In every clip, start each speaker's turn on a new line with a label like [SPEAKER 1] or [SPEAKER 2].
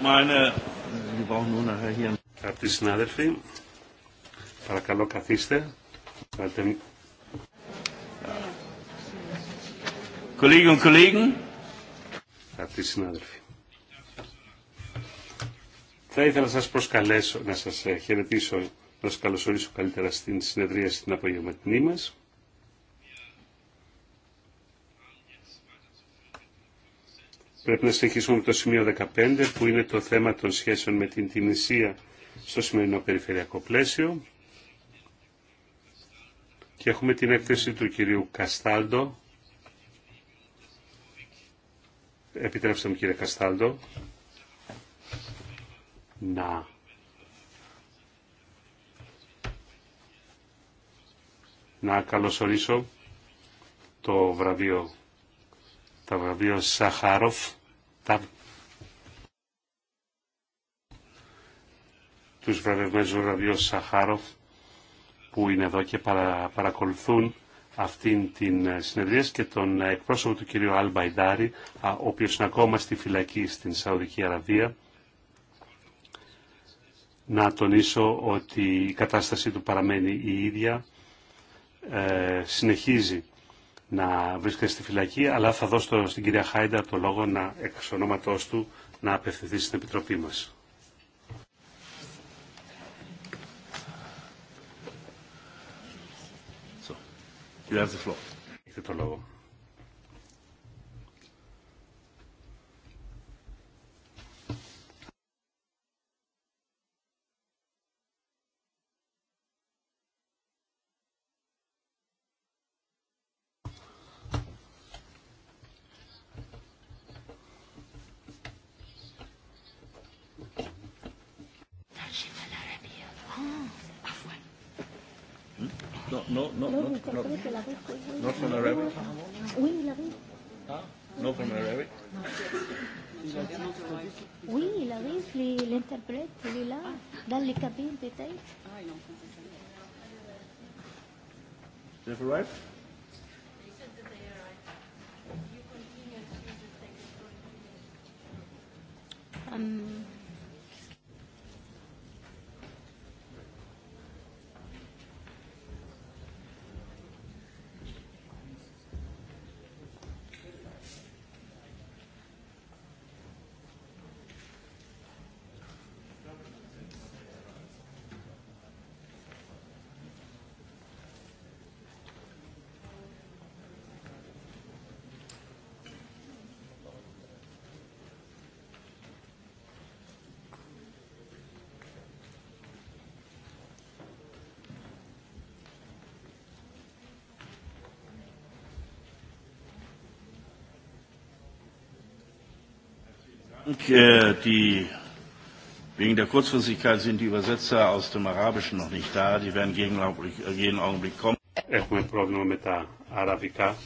[SPEAKER 1] Meine... Αγαπητοί συνάδελφοι, παρακαλώ καθίστε. Κολλήγων, κολλήγων. Αγαπητοί συνάδελφοι, θα ήθελα να σας προσκαλέσω, να σας ε, χαιρετήσω, να σας καλωσορίσω καλύτερα στην συνεδρία στην απογευματινή μας. Πρέπει να συνεχίσουμε με το σημείο 15 που είναι το θέμα των σχέσεων με την Τινησία στο σημερινό περιφερειακό πλαίσιο. Και έχουμε την έκθεση του κυρίου Καστάλντο. Επιτρέψτε μου κύριε Καστάλντο να να καλωσορίσω το βραβείο τα βραβείο Σαχάροφ τα, τους βραβευμένους βραβείους Σαχάροφ που είναι εδώ και παρακολουθούν αυτήν την ε, συνεδρία και τον ε, εκπρόσωπο του κυρίου Αλ Μπαϊντάρη, ο οποίος είναι ακόμα στη φυλακή στην Σαουδική Αραβία. Να τονίσω ότι η κατάστασή του παραμένει η ίδια, ε, συνεχίζει να βρίσκεται στη φυλακή, αλλά θα δώσω στην κυρία Χάιντα το λόγο να, εξ ονόματός του να απευθυνθεί στην Επιτροπή μας. το λόγο.
[SPEAKER 2] no, no from Arabic. Oui, il avait. Ah, non from Arabic. Oui, il arrive, l'interprète, il est là, dans les cabines peut-être. en fait. Um,
[SPEAKER 3] Wegen der Kurzfristigkeit sind die Übersetzer aus dem Arabischen noch nicht da. Die werden jeden Augenblick kommen. Έχουμε
[SPEAKER 1] πρόβλημα με τα αραβικά.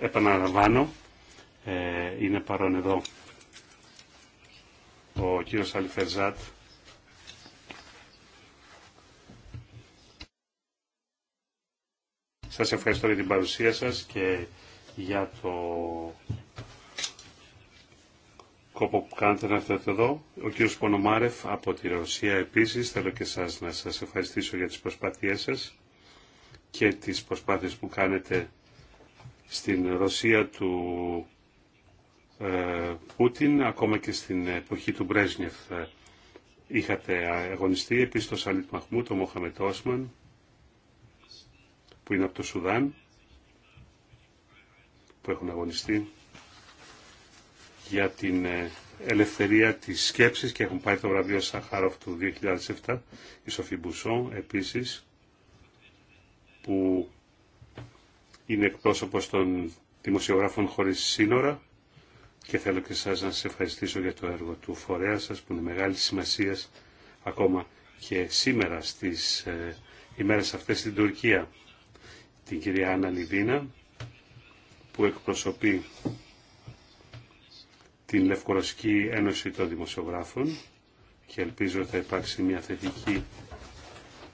[SPEAKER 1] Επαναλαμβάνω, ε, είναι παρόν εδώ ο κύριος Αλιφερζάτ, Σας ευχαριστώ για την παρουσία σας και για το κόπο που κάνετε να έρθετε εδώ. Ο κύριος Πονομάρεφ από τη Ρωσία επίσης. Θέλω και σας να σας ευχαριστήσω για τις προσπάθειές σας και τις προσπάθειες που κάνετε στην Ρωσία του ε, Πούτιν, ακόμα και στην εποχή του Μπρέσνιεφ ε, είχατε αγωνιστεί, επίσης το Σαλίτ Μαχμού, το Μοχαμετ που είναι από το Σουδάν που έχουν αγωνιστεί για την ε, ελευθερία της σκέψης και έχουν πάρει το βραβείο Σαχάροφ του 2007 η Σοφή Μπουσό επίσης που είναι εκπρόσωπος των δημοσιογράφων χωρίς σύνορα και θέλω και σας να σας ευχαριστήσω για το έργο του φορέα σας που είναι μεγάλη σημασία ακόμα και σήμερα στις ε, ημέρες αυτές στην Τουρκία την κυρία Άννα Λιβίνα που εκπροσωπεί την Λευκορωσική Ένωση των Δημοσιογράφων και ελπίζω ότι θα υπάρξει μια θετική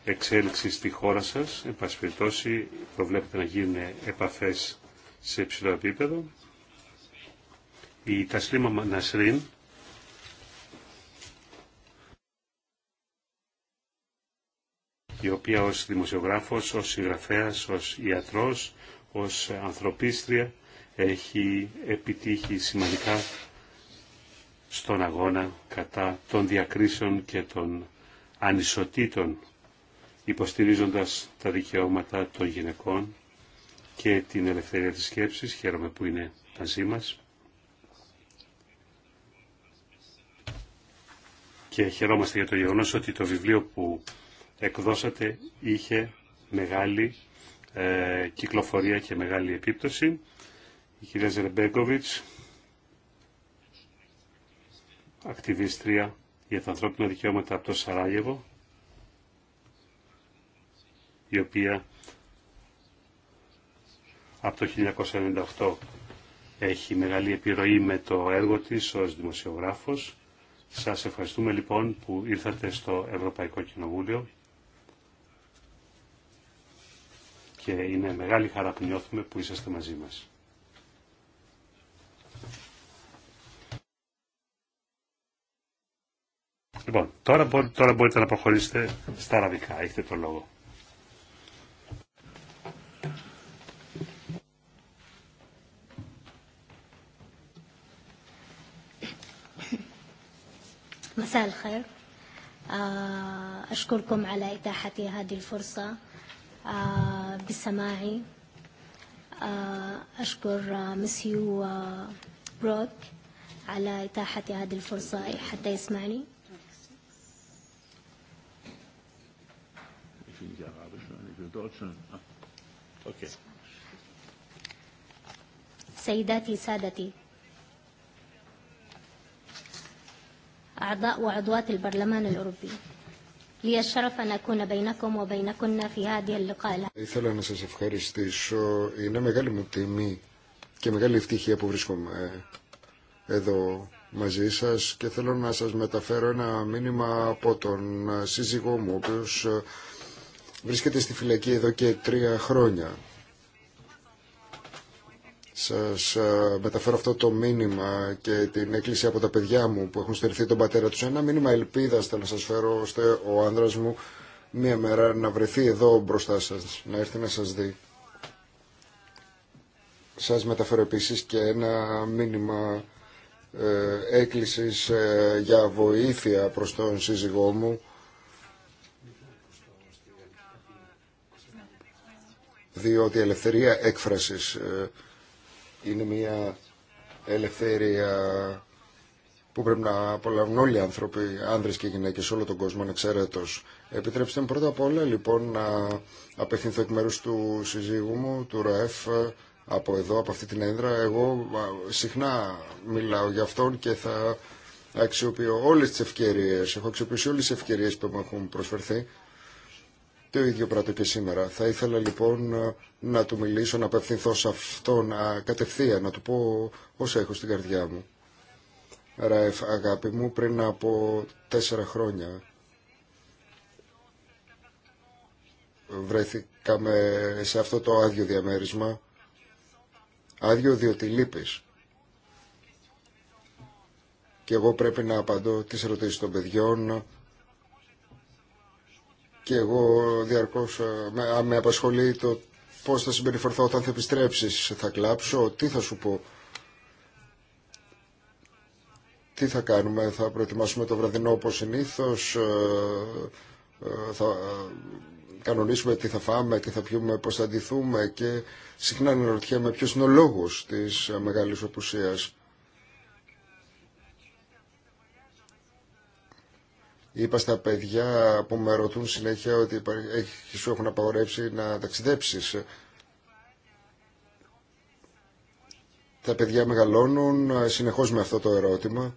[SPEAKER 1] εξέλιξη στη χώρα σας. Εν πάση περιπτώσει, προβλέπεται να γίνουν επαφές σε υψηλό επίπεδο. Η Τασλίμα Νασρίν η οποία ως δημοσιογράφος, ως συγγραφέας, ως ιατρός, ως ανθρωπίστρια έχει επιτύχει σημαντικά στον αγώνα κατά των διακρίσεων και των ανισοτήτων υποστηρίζοντας τα δικαιώματα των γυναικών και την ελευθερία της σκέψης. Χαίρομαι που είναι μαζί μας. Και χαιρόμαστε για το γεγονός ότι το βιβλίο που εκδώσατε είχε μεγάλη ε, κυκλοφορία και μεγάλη επίπτωση. Η κυρία Ζερεμπέγκοβιτς, ακτιβίστρια για τα ανθρώπινα δικαιώματα από το Σαράγεβο, η οποία από το 1998 έχει μεγάλη επιρροή με το έργο της ως δημοσιογράφος. Σας ευχαριστούμε λοιπόν που ήρθατε στο Ευρωπαϊκό Κοινοβούλιο και είναι μεγάλη χαρά που νιώθουμε που είσαστε μαζί μας. Λοιπόν, τώρα, τώρα μπορείτε να προχωρήσετε στα αραβικά. Έχετε το λόγο.
[SPEAKER 2] مساء الخير أشكركم على إتاحتي هذه الفرصة بسماعي أشكر مسيو بروك على إتاحة هذه الفرصة حتى يسمعني سيداتي سادتي أعضاء وعضوات البرلمان الأوروبي لي
[SPEAKER 4] Ήθελα να σας ευχαριστήσω. Είναι μεγάλη μου τιμή και μεγάλη ευτυχία που βρίσκομαι ε, εδώ μαζί σας και θέλω να σας μεταφέρω ένα μήνυμα από τον ε, σύζυγό μου, ο οποίος ε, βρίσκεται στη φυλακή εδώ και τρία χρόνια σας ε, μεταφέρω αυτό το μήνυμα και την έκκληση από τα παιδιά μου που έχουν στερηθεί τον πατέρα τους. Ένα μήνυμα ελπίδας θα να σας φέρω ώστε ο άνδρας μου μία μέρα να βρεθεί εδώ μπροστά σας, να έρθει να σας δει. Σας μεταφέρω επίσης και ένα μήνυμα ε, έκκλησης ε, για βοήθεια προς τον σύζυγό μου. Διότι η ελευθερία έκφρασης ε, είναι μια ελευθερία που πρέπει να απολαύουν όλοι οι άνθρωποι, άνδρες και γυναίκες, όλο τον κόσμο, ανεξαιρέτως. Επιτρέψτε μου πρώτα απ' όλα λοιπόν να απευθυνθώ εκ μέρους του συζύγου μου, του ΡΑΕΦ, από εδώ, από αυτή την ένδρα. Εγώ συχνά μιλάω για αυτόν και θα αξιοποιώ όλες τις ευκαιρίες, έχω αξιοποιήσει όλες τις ευκαιρίες που μου έχουν προσφερθεί το ίδιο πράττω και σήμερα. Θα ήθελα λοιπόν να του μιλήσω, να απευθυνθώ σε αυτόν κατευθείαν, να του πω όσα έχω στην καρδιά μου. Ραεφ, αγάπη μου, πριν από τέσσερα χρόνια βρέθηκαμε σε αυτό το άδειο διαμέρισμα. Άδειο διότι λείπεις. Και εγώ πρέπει να απαντώ τις ερωτήσεις των παιδιών, και εγώ διαρκώς ε, με, με απασχολεί το πώς θα συμπεριφερθώ όταν θα επιστρέψεις, θα κλάψω, τι θα σου πω. Τι θα κάνουμε, θα προετοιμάσουμε το βραδινό όπως συνήθως, ε, ε, θα κανονίσουμε τι θα φάμε, τι θα πιούμε, πώς θα αντιθούμε και συχνά αναρωτιέμαι ποιος είναι ο λόγος της μεγάλης οπουσίας. Είπα στα παιδιά που με ρωτούν συνέχεια ότι σου έχουν απαγορεύσει να ταξιδέψεις. Τα παιδιά μεγαλώνουν ε, συνεχώς με αυτό το ερώτημα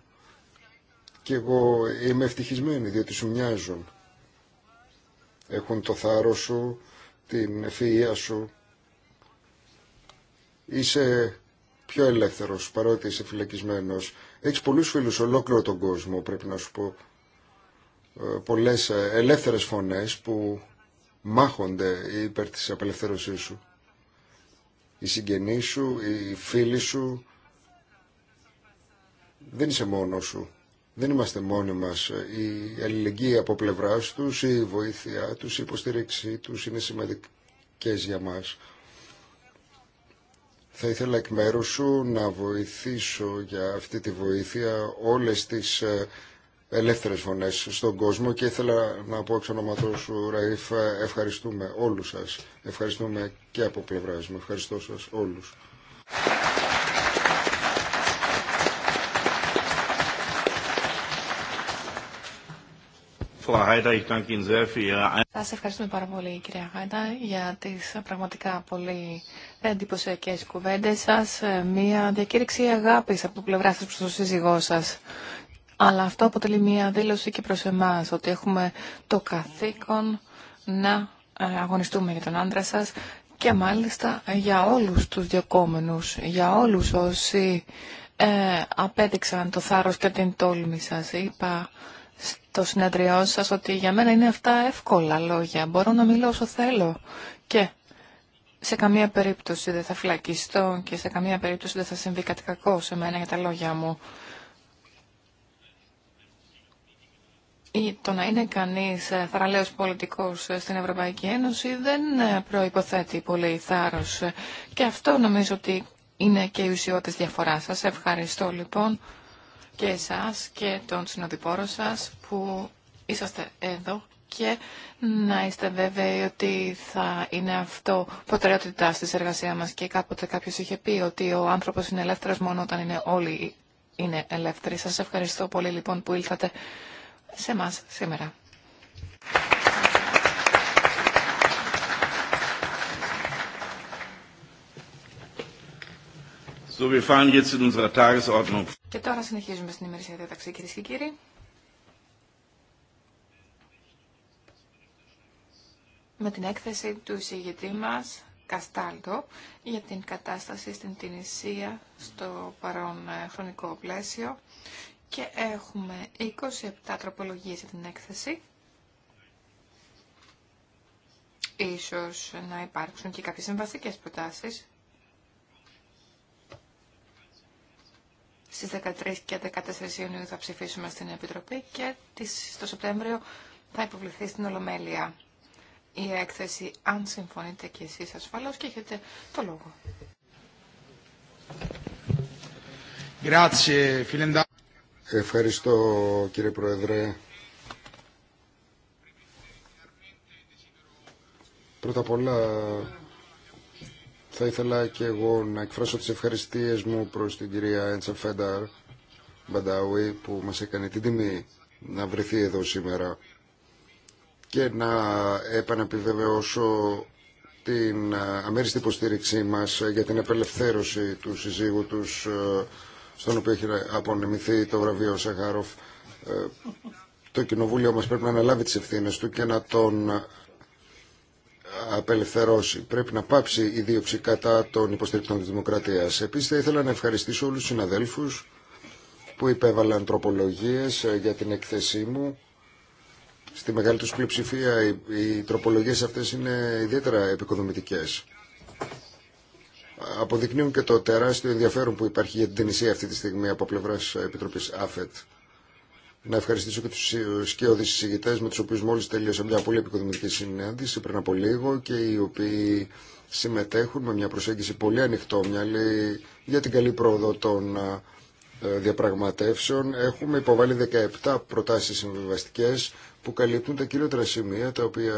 [SPEAKER 4] και εγώ είμαι ευτυχισμένη διότι σου μοιάζουν. Έχουν το θάρρος σου, την ευφυΐα σου. Είσαι πιο ελεύθερος παρότι είσαι φυλακισμένος. Έχεις πολλούς φίλους ολόκληρο τον κόσμο πρέπει να σου πω. Ε, πολλές ε, ελεύθερες φωνές που μάχονται υπέρ της απελευθέρωσής σου. Οι συγγενείς σου, οι φίλοι σου, δεν είσαι μόνος σου. Δεν είμαστε μόνοι μας. Η αλληλεγγύη από πλευράς τους, η βοήθειά τους, η υποστήριξή τους είναι σημαντικές για μας. Θα ήθελα εκ μέρους σου να βοηθήσω για αυτή τη βοήθεια όλες τις ε, ελεύθερες φωνές στον κόσμο και ήθελα να πω εξ ονοματός σου Ραΐφ ευχαριστούμε όλους σας ευχαριστούμε και από πλευράς μου ευχαριστώ σας όλους
[SPEAKER 5] Σας ευχαριστούμε πάρα πολύ κυρία Χάιντα για τις πραγματικά πολύ εντυπωσιακέ κουβέντες σας ε, μια διακήρυξη αγάπης από πλευρά σας προς τον σύζυγό σας αλλά αυτό αποτελεί μια δήλωση και προς εμάς, ότι έχουμε το καθήκον να ε, αγωνιστούμε για τον άντρα σας και μάλιστα για όλους τους διακόμενους, για όλους όσοι ε, απέδειξαν το θάρρος και την τόλμη σας. Είπα στο συνεδριό σας ότι για μένα είναι αυτά εύκολα λόγια. Μπορώ να μιλώ όσο θέλω και σε καμία περίπτωση δεν θα φυλακιστώ και σε καμία περίπτωση δεν θα συμβεί κάτι κακό σε μένα για τα λόγια μου. το να είναι κανείς ε, Θαραλέο πολιτικός ε, στην Ευρωπαϊκή Ένωση δεν ε, προϋποθέτει πολύ θάρρος. Και αυτό νομίζω ότι είναι και η ουσιότητα διαφορά σας. Ευχαριστώ λοιπόν και εσάς και τον συνοδοιπόρο σας που είσαστε εδώ και να είστε βέβαιοι ότι θα είναι αυτό προτεραιότητα στη εργασία μας και κάποτε κάποιος είχε πει ότι ο άνθρωπος είναι ελεύθερος μόνο όταν είναι όλοι είναι ελεύθεροι. Σας ευχαριστώ πολύ λοιπόν που ήλθατε σε εμά σήμερα.
[SPEAKER 3] So, wir fahren jetzt in unserer Tagesordnung.
[SPEAKER 5] Και τώρα συνεχίζουμε στην ημερησία διαταξή, κυρίε και κύριοι. Με την έκθεση του εισηγητή μα, Καστάλτο, για την κατάσταση στην Τινησία στο παρόν ε, χρονικό πλαίσιο και έχουμε 27 τροπολογίες για την έκθεση. Ίσως να υπάρξουν και κάποιες συμβαστικές προτάσεις. Στις 13 και 14 Ιουνίου θα ψηφίσουμε στην Επιτροπή και το Σεπτέμβριο θα υποβληθεί στην Ολομέλεια η έκθεση, αν συμφωνείτε και εσείς ασφαλώς και έχετε το λόγο.
[SPEAKER 4] Ευχαριστώ κύριε Πρόεδρε. Πρώτα απ' όλα θα ήθελα και εγώ να εκφράσω τις ευχαριστίες μου προς την κυρία Έντσα Φένταρ Μπαντάουι που μας έκανε την τιμή να βρεθεί εδώ σήμερα και να επαναπιβεβαιώσω την αμέριστη υποστήριξή μας για την απελευθέρωση του συζύγου τους στον οποίο έχει απονεμηθεί το βραβείο Σαχάροφ. Ε, το κοινοβούλιο μας πρέπει να αναλάβει τις ευθύνες του και να τον ε, απελευθερώσει. Πρέπει να πάψει η δίωξη κατά των υποστηρικτών της Δημοκρατίας. Επίσης θα ήθελα να ευχαριστήσω όλους τους συναδέλφους που υπέβαλαν τροπολογίες ε, για την έκθεσή μου. Στη μεγάλη τους πλειοψηφία οι τροπολογίες αυτές είναι ιδιαίτερα επικοδομητικές αποδεικνύουν και το τεράστιο ενδιαφέρον που υπάρχει για την Τινησία αυτή τη στιγμή από πλευρά Επιτροπή ΑΦΕΤ. Να ευχαριστήσω και του σκιώδει συζητητέ με του οποίου μόλι τελείωσα μια πολύ επικοδομητική συνάντηση πριν από λίγο και οι οποίοι συμμετέχουν με μια προσέγγιση πολύ ανοιχτόμυαλη για την καλή πρόοδο των ε, διαπραγματεύσεων. Έχουμε υποβάλει 17 προτάσει συμβιβαστικέ που καλύπτουν τα κυριότερα σημεία τα οποία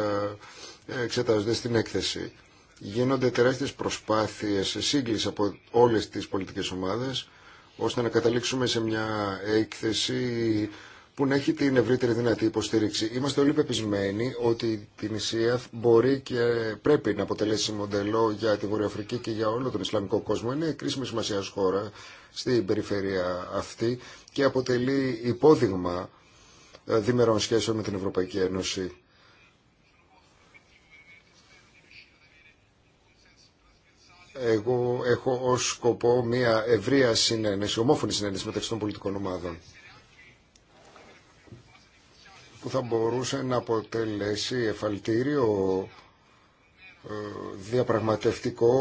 [SPEAKER 4] ε, εξετάζονται στην έκθεση γίνονται τεράστιες προσπάθειες σύγκληση από όλες τις πολιτικές ομάδες ώστε να καταλήξουμε σε μια έκθεση που να έχει την ευρύτερη δυνατή υποστήριξη. Είμαστε όλοι πεπισμένοι ότι την Ισία μπορεί και πρέπει να αποτελέσει μοντελό για τη Βορειοαφρική και για όλο τον Ισλαμικό κόσμο. Είναι κρίσιμη σημασία χώρα στην περιφέρεια αυτή και αποτελεί υπόδειγμα ε, διμερών σχέσεων με την Ευρωπαϊκή Ένωση. εγώ έχω ως σκοπό μια ευρεία συνένεση, ομόφωνη συνένεση μεταξύ των πολιτικών ομάδων που θα μπορούσε να αποτελέσει εφαλτήριο ε, διαπραγματευτικό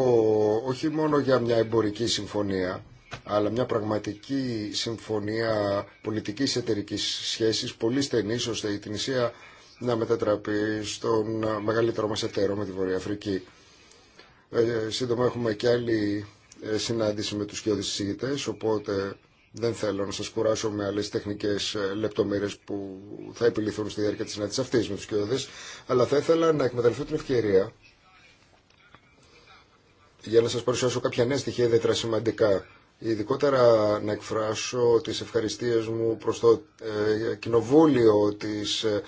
[SPEAKER 4] όχι μόνο για μια εμπορική συμφωνία αλλά μια πραγματική συμφωνία πολιτικής εταιρικής σχέσης πολύ στενή ώστε η Τινησία να μετατραπεί στον μεγαλύτερο μας εταίρο με τη Βορεια ε, σύντομα έχουμε και άλλη ε, συνάντηση με τους κοιόδης συζητητές, οπότε δεν θέλω να σας κουράσω με άλλες τεχνικές ε, λεπτομέρειες που θα επιληθούν στη διάρκεια της συνάντησης αυτής με τους κοιόδης, αλλά θα ήθελα να εκμεταλλευτώ την ευκαιρία για να σας παρουσιάσω κάποια νέα στοιχεία ιδιαίτερα σημαντικά. Ειδικότερα να εκφράσω τις ευχαριστίες μου προς το Κοινοβούλιο της ε,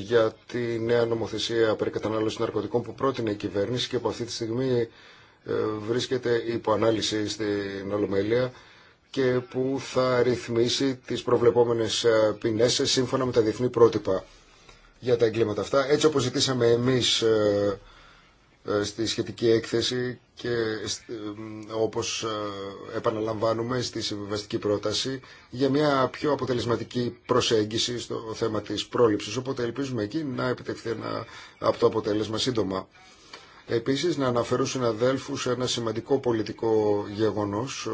[SPEAKER 4] για τη νέα νομοθεσία περί κατανάλωση ναρκωτικών που πρότεινε η κυβέρνηση και που αυτή τη στιγμή ε, βρίσκεται υπό ανάλυση στην Ολομέλεια και που θα ρυθμίσει τις προβλεπόμενες ε, ποινές σύμφωνα με τα διεθνή πρότυπα για τα εγκλήματα αυτά. Έτσι όπως ζητήσαμε εμείς ε, ε, στη σχετική έκθεση και ε, όπως ε, επαναλαμβάνουμε στη συμβιβαστική πρόταση για μια πιο αποτελεσματική προσέγγιση στο θέμα της πρόληψης. Οπότε ελπίζουμε εκεί να επιτευχθεί ένα από το αποτέλεσμα σύντομα. Επίσης να αναφέρω συναδέλφους ένα σημαντικό πολιτικό γεγονός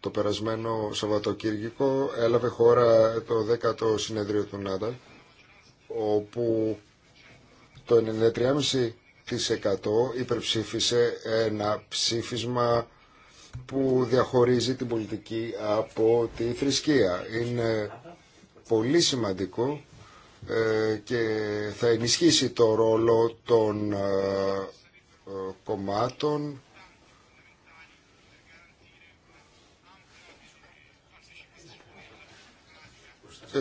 [SPEAKER 4] το περασμένο Σαββατοκύριακο έλαβε χώρα το 10ο συνεδρίο του ΝΑΤΑ όπου το 93,5 υπερψήφισε ένα ψήφισμα που διαχωρίζει την πολιτική από τη θρησκεία. Είναι πολύ σημαντικό ε, και θα ενισχύσει το ρόλο των ε, ε, κομμάτων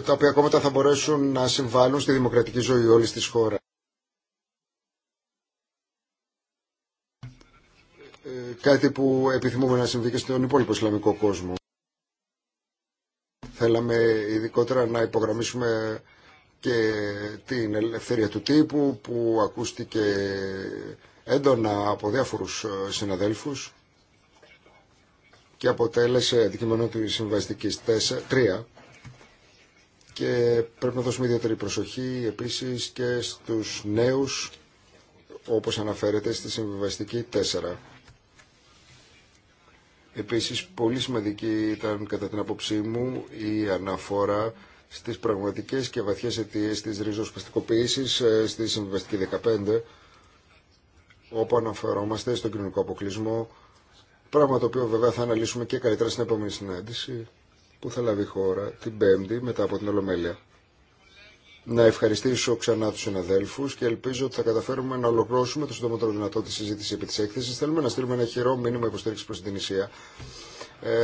[SPEAKER 4] τα οποία κόμματα θα μπορέσουν να συμβάλλουν στη δημοκρατική ζωή όλης της χώρας. κάτι που επιθυμούμε να συμβεί και στον υπόλοιπο Ισλαμικό κόσμο. Θέλαμε ειδικότερα να υπογραμμίσουμε και την ελευθερία του τύπου που ακούστηκε έντονα από διάφορους ε, συναδέλφους και αποτέλεσε αντικείμενο του συμβαστικής 3 και πρέπει να δώσουμε ιδιαίτερη προσοχή επίσης και στους νέους όπως αναφέρεται στη συμβιβαστική 4. Επίσης, πολύ σημαντική ήταν κατά την απόψή μου η αναφορά στις πραγματικές και βαθιές αιτίες της ριζοσπαστικοποίησης ε, στη Συμβιβαστική 15, όπου αναφερόμαστε στον κοινωνικό αποκλεισμό, πράγμα το οποίο βέβαια θα αναλύσουμε και καλύτερα στην επόμενη συνάντηση που θα λάβει η χώρα την Πέμπτη μετά από την Ολομέλεια να ευχαριστήσω ξανά του συναδέλφου και ελπίζω ότι θα καταφέρουμε να ολοκληρώσουμε το συντομότερο δυνατό τη συζήτηση επί τη έκθεση. Θέλουμε να στείλουμε ένα χειρό μήνυμα υποστήριξη προ την Ισία.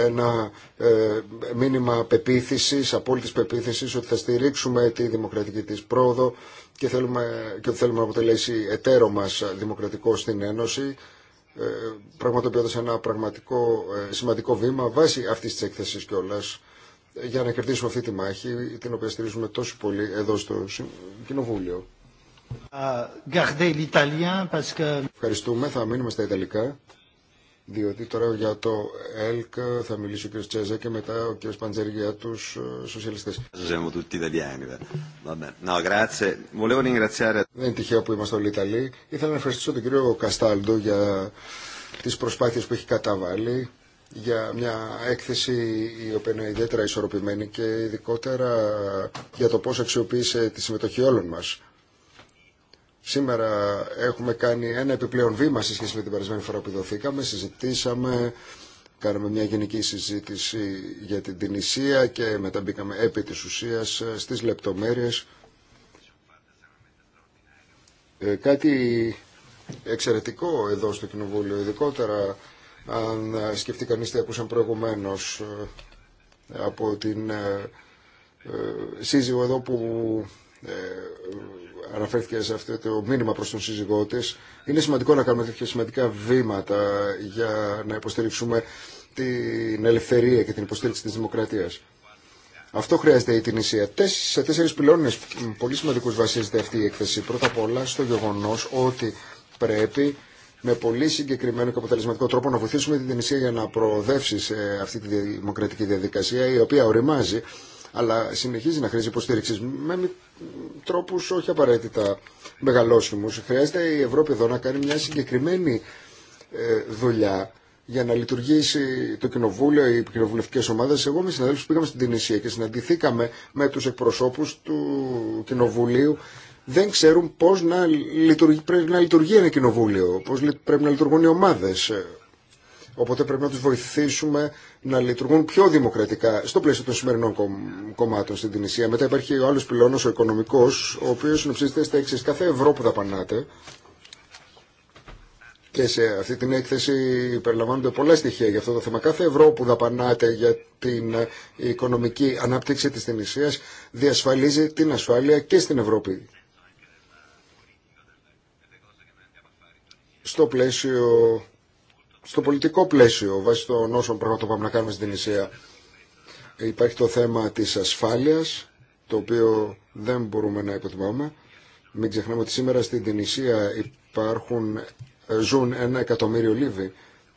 [SPEAKER 4] Ένα ε, μήνυμα πεποίθηση, απόλυτη πεποίθηση ότι θα στηρίξουμε τη δημοκρατική τη πρόοδο και, θέλουμε, και ότι θέλουμε να αποτελέσει εταίρο μα δημοκρατικό στην Ένωση ε, πραγματοποιώντα ένα πραγματικό ε, σημαντικό βήμα βάσει αυτή τη έκθεση κιόλα για να κερδίσουμε αυτή τη μάχη, την οποία στηρίζουμε τόσο πολύ εδώ στο Κοινοβούλιο. Ευχαριστούμε, θα μείνουμε στα Ιταλικά, διότι τώρα για το ΕΛΚ θα μιλήσει ο κ. Τσέζα και μετά ο κ. Παντζέρη για του ε, σοσιαλιστές. Δεν είναι τυχαίο που είμαστε όλοι Ιταλοί. Ήθελα να ευχαριστήσω τον κ. Καστάλντο για τι προσπάθειε που έχει καταβάλει για μια έκθεση η οποία είναι ιδιαίτερα ισορροπημένη και ειδικότερα για το πώς αξιοποίησε τη συμμετοχή όλων μας. Σήμερα έχουμε κάνει ένα επιπλέον βήμα σε σχέση με την περασμένη φορά που δοθήκαμε, συζητήσαμε, κάναμε μια γενική συζήτηση για την Τινησία και μετά μπήκαμε επί της ουσίας στις λεπτομέρειες. Ε, κάτι εξαιρετικό εδώ στο Κοινοβούλιο, ειδικότερα αν ε, σκεφτεί κανείς τι ακούσαν προηγουμένως ε, από την ε, σύζυγο εδώ που αναφέρθηκε σε αυτό το μήνυμα προς τον σύζυγό της. Είναι σημαντικό να κάνουμε τέτοια σημαντικά βήματα για να υποστηρίξουμε την ελευθερία και την υποστήριξη της δημοκρατίας. Αυτό χρειάζεται η Τινησία. Σε τέσσερι πυλώνε πολύ σημαντικού βασίζεται αυτή η έκθεση. Πρώτα απ' όλα στο γεγονό ότι πρέπει με πολύ συγκεκριμένο και αποτελεσματικό τρόπο να βοηθήσουμε την Τινησία για να προοδεύσει σε αυτή τη δημοκρατική διαδικασία η οποία οριμάζει αλλά συνεχίζει να χρήζει υποστήριξη με τρόπου όχι απαραίτητα μεγαλώσιμου. Χρειάζεται η Ευρώπη εδώ να κάνει μια συγκεκριμένη ε, δουλειά για να λειτουργήσει το κοινοβούλιο, οι κοινοβουλευτικέ ομάδε. Εγώ με συναδέλφου πήγαμε στην Τινησία και συναντηθήκαμε με του εκπροσώπου του κοινοβουλίου δεν ξέρουν πώς να λειτουργεί, πρέπει να λειτουργεί ένα κοινοβούλιο, πώς πρέπει να λειτουργούν οι ομάδες. Οπότε πρέπει να τους βοηθήσουμε να λειτουργούν πιο δημοκρατικά στο πλαίσιο των σημερινών κομμάτων στην Τινησία. Μετά υπάρχει ο άλλος πυλώνος, ο οικονομικός, ο οποίος συνοψίζεται στα εξής. Κάθε ευρώ που δαπανάτε, και σε αυτή την έκθεση περιλαμβάνονται πολλά στοιχεία για αυτό το θέμα. Κάθε ευρώ που δαπανάτε για την οικονομική ανάπτυξη της Τινησίας διασφαλίζει την ασφάλεια και στην Ευρώπη στο πλαίσιο, στο πολιτικό πλαίσιο βάσει των όσων πράγματα πάμε να κάνουμε στην Ισία. Υπάρχει το θέμα της ασφάλειας, το οποίο δεν μπορούμε να υποτιμάμε. Μην ξεχνάμε ότι σήμερα στην Τινησία υπάρχουν, ε, ζουν ένα εκατομμύριο Λίβοι,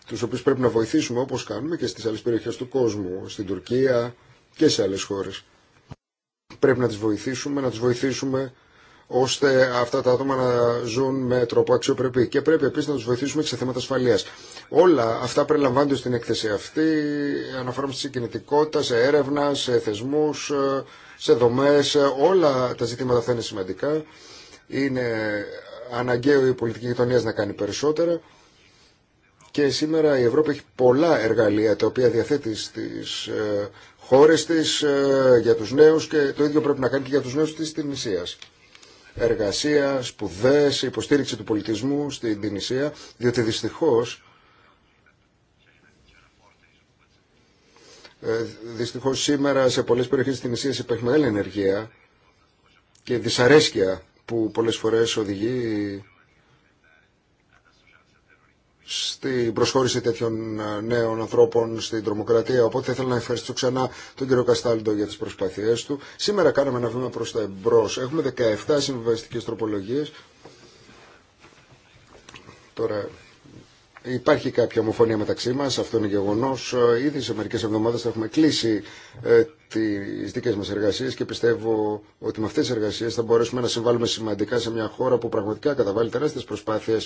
[SPEAKER 4] τους οποίους πρέπει να βοηθήσουμε όπως κάνουμε και στις άλλες περιοχές του κόσμου, στην Τουρκία και σε άλλες χώρες. Πρέπει να τις βοηθήσουμε, να τους βοηθήσουμε ώστε αυτά τα άτομα να ζουν με τρόπο αξιοπρεπή. Και πρέπει επίση να του βοηθήσουμε και σε θέματα ασφαλεία. Όλα αυτά περιλαμβάνονται στην έκθεση αυτή. Αναφέρομαι στη συγκινητικότητα, σε έρευνα, σε θεσμού, σε δομέ. Όλα τα ζητήματα αυτά είναι σημαντικά. Είναι αναγκαίο η πολιτική γειτονία να κάνει περισσότερα. Και σήμερα η Ευρώπη έχει πολλά εργαλεία τα οποία διαθέτει στις ε, χώρες της ε, για τους νέους και το ίδιο πρέπει να κάνει και για τους νέους της Τινησίας εργασία, σπουδέ, υποστήριξη του πολιτισμού στην Τινησία, διότι δυστυχώς ε, Δυστυχώ σήμερα σε πολλέ περιοχέ τη Τινησία υπάρχει μεγάλη ενεργεία και δυσαρέσκεια που πολλέ φορέ οδηγεί στην προσχώρηση τέτοιων ε, νέων ανθρώπων στην τρομοκρατία. Οπότε θέλω να ευχαριστήσω ξανά τον κύριο Καστάλντο για τι προσπάθειές του. Σήμερα κάναμε ένα βήμα προ τα εμπρό. Έχουμε 17 συμβιβαστικέ τροπολογίε. Τώρα υπάρχει κάποια ομοφωνία μεταξύ μα. αυτό είναι γεγονό. Ε, ήδη σε μερικέ εβδομάδε έχουμε κλείσει ε, τις δικές μας εργασίες και πιστεύω ότι με αυτέ τι εργασίε θα μπορέσουμε να συμβάλλουμε σημαντικά σε μια χώρα που πραγματικά καταβάλει τεράστιε προσπάθειε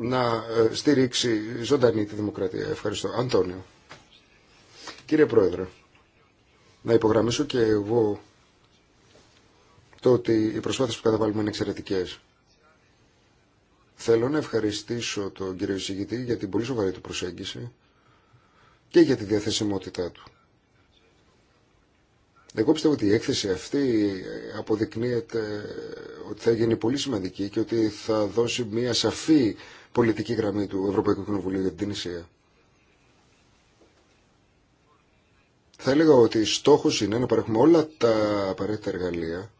[SPEAKER 4] να ε, στηρίξει ζωντανή τη δημοκρατία. Ευχαριστώ. Αντώνιο. Κύριε Πρόεδρε, να υπογραμμίσω και εγώ το ότι οι προσπάθειες που καταβάλουμε είναι εξαιρετικές. Θέλω να ευχαριστήσω τον κύριο Ισηγητή για την πολύ σοβαρή του προσέγγιση και για τη διαθεσιμότητά του. Εγώ πιστεύω ότι η έκθεση αυτή αποδεικνύεται ότι θα γίνει πολύ σημαντική και ότι θα δώσει μια σαφή πολιτική γραμμή του Ευρωπαϊκού Κοινοβουλίου για την Τινησία. Θα έλεγα ότι στόχος είναι να παρέχουμε όλα τα απαραίτητα εργαλεία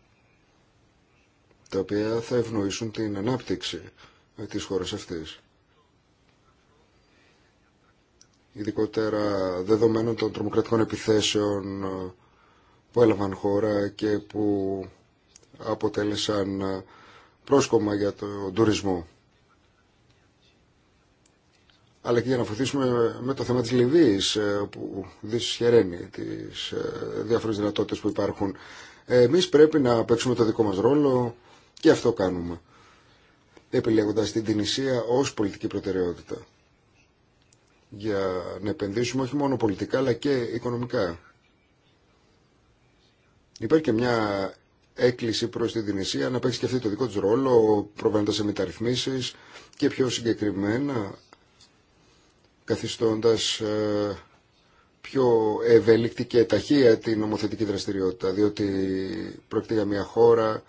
[SPEAKER 4] τα οποία θα ευνοήσουν την ανάπτυξη της χώρας αυτής. Ειδικότερα δεδομένων των τρομοκρατικών επιθέσεων που έλαβαν χώρα και που αποτέλεσαν πρόσκομα για τον τουρισμό αλλά και για να φωθήσουμε με το θέμα της Λιβύης ε, που δυσχεραίνει τις ε, διάφορες δυνατότητες που υπάρχουν. Εμείς πρέπει να παίξουμε το δικό μας ρόλο και αυτό κάνουμε, επιλέγοντας την Τινησία ως πολιτική προτεραιότητα για να επενδύσουμε όχι μόνο πολιτικά αλλά και οικονομικά. Υπάρχει και μια έκκληση προς την Τινησία να παίξει και αυτή το δικό της ρόλο, προβαίνοντας σε μεταρρυθμίσεις και πιο συγκεκριμένα καθιστώντας ε, πιο ευέλικτη και ταχεία την νομοθετική δραστηριότητα, διότι πρόκειται για μια χώρα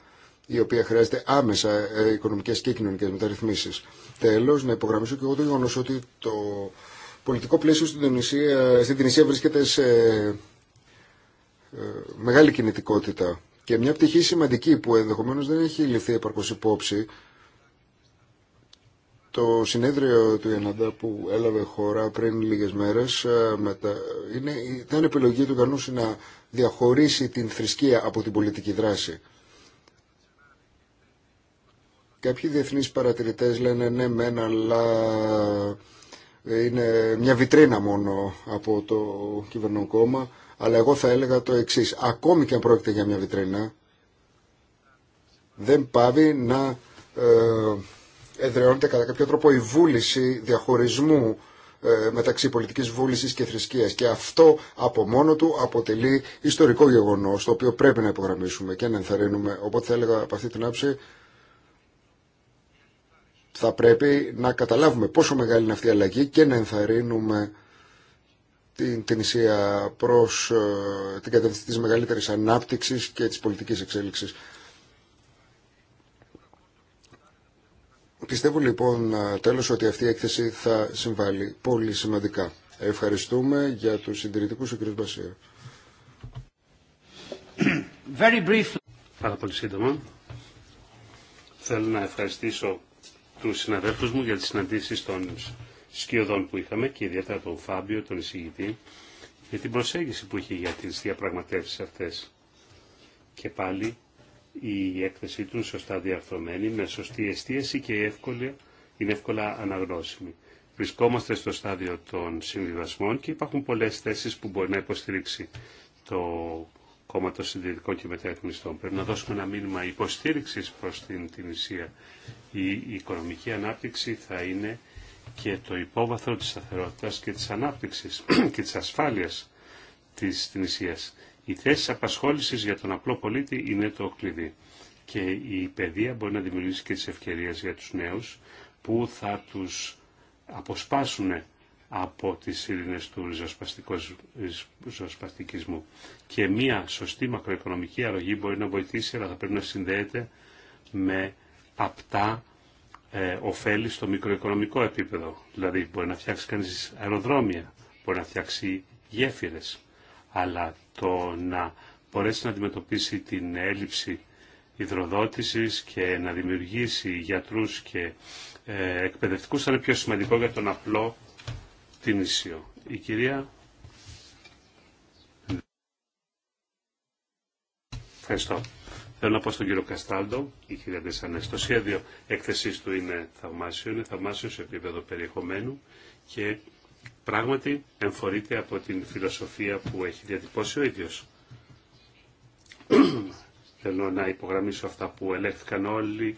[SPEAKER 4] η οποία χρειάζεται άμεσα ε, οικονομικές και κοινωνικές μεταρρυθμίσεις. Τέλος, να υπογραμμίσω και εγώ το γεγονό ότι το πολιτικό πλαίσιο στην Τινησία, στην βρίσκεται σε ε, μεγάλη κινητικότητα και μια πτυχή σημαντική που ενδεχομένως δεν έχει ληφθεί επαρκώς υπόψη το συνέδριο του Ιαναντά που έλαβε χώρα πριν λίγες μέρες ε, μετα... είναι, ήταν επιλογή του Κανούση να διαχωρίσει την θρησκεία από την πολιτική δράση. Κάποιοι διεθνείς παρατηρητές λένε ναι μεν αλλά ε, είναι μια βιτρίνα μόνο από το κυβερνό κόμμα αλλά εγώ θα έλεγα το εξής ακόμη και αν πρόκειται για μια βιτρίνα δεν πάβει να ε, εδραιώνεται κατά κάποιο τρόπο η βούληση διαχωρισμού ε, μεταξύ πολιτικής βούλησης και θρησκείας και αυτό από μόνο του αποτελεί ιστορικό γεγονός το οποίο πρέπει να υπογραμμίσουμε και να ενθαρρύνουμε οπότε θα έλεγα από αυτή την άψη θα πρέπει να καταλάβουμε πόσο μεγάλη είναι αυτή η αλλαγή και να ενθαρρύνουμε την, την Ισία προς ε, την κατεύθυνση της μεγαλύτερης ανάπτυξης και της πολιτικής εξέλιξης. Πιστεύω λοιπόν τέλος ότι αυτή η έκθεση θα συμβάλλει πολύ σημαντικά. Ευχαριστούμε για τους συντηρητικούς ο κ. Μπασία.
[SPEAKER 1] Πάρα πολύ σύντομα. Θέλω να ευχαριστήσω τους συναδέλφους μου για τις συναντήσεις των σκιωδών που είχαμε και ιδιαίτερα τον Φάμπιο, τον εισηγητή, για την προσέγγιση που είχε για τις διαπραγματεύσεις αυτές. Και πάλι η έκθεσή του σωστά διαρθρωμένη, με σωστή εστίαση και εύκολη, είναι εύκολα αναγνώσιμη. Βρισκόμαστε στο στάδιο των συμβιβασμών και υπάρχουν πολλές θέσεις που μπορεί να υποστηρίξει το κόμμα των συντηρητικών και μεταρρυθμιστών. Πρέπει να δώσουμε ένα μήνυμα υποστήριξης προς την Τινησία. Η οικονομική ανάπτυξη θα είναι και το υπόβαθρο της σταθερότητα και της ανάπτυξης και της ασφάλειας της Τινησίας. Οι θέσει απασχόληση για τον απλό πολίτη είναι το κλειδί. Και η παιδεία μπορεί να δημιουργήσει και τι ευκαιρίε για του νέου που θα του αποσπάσουν από τι ειρήνες του ριζοσπαστικισμού. Και μία σωστή μακροοικονομική αρρωγή μπορεί να βοηθήσει, αλλά θα πρέπει να συνδέεται με απτά ε, ωφέλη στο μικροοικονομικό επίπεδο. Δηλαδή μπορεί να φτιάξει κανεί αεροδρόμια, μπορεί να φτιάξει γέφυρες αλλά το να μπορέσει να αντιμετωπίσει την έλλειψη υδροδότησης και να δημιουργήσει γιατρούς και ε, εκπαιδευτικούς θα είναι πιο σημαντικό για τον απλό την Ισιο. Η κυρία... Ευχαριστώ. Θέλω να πω στον κύριο Καστάλτο, η κυρία το σχέδιο έκθεσής του είναι θαυμάσιο, είναι θαυμάσιο σε επίπεδο περιεχομένου και πράγματι εμφορείται από την φιλοσοφία που έχει διατυπώσει ο ίδιος. Θέλω να υπογραμμίσω αυτά που ελέγχθηκαν όλοι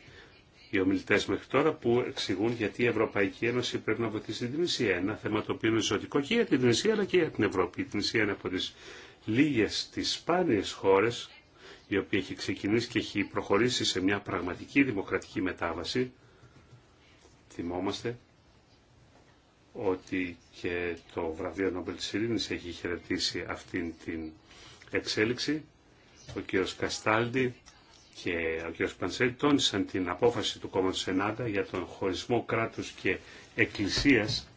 [SPEAKER 1] οι ομιλητέ μέχρι τώρα που εξηγούν γιατί η Ευρωπαϊκή Ένωση πρέπει να βοηθήσει την Ισία. Ένα θέμα το οποίο είναι ζωτικό και για την Ισία αλλά και για την Ευρώπη. Η Ισία είναι από τι λίγε, τι σπάνιε χώρε η οποία έχει ξεκινήσει και έχει προχωρήσει σε μια πραγματική δημοκρατική μετάβαση. Θυμόμαστε ότι και το βραβείο Νόμπελ της Ειρήνης έχει χαιρετήσει αυτήν την εξέλιξη. Ο κύριος Καστάλντι και ο κ. Πανσέλη τόνισαν την απόφαση του κόμματος Ενάντα για τον χωρισμό κράτους και εκκλησίας.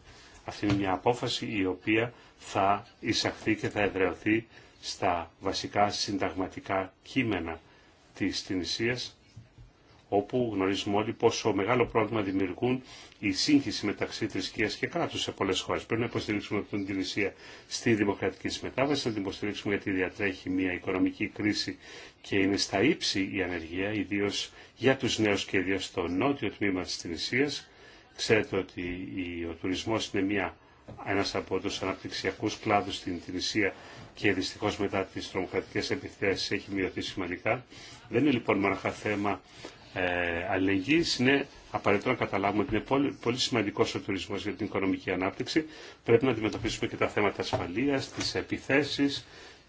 [SPEAKER 1] Αυτή είναι μια απόφαση η οποία θα εισαχθεί και θα εδρεωθεί στα βασικά συνταγματικά κείμενα της Τινησίας όπου γνωρίζουμε όλοι πόσο μεγάλο πρόβλημα δημιουργούν η σύγχυση μεταξύ θρησκεία και κράτου σε πολλέ χώρε. Πρέπει να υποστηρίξουμε την θρησκεία στη δημοκρατική μετάβαση, να την υποστηρίξουμε γιατί διατρέχει μια οικονομική κρίση και είναι στα ύψη η ανεργία, ιδίω για του νέου και ιδίω στο νότιο τμήμα τη θρησκεία. Ξέρετε ότι ο τουρισμό είναι μια ένα από του αναπτυξιακού κλάδου στην Τινησία και δυστυχώ μετά τι τρομοκρατικέ επιθέσει έχει μειωθεί σημαντικά. Δεν είναι λοιπόν μοναχά θέμα ε, αλληλεγγύης. Είναι απαραίτητο να καταλάβουμε ότι είναι πολύ, πολύ σημαντικός ο τουρισμός για την οικονομική ανάπτυξη. Πρέπει να αντιμετωπίσουμε και τα θέματα ασφαλείας, τις επιθέσεις,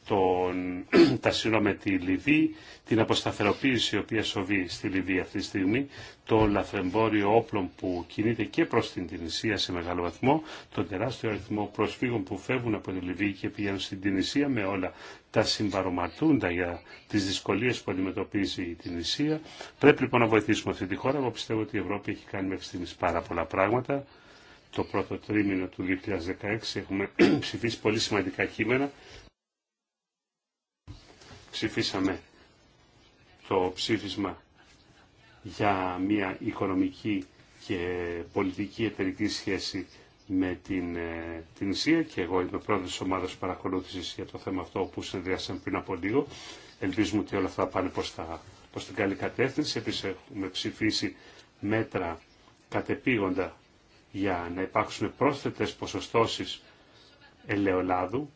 [SPEAKER 1] τον, τα σύνορα με τη Λιβύη, την αποσταθεροποίηση η οποία σοβεί στη Λιβύη αυτή τη στιγμή, το λαθρεμπόριο όπλων που κινείται και προς την Τινησία σε μεγάλο βαθμό, τον τεράστιο αριθμό προσφύγων που φεύγουν από τη Λιβύη και πηγαίνουν στην Τινησία με όλα τα συμπαρομαρτούντα για τις δυσκολίες που αντιμετωπίζει η Τινησία. Πρέπει λοιπόν να βοηθήσουμε αυτή τη χώρα. Εγώ πιστεύω ότι η Ευρώπη έχει κάνει μέχρι στιγμής πάρα πολλά πράγματα. Το πρώτο τρίμηνο του 2016 έχουμε ψηφίσει πολύ σημαντικά κείμενα ψηφίσαμε το ψήφισμα για μια οικονομική και πολιτική εταιρική σχέση με την, ε, την και εγώ είμαι πρόεδρος της ομάδας παρακολούθησης για το θέμα αυτό που συνδυάσαμε πριν από λίγο. Ελπίζουμε ότι όλα αυτά πάνε προς, τα, προς την καλή κατεύθυνση. Επίσης έχουμε ψηφίσει μέτρα κατεπήγοντα για να υπάρξουν πρόσθετες ποσοστώσεις ελαιολάδου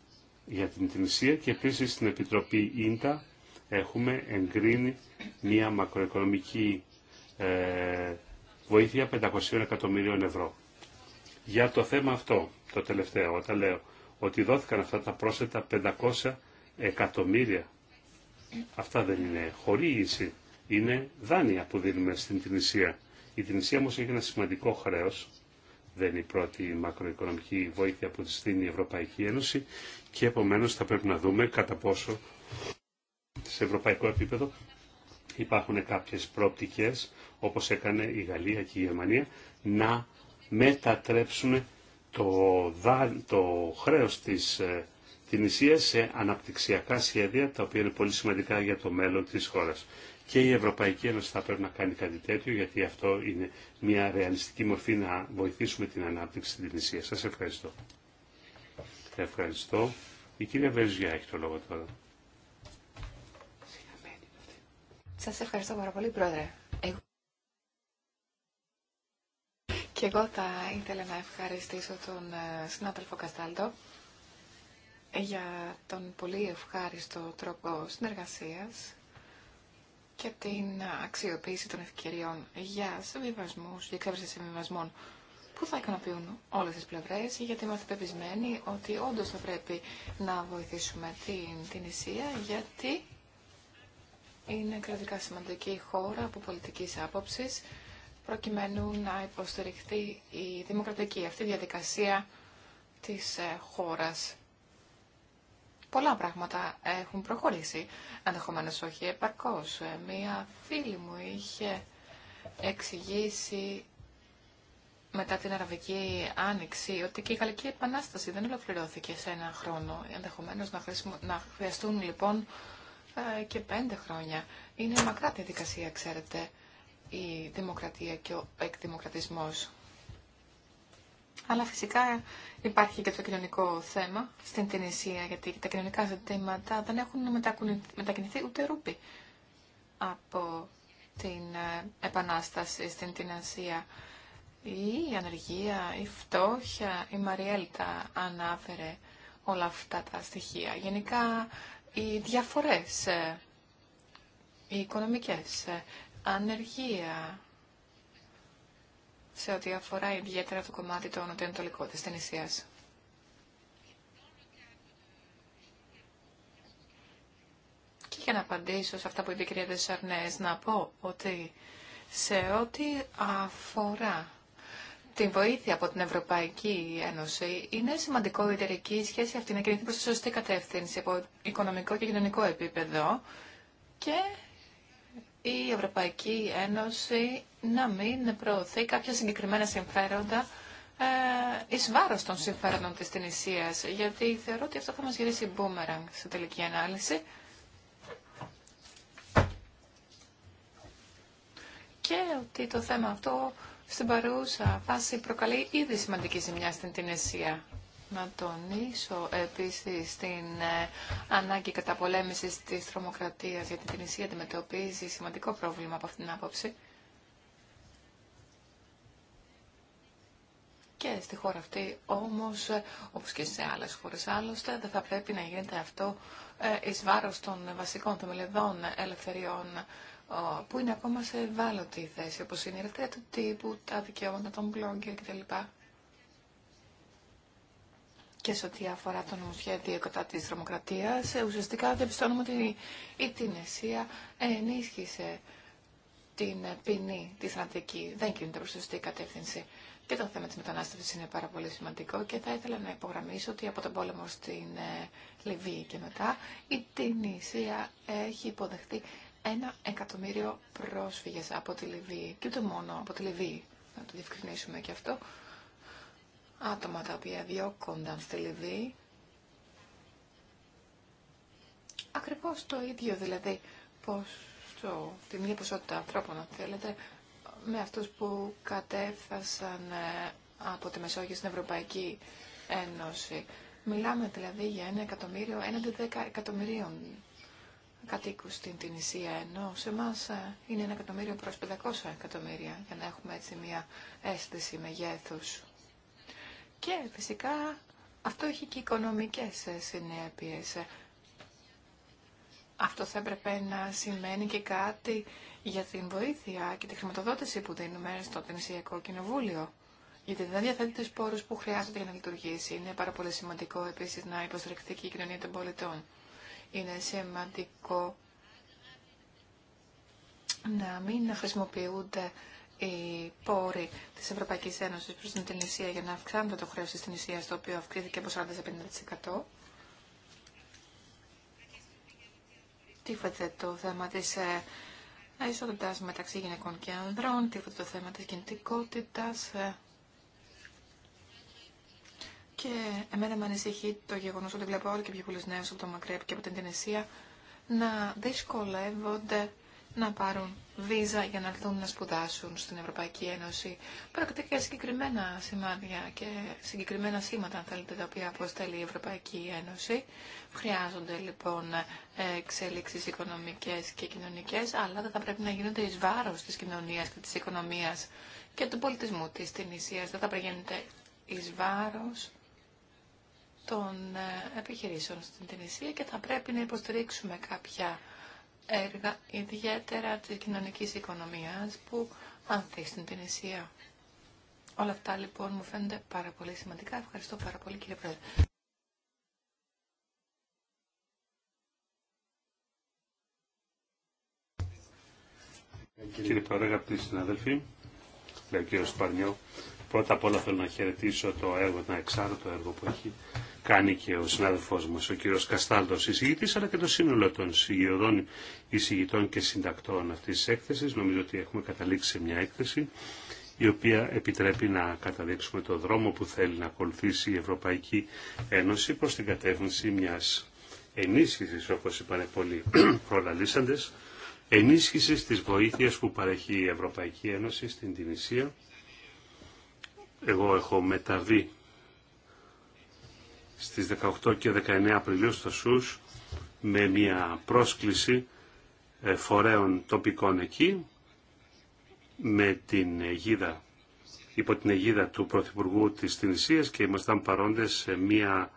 [SPEAKER 1] για την Τινησία και επίσης στην Επιτροπή Ίντα έχουμε εγκρίνει μια μακροοικονομική ε, βοήθεια 500 εκατομμυρίων ευρώ. Για το θέμα αυτό, το τελευταίο, όταν λέω ότι δόθηκαν αυτά τα πρόσθετα 500 εκατομμύρια, αυτά δεν είναι χορήγηση, είναι δάνεια που δίνουμε στην Τινησία. Η Τινησία όμως έχει ένα σημαντικό χρέος δεν είναι η πρώτη μακροοικονομική βοήθεια που τη δίνει η Ευρωπαϊκή Ένωση και επομένως θα πρέπει να δούμε κατά πόσο σε ευρωπαϊκό επίπεδο υπάρχουν κάποιες πρόπτικες όπως έκανε η Γαλλία και η Γερμανία να μετατρέψουν το, δα, το χρέος της ε, την Ισία σε αναπτυξιακά σχέδια τα οποία είναι πολύ σημαντικά για το μέλλον της χώρας και η Ευρωπαϊκή Ένωση θα πρέπει να κάνει κάτι τέτοιο, γιατί αυτό είναι μια ρεαλιστική μορφή να βοηθήσουμε την ανάπτυξη στην Τινησία. Σας ευχαριστώ. Ευχαριστώ. Η κυρία Βερζιά έχει το λόγο τώρα.
[SPEAKER 5] Σας ευχαριστώ πάρα πολύ, Πρόεδρε. Και εγώ θα ήθελα να ευχαριστήσω τον ε, συνάδελφο Καστάλτο για τον πολύ ευχάριστο τρόπο συνεργασίας και την αξιοποίηση των ευκαιριών για συμβιβασμού, για εξέβρεση συμβιβασμών που θα ικανοποιούν όλες τι πλευρές, γιατί είμαστε πεπισμένοι ότι όντω θα πρέπει να βοηθήσουμε την, την Ισία, γιατί είναι κρατικά σημαντική χώρα από πολιτικής άποψης, προκειμένου να υποστηριχθεί η δημοκρατική αυτή διαδικασία της ε, χώρας. Πολλά πράγματα έχουν προχωρήσει, ενδεχομένω όχι επαρκώ. Μία φίλη μου είχε εξηγήσει μετά την Αραβική Άνοιξη ότι και η Γαλλική Επανάσταση δεν ολοκληρώθηκε σε ένα χρόνο. Ενδεχομένω να, χρειαστούν λοιπόν ε, και πέντε χρόνια. Είναι μακρά δικασία, ξέρετε, η δημοκρατία και ο εκδημοκρατισμός. Αλλά φυσικά Υπάρχει και το κοινωνικό θέμα στην Τινησία, γιατί τα κοινωνικά ζητήματα δεν έχουν μετακινηθεί ούτε ρούπι από την ε, επανάσταση στην Τινησία. Η ανεργία, η φτώχεια, η Μαριέλτα ανάφερε όλα αυτά τα στοιχεία. Γενικά οι διαφορές, ε, οι οικονομικές, ε, ανεργία, σε ό,τι αφορά ιδιαίτερα το κομμάτι το νοτιοανατολικό της Τενησίας. Και για να απαντήσω σε αυτά που είπε η κυρία Δεσσαρνές, να πω ότι σε ό,τι αφορά την βοήθεια από την Ευρωπαϊκή Ένωση, είναι σημαντικό η εταιρική σχέση αυτή να κινηθεί προς τη σωστή κατεύθυνση από οικονομικό και κοινωνικό επίπεδο και η Ευρωπαϊκή Ένωση να μην προωθεί κάποια συγκεκριμένα συμφέροντα ε, εις βάρος των συμφέροντων της Τινησίας, γιατί θεωρώ ότι αυτό θα μας γυρίσει μπούμεραγκ σε τελική ανάλυση. Και ότι το θέμα αυτό στην παρούσα φάση προκαλεί ήδη σημαντική ζημιά στην Τινησία. Να τονίσω επίσης την ε, ανάγκη καταπολέμησης της τρομοκρατίας, γιατί την Τινησία αντιμετωπίζει σημαντικό πρόβλημα από αυτήν την άποψη. και στη χώρα αυτή. Όμως, ε, όπως και σε άλλες χώρες άλλωστε, δεν θα πρέπει να γίνεται αυτό ε, εις βάρος των βασικών θεμελιδών ελευθεριών που είναι ακόμα σε ευάλωτη θέση, όπως είναι η ελευθερία του τύπου, τα δικαιώματα των blogger κτλ. Και σε ό,τι αφορά το νομοσχέδιο κατά της δημοκρατίας, ε, ουσιαστικά διαπιστώνουμε ότι η Τινεσία ενίσχυσε την ποινή, τη θανατική. Δεν κινείται προς σωστή κατεύθυνση. Και το θέμα της μετανάστευσης είναι πάρα πολύ σημαντικό και θα ήθελα να υπογραμμίσω ότι από τον πόλεμο στην ε, Λιβύη και μετά η Τινησία έχει υποδεχτεί ένα εκατομμύριο πρόσφυγες από τη Λιβύη και ούτε μόνο από τη Λιβύη, να το διευκρινίσουμε και αυτό, άτομα τα οποία διώκονταν στη Λιβύη. Ακριβώς το ίδιο δηλαδή, πως τη μία ποσότητα ανθρώπων, θέλετε, με αυτούς που κατέφθασαν ε, από τη Μεσόγειο στην Ευρωπαϊκή Ένωση. Μιλάμε δηλαδή για ένα εκατομμύριο, έναντι δέκα εκατομμυρίων κατοίκους στην Τινησία, ενώ σε εμά ε, είναι ένα εκατομμύριο προς 500 εκατομμύρια, για να έχουμε έτσι μια αίσθηση μεγέθους. Και φυσικά αυτό έχει και οικονομικές ε, συνέπειες. Αυτό θα έπρεπε να σημαίνει και κάτι για την βοήθεια και τη χρηματοδότηση που δίνουμε στο Τενησιακό Κοινοβούλιο. Γιατί δεν διαθέτει του πόρου που χρειάζονται για να λειτουργήσει. Είναι πάρα πολύ σημαντικό επίση να υποστηριχθεί και η κοινωνία των πολιτών. Είναι σημαντικό να μην χρησιμοποιούνται οι πόροι τη Ευρωπαϊκή Ένωση προ την Τινησία για να αυξάνονται το χρέο τη Τινησία, το οποίο αυξήθηκε από 40 50%. τίφεται το θέμα της ε, ισότητας μεταξύ γυναικών και ανδρών, τίφεται το θέμα της κινητικότητας. Ε. Και εμένα με ανησυχεί το γεγονός ότι βλέπω όλο και πιο πολλού νέους από το Μακρέπ και από την Τινησία να δυσκολεύονται να πάρουν βίζα για να έρθουν να σπουδάσουν στην Ευρωπαϊκή Ένωση. Πρόκειται για συγκεκριμένα σημάδια και συγκεκριμένα σήματα, αν θέλετε, τα οποία αποστέλει η Ευρωπαϊκή Ένωση. Χρειάζονται λοιπόν εξέλιξεις οικονομικές και κοινωνικές, αλλά δεν θα πρέπει να γίνονται εις βάρος της κοινωνίας και της οικονομίας και του πολιτισμού της Τινησία. Δεν θα πρέπει να γίνονται εις βάρος των επιχειρήσεων στην Τινησία και θα πρέπει να υποστηρίξουμε κάποια έργα ιδιαίτερα της κοινωνικής οικονομίας που ανθίστην την Ισία. Όλα αυτά λοιπόν μου φαίνονται πάρα πολύ σημαντικά. Ευχαριστώ πάρα πολύ κύριε Πρόεδρε.
[SPEAKER 1] Κύριε Πρόεδρε, αγαπητοί συνάδελφοι, λέει ο πρώτα απ' όλα θέλω να χαιρετήσω το έργο, να εξάρω το έργο που έχει κάνει και ο συνάδελφός μας, ο κύριος Καστάλτος εισηγητής, αλλά και το σύνολο των συγγειωδών εισηγητών και συντακτών αυτής της έκθεσης. Νομίζω ότι έχουμε καταλήξει σε μια έκθεση η οποία επιτρέπει να καταδείξουμε το δρόμο που θέλει να ακολουθήσει η Ευρωπαϊκή Ένωση προς την κατεύθυνση μιας ενίσχυσης, όπως είπανε πολλοί προλαλήσαντες, ενίσχυσης της βοήθειας που παρέχει η Ευρωπαϊκή Ένωση στην Τινησία. Εγώ έχω μεταβεί στις 18 και 19 Απριλίου στο ΣΟΥΣ με μια πρόσκληση ε, φορέων τοπικών εκεί με την αιγίδα, υπό την αιγίδα του Πρωθυπουργού της Τινησίας και ήμασταν παρόντες σε μια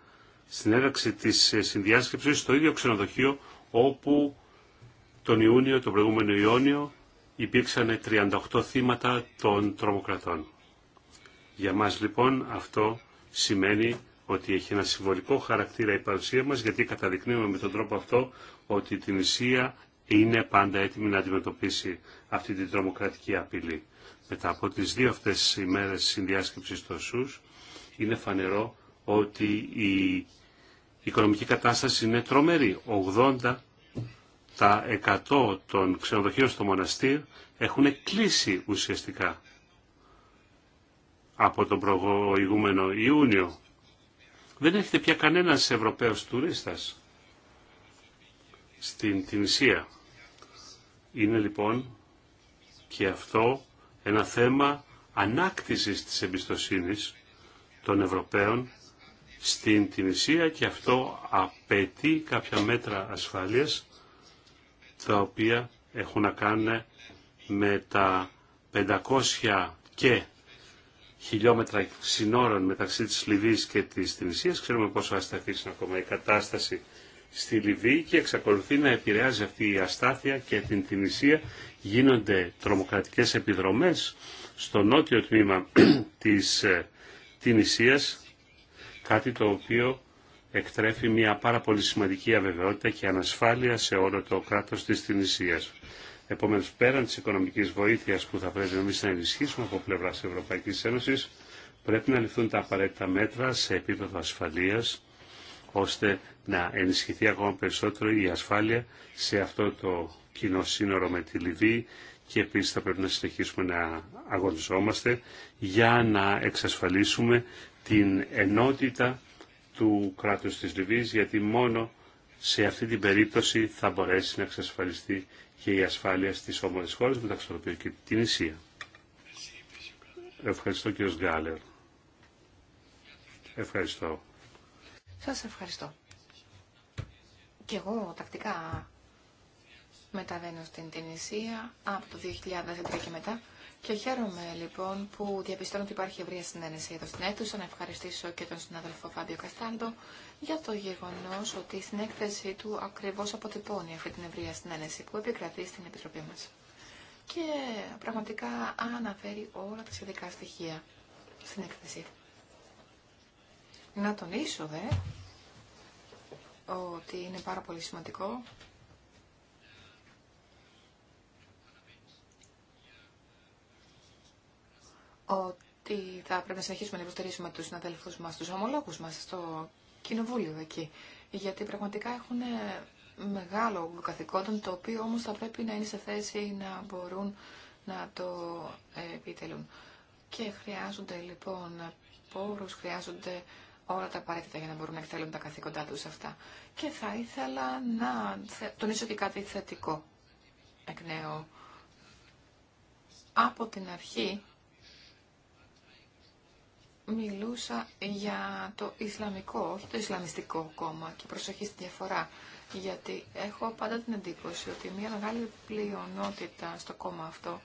[SPEAKER 1] συνέλεξη της ε, συνδιάσκεψης στο ίδιο ξενοδοχείο όπου τον Ιούνιο, τον προηγούμενο Ιόνιο υπήρξαν 38 θύματα των τρομοκρατών. Για μας λοιπόν αυτό σημαίνει ότι έχει ένα συμβολικό χαρακτήρα η παρουσία μας, γιατί καταδεικνύουμε με τον τρόπο αυτό ότι την Ισία είναι πάντα έτοιμη να αντιμετωπίσει αυτή την τρομοκρατική απειλή. Μετά από τις δύο αυτές ημέρες συνδιάσκεψης στο ΣΟΥΣ, είναι φανερό ότι η οικονομική κατάσταση είναι τρομερή. 80% των ξενοδοχείων στο μοναστήρ έχουν κλείσει ουσιαστικά από τον προηγούμενο Ιούνιο δεν έχετε πια κανένας Ευρωπαίος τουρίστας στην Τινησία. Είναι λοιπόν και αυτό ένα θέμα ανάκτησης της εμπιστοσύνης των Ευρωπαίων στην Τινησία και αυτό απαιτεί κάποια μέτρα ασφάλειας τα οποία έχουν να κάνουν με τα 500 και χιλιόμετρα συνόρων μεταξύ της Λιβύης και της Τινησίας. Ξέρουμε πόσο ασταθής είναι ακόμα η κατάσταση στη Λιβύη και εξακολουθεί να επηρεάζει αυτή η αστάθεια και την Τινησία. Γίνονται τρομοκρατικές επιδρομές στο νότιο τμήμα της ε, Τινησίας, κάτι το οποίο εκτρέφει μια πάρα πολύ σημαντική αβεβαιότητα και ανασφάλεια σε όλο το κράτος της Τινησίας. Επομένως, πέραν της οικονομικής βοήθειας που θα πρέπει εμεί να ενισχύσουμε από πλευράς Ευρωπαϊκής Ένωσης, πρέπει να ληφθούν τα απαραίτητα μέτρα σε επίπεδο ασφαλείας, ώστε να ενισχυθεί ακόμα περισσότερο η ασφάλεια σε αυτό το κοινό σύνορο με τη Λιβύη και επίσης θα πρέπει να συνεχίσουμε να αγωνιζόμαστε για να εξασφαλίσουμε την ενότητα του κράτους της Λιβύης γιατί μόνο σε αυτή την περίπτωση θα μπορέσει να εξασφαλιστεί και η ασφάλεια στις όμορες χώρες, μεταξύ των οποίων και την Ισία. Ευχαριστώ κύριο Γκάλερ. Ευχαριστώ.
[SPEAKER 5] Σας ευχαριστώ. Και εγώ τακτικά μεταβαίνω στην Τινησία από το 2013 και μετά και χαίρομαι λοιπόν που διαπιστώνω ότι υπάρχει ευρεία συνένεση εδώ στην αίθουσα. Να ευχαριστήσω και τον συνάδελφο Φάμπιο Καστάντο για το γεγονό ότι στην έκθεσή του ακριβώ αποτυπώνει αυτή την ευρεία συνένεση που επικρατεί στην Επιτροπή μα. Και πραγματικά αναφέρει όλα τα σχετικά στοιχεία στην έκθεση. Να τονίσω δε ότι είναι πάρα πολύ σημαντικό ότι θα πρέπει να συνεχίσουμε να υποστηρίσουμε τους συναδέλφους μας, τους ομολόγους μας στο κοινοβούλιο εκεί. Γιατί πραγματικά έχουν μεγάλο καθηκόντων, το οποίο όμως θα πρέπει να είναι σε θέση να μπορούν να το ε, επιτελούν. Και χρειάζονται λοιπόν πόρους, χρειάζονται όλα τα απαραίτητα για να μπορούν να εκτελούν τα καθήκοντά τους αυτά. Και θα ήθελα να τονίσω και κάτι θετικό εκ νέου. Από την αρχή μιλούσα για το Ισλαμικό, όχι το Ισλαμιστικό κόμμα και προσοχή στη διαφορά. Γιατί έχω πάντα την εντύπωση ότι μια μεγάλη πλειονότητα στο κόμμα αυτό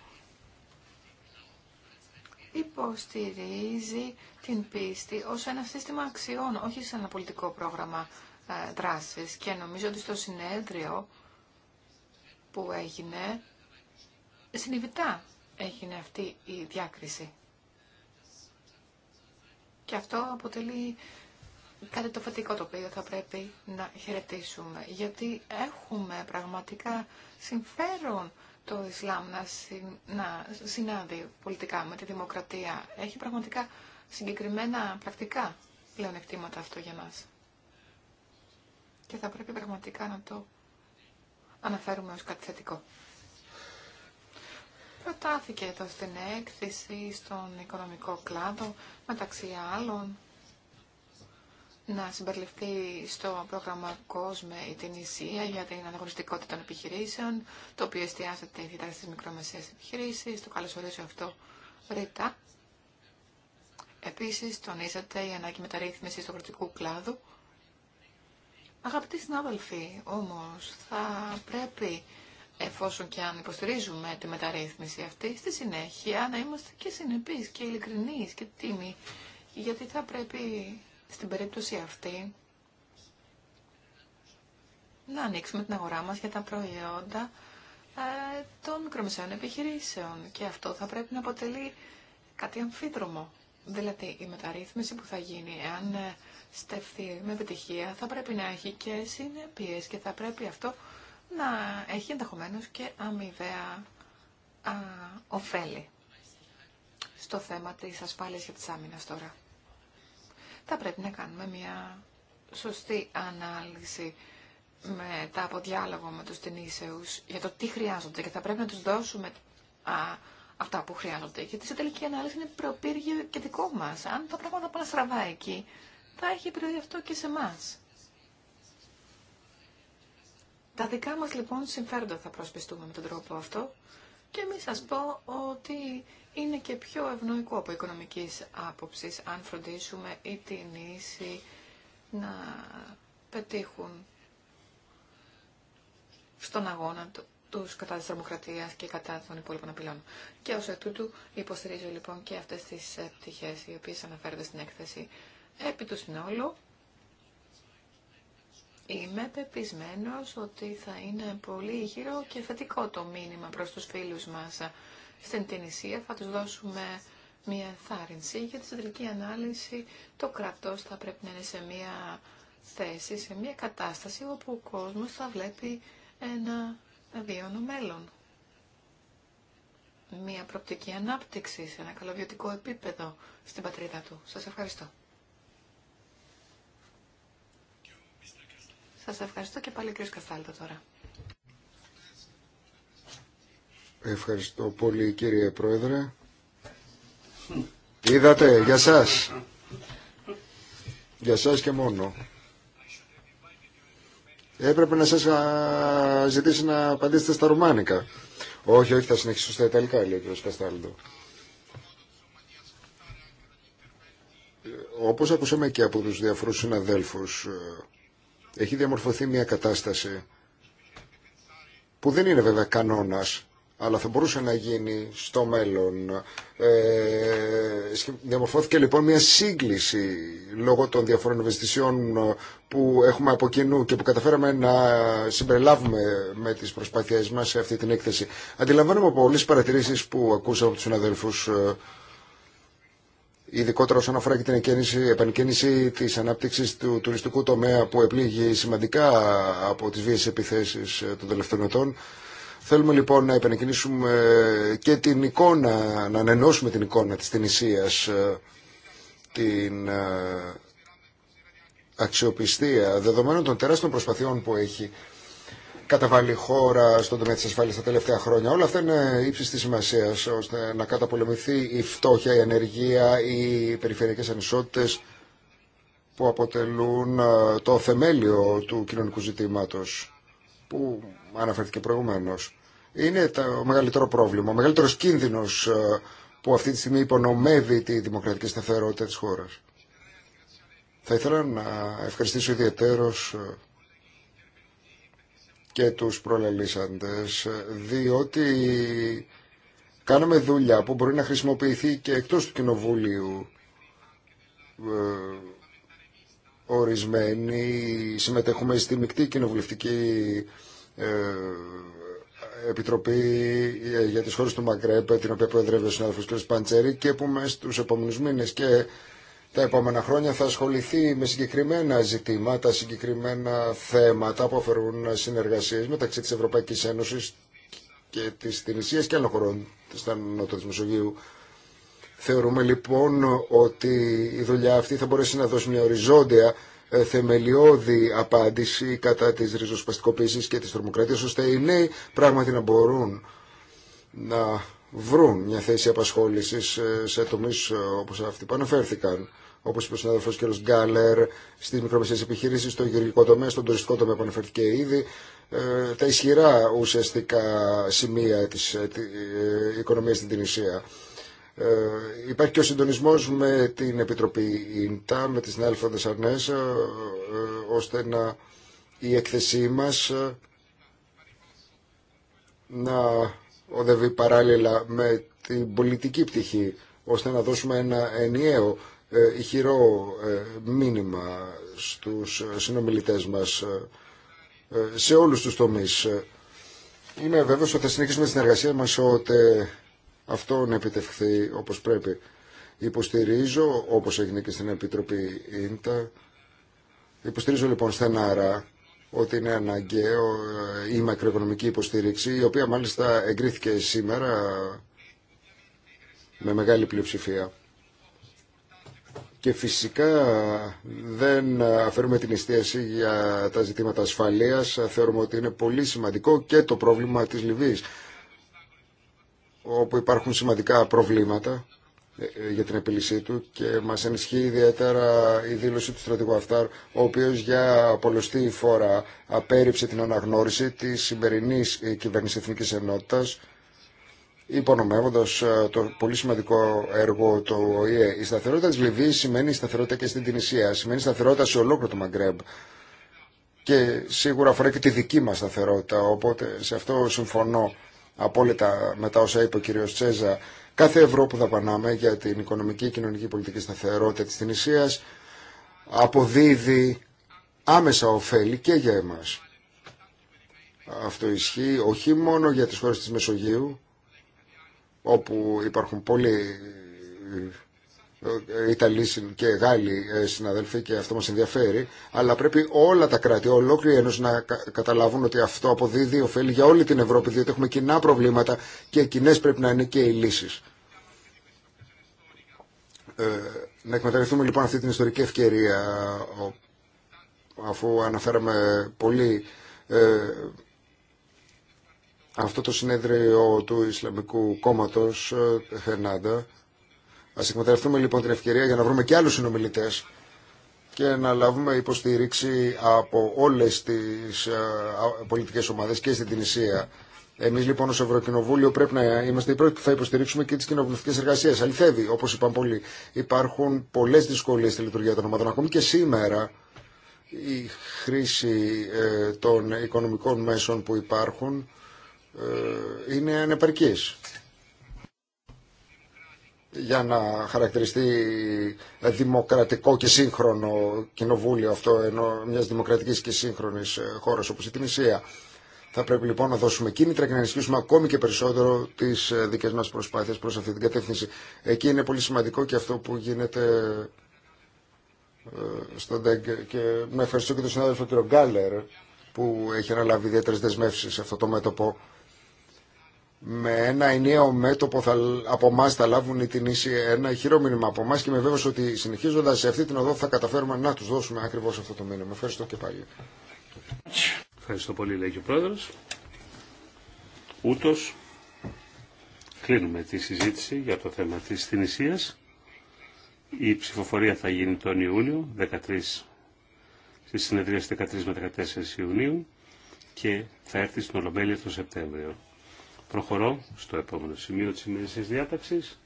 [SPEAKER 5] υποστηρίζει την πίστη ως ένα σύστημα αξιών, όχι σαν ένα πολιτικό πρόγραμμα ε, δράσης. Και νομίζω ότι στο συνέδριο που έγινε, συνειδητά έγινε αυτή η διάκριση. Και αυτό αποτελεί κάτι το φετικό το οποίο θα πρέπει να χαιρετήσουμε. Γιατί έχουμε πραγματικά συμφέρον το Ισλάμ να, συν, να συνάδει πολιτικά με τη δημοκρατία. Έχει πραγματικά συγκεκριμένα πρακτικά πλεονεκτήματα αυτό για μας. Και θα πρέπει πραγματικά να το αναφέρουμε ως κάτι θετικό. Προτάθηκε εδώ στην έκθεση, στον οικονομικό κλάδο, μεταξύ άλλων, να συμπεριληφθεί στο πρόγραμμα COSME η την Ισία για την αναγνωριστικότητα των επιχειρήσεων, το οποίο εστιάζεται ιδιαίτερα στι μικρομεσαίε επιχειρήσει. το καλωσορίζω αυτό ρητά. Επίσης, τονίζεται η ανάγκη μεταρρύθμισης του αγροτικού κλάδου. Αγαπητοί συνάδελφοι, όμως, θα πρέπει εφόσον και αν υποστηρίζουμε τη μεταρρύθμιση αυτή, στη συνέχεια να είμαστε και συνεπείς και ειλικρινείς και τίμοι, γιατί θα πρέπει στην περίπτωση αυτή να ανοίξουμε την αγορά μας για τα προϊόντα ε, των μικρομεσαίων επιχειρήσεων και αυτό θα πρέπει να αποτελεί κάτι αμφίδρομο. Δηλαδή η μεταρρύθμιση που θα γίνει, εάν ε, στεφθεί με επιτυχία, θα πρέπει να έχει και συνέπειες και θα πρέπει αυτό να έχει ενδεχομένω και αμοιβαία α, ωφέλη στο θέμα της ασφάλειας και της άμυνας τώρα. Θα πρέπει να κάνουμε μια σωστή ανάλυση μετά από διάλογο με τους ταινίσεους για το τι χρειάζονται και θα πρέπει να τους δώσουμε α, αυτά που χρειάζονται. Γιατί σε τελική ανάλυση είναι προπύργιο και δικό μας. Αν τα πράγματα πάνε στραβά εκεί, θα έχει επιρροή αυτό και σε εμάς. Τα δικά μας λοιπόν συμφέροντα θα προσπιστούμε με τον τρόπο αυτό και μην σας πω ότι είναι και πιο ευνοϊκό από οικονομικής άποψης αν φροντίσουμε ή την ίση να πετύχουν στον αγώνα τους κατά της τρομοκρατίας και κατά των υπόλοιπων απειλών. Και ως εκ τούτου υποστηρίζω λοιπόν και αυτές τις ε, πτυχές οι οποίες αναφέρονται στην έκθεση επί του συνόλου Είμαι πεπισμένος ότι θα είναι πολύ γύρω και θετικό το μήνυμα προς τους φίλους μας στην Τινησία. Θα τους δώσουμε μια ενθάρρυνση για τη τελική ανάλυση. Το κρατός θα πρέπει να είναι σε μια θέση, σε μια κατάσταση όπου ο κόσμος θα βλέπει ένα βίωνο μέλλον. Μια προπτική ανάπτυξη σε ένα καλοβιωτικό επίπεδο στην πατρίδα του. Σας ευχαριστώ. σα ευχαριστώ και πάλι ο κ. Καστάλτο τώρα.
[SPEAKER 4] Ευχαριστώ πολύ κύριε Πρόεδρε. Είδατε, για σας. Για σας και μόνο. Έπρεπε να σας ζητήσει να απαντήσετε στα ρουμάνικα. Όχι, όχι, θα συνεχίσω στα ιταλικά, λέει ο κ. Καστάλντο. Όπως ακούσαμε και από τους διαφορούς συναδέλφους, έχει διαμορφωθεί μια κατάσταση που δεν είναι βέβαια κανόνας, αλλά θα μπορούσε να γίνει στο μέλλον. Ε, διαμορφώθηκε λοιπόν μια σύγκληση λόγω των διαφορών ευαισθησιών που έχουμε από κοινού και που καταφέραμε να συμπεριλάβουμε με τις προσπάθειές μας σε αυτή την έκθεση. Αντιλαμβάνομαι από όλες τις παρατηρήσεις που ακούσα από τους συναδέλφους ε, ειδικότερα όσον αφορά και την επανεκκίνηση της ανάπτυξης του τουριστικού τομέα που επλήγει σημαντικά από τις βίες επιθέσεις ε, των τελευταίων ετών. Θέλουμε λοιπόν να επανεκκινήσουμε και την εικόνα, να ανενώσουμε την εικόνα της Τινησίας, ε, την ε, αξιοπιστία, δεδομένων των τεράστιων προσπαθειών που έχει καταβάλει η χώρα στον τομέα τη ασφάλεια τα τελευταία χρόνια. Όλα αυτά είναι ύψη τη σημασία ώστε να καταπολεμηθεί η φτώχεια, η ανεργία, οι περιφερειακέ ανισότητε που αποτελούν ε, το θεμέλιο του κοινωνικού ζητήματο που αναφέρθηκε προηγουμένω. Είναι το μεγαλύτερο πρόβλημα, ο μεγαλύτερο κίνδυνο ε, που αυτή τη στιγμή υπονομεύει τη δημοκρατική σταθερότητα τη χώρα. Θα ήθελα να ευχαριστήσω ιδιαίτερος ε, και τους προλαλήσαντες, διότι κάναμε δουλειά που μπορεί να χρησιμοποιηθεί και εκτός του Κοινοβούλιου. Ε, ορισμένοι συμμετέχουμε στη μεικτή κοινοβουλευτική ε, Επιτροπή ε, για τις χώρες του Μαγκρέπ, την οποία προεδρεύει ο συνάδελφος κ. Παντσέρη και που μέσα στους επόμενους μήνες και τα επόμενα χρόνια θα ασχοληθεί με συγκεκριμένα ζητήματα, συγκεκριμένα θέματα που αφορούν συνεργασίες μεταξύ τη Ευρωπαϊκή Ένωση και τη Τινησία και άλλων χωρών της Νότου τη Μεσογείου. Θεωρούμε λοιπόν ότι η δουλειά αυτή θα μπορέσει να δώσει μια οριζόντια ε, θεμελιώδη απάντηση κατά της ριζοσπαστικοποίησης και της τρομοκρατία, ώστε οι νέοι πράγματι να μπορούν να βρουν μια θέση απασχόλησης ε, σε τομείς ε, όπως αυτοί που αναφέρθηκαν όπως είπε ο συνάδελφος κ. Γκάλερ, στις μικρομεσαίες επιχειρήσεις, στο γεωργικό τομέα, στον τουριστικό τομέα που αναφέρθηκε ήδη, ε, τα ισχυρά ουσιαστικά σημεία της οικονομίας στην Τινησία. Ε, υπάρχει και ο συντονισμός με την Επιτροπή ΙΝΤΑ, με τις συνάδελφοντες Αρνές, ώστε να η έκθεσή μας να οδεύει παράλληλα με την πολιτική πτυχή ώστε να δώσουμε ένα ενιαίο ε, ηχηρό ε, μήνυμα στους συνομιλητές μας ε, σε όλους τους τομείς. Είμαι βέβαιος ότι θα συνεχίσουμε τη συνεργασία μας ότι αυτό να επιτευχθεί όπως πρέπει. Υποστηρίζω, όπως έγινε και στην Επιτροπή ΙΝΤΑ, υποστηρίζω λοιπόν στενάρα ότι είναι αναγκαίο ε, η μακροοικονομική υποστήριξη, η οποία μάλιστα εγκρίθηκε σήμερα με μεγάλη πλειοψηφία. Και φυσικά δεν αφαιρούμε την εστίαση για τα ζητήματα ασφαλείας. Θεωρούμε ότι είναι πολύ σημαντικό και το πρόβλημα της Λιβύης, όπου υπάρχουν σημαντικά προβλήματα ε, ε, για την επίλυσή του και μας ενισχύει ιδιαίτερα η δήλωση του στρατηγού Αφτάρ, ο οποίος για πολλωστή φορά απέρριψε την αναγνώριση της σημερινής ε, κυβέρνηση Εθνικής Ενότητας, υπονομεύοντας το πολύ σημαντικό έργο του ΟΗΕ. Η σταθερότητα της Λιβύης σημαίνει σταθερότητα και στην Τινησία, σημαίνει σταθερότητα σε ολόκληρο το Μαγκρέμπ και σίγουρα αφορά και τη δική μας σταθερότητα, οπότε σε αυτό συμφωνώ απόλυτα με τα όσα είπε ο κ. Τσέζα Κάθε ευρώ που δαπανάμε για την οικονομική και κοινωνική πολιτική σταθερότητα της Τινησίας αποδίδει άμεσα ωφέλη και για εμάς. Αυτό ισχύει όχι μόνο για τις χώρες της Μεσογείου, όπου υπάρχουν πολλοί ε, Ιταλοί και Γάλλοι ε, συναδελφοί και αυτό μας ενδιαφέρει αλλά πρέπει όλα τα κράτη, ολόκληρη η να καταλάβουν ότι αυτό αποδίδει ωφέλη για όλη την Ευρώπη διότι έχουμε κοινά προβλήματα και κοινέ πρέπει να είναι και οι λύσεις. Ε, να εκμεταλλευτούμε λοιπόν αυτή την ιστορική ευκαιρία αφού αναφέραμε πολύ ε, αυτό το συνέδριο του Ισλαμικού Κόμματος ε, Χενάντα Α εκμεταλλευτούμε λοιπόν την ευκαιρία για να βρούμε και άλλου συνομιλητέ και να λάβουμε υποστήριξη από όλε τι ε, πολιτικέ ομάδε και στην Τινησία. Εμεί λοιπόν ω Ευρωκοινοβούλιο πρέπει να είμαστε οι πρώτοι που θα υποστηρίξουμε και τι κοινοβουλευτικέ εργασίε. Αληθεύει, όπω είπαν πολλοί, υπάρχουν πολλέ δυσκολίε στη λειτουργία των ομάδων. Ακόμη και σήμερα η χρήση ε, των οικονομικών μέσων που υπάρχουν ε, είναι ανεπαρκής για να χαρακτηριστεί δημοκρατικό και σύγχρονο κοινοβούλιο αυτό ενώ μιας δημοκρατικής και σύγχρονης ε, χώρας όπως η Τινησία. Θα πρέπει λοιπόν να δώσουμε κίνητρα και να ενισχύσουμε ακόμη και περισσότερο τις ε, δικές μας προσπάθειες προς αυτή την κατεύθυνση. Εκεί είναι πολύ σημαντικό και αυτό που γίνεται ε, στο ΔΕΚ και με ευχαριστώ και τον συνάδελφο κ. Γκάλερ που έχει αναλάβει ιδιαίτερε δεσμεύσει σε αυτό το μέτωπο με ένα ενιαίο μέτωπο θα, από εμά θα λάβουν την ίση ένα χειρό μήνυμα από εμά και με βέβαιο ότι συνεχίζοντα σε αυτή την οδό θα καταφέρουμε να του δώσουμε ακριβώ αυτό το μήνυμα. Ευχαριστώ και πάλι.
[SPEAKER 1] Ευχαριστώ πολύ, λέει και ο πρόεδρο. Ούτω κλείνουμε τη συζήτηση για το θέμα τη θυνησία. Η ψηφοφορία θα γίνει τον Ιούνιο, 13, στις συνεδρίες 13 με 14 Ιουνίου και θα έρθει στην Ολομέλεια τον Σεπτέμβριο. Προχωρώ στο επόμενο σημείο της σημερινής διάταξης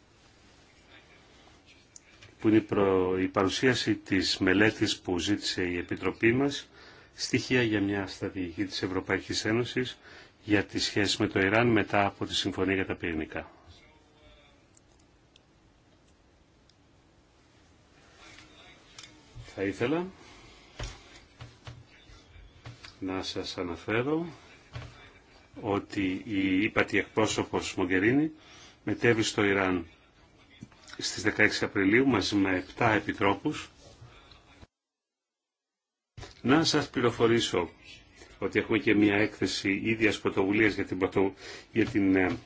[SPEAKER 1] που είναι η παρουσίαση της μελέτης που ζήτησε η Επιτροπή μας στοιχεία για μια στρατηγική της Ευρωπαϊκής Ένωσης για τη σχέση με το Ιράν μετά από τη Συμφωνία για τα Πυρηνικά. Θα ήθελα να σας αναφέρω ότι η ύπατη εκπρόσωπος Μογκερίνη μετέβη στο Ιράν στις 16 Απριλίου μαζί με 7 επιτρόπους. Να σας πληροφορήσω ότι έχουμε και μια έκθεση ίδιας πρωτοβουλία για την, για την ε,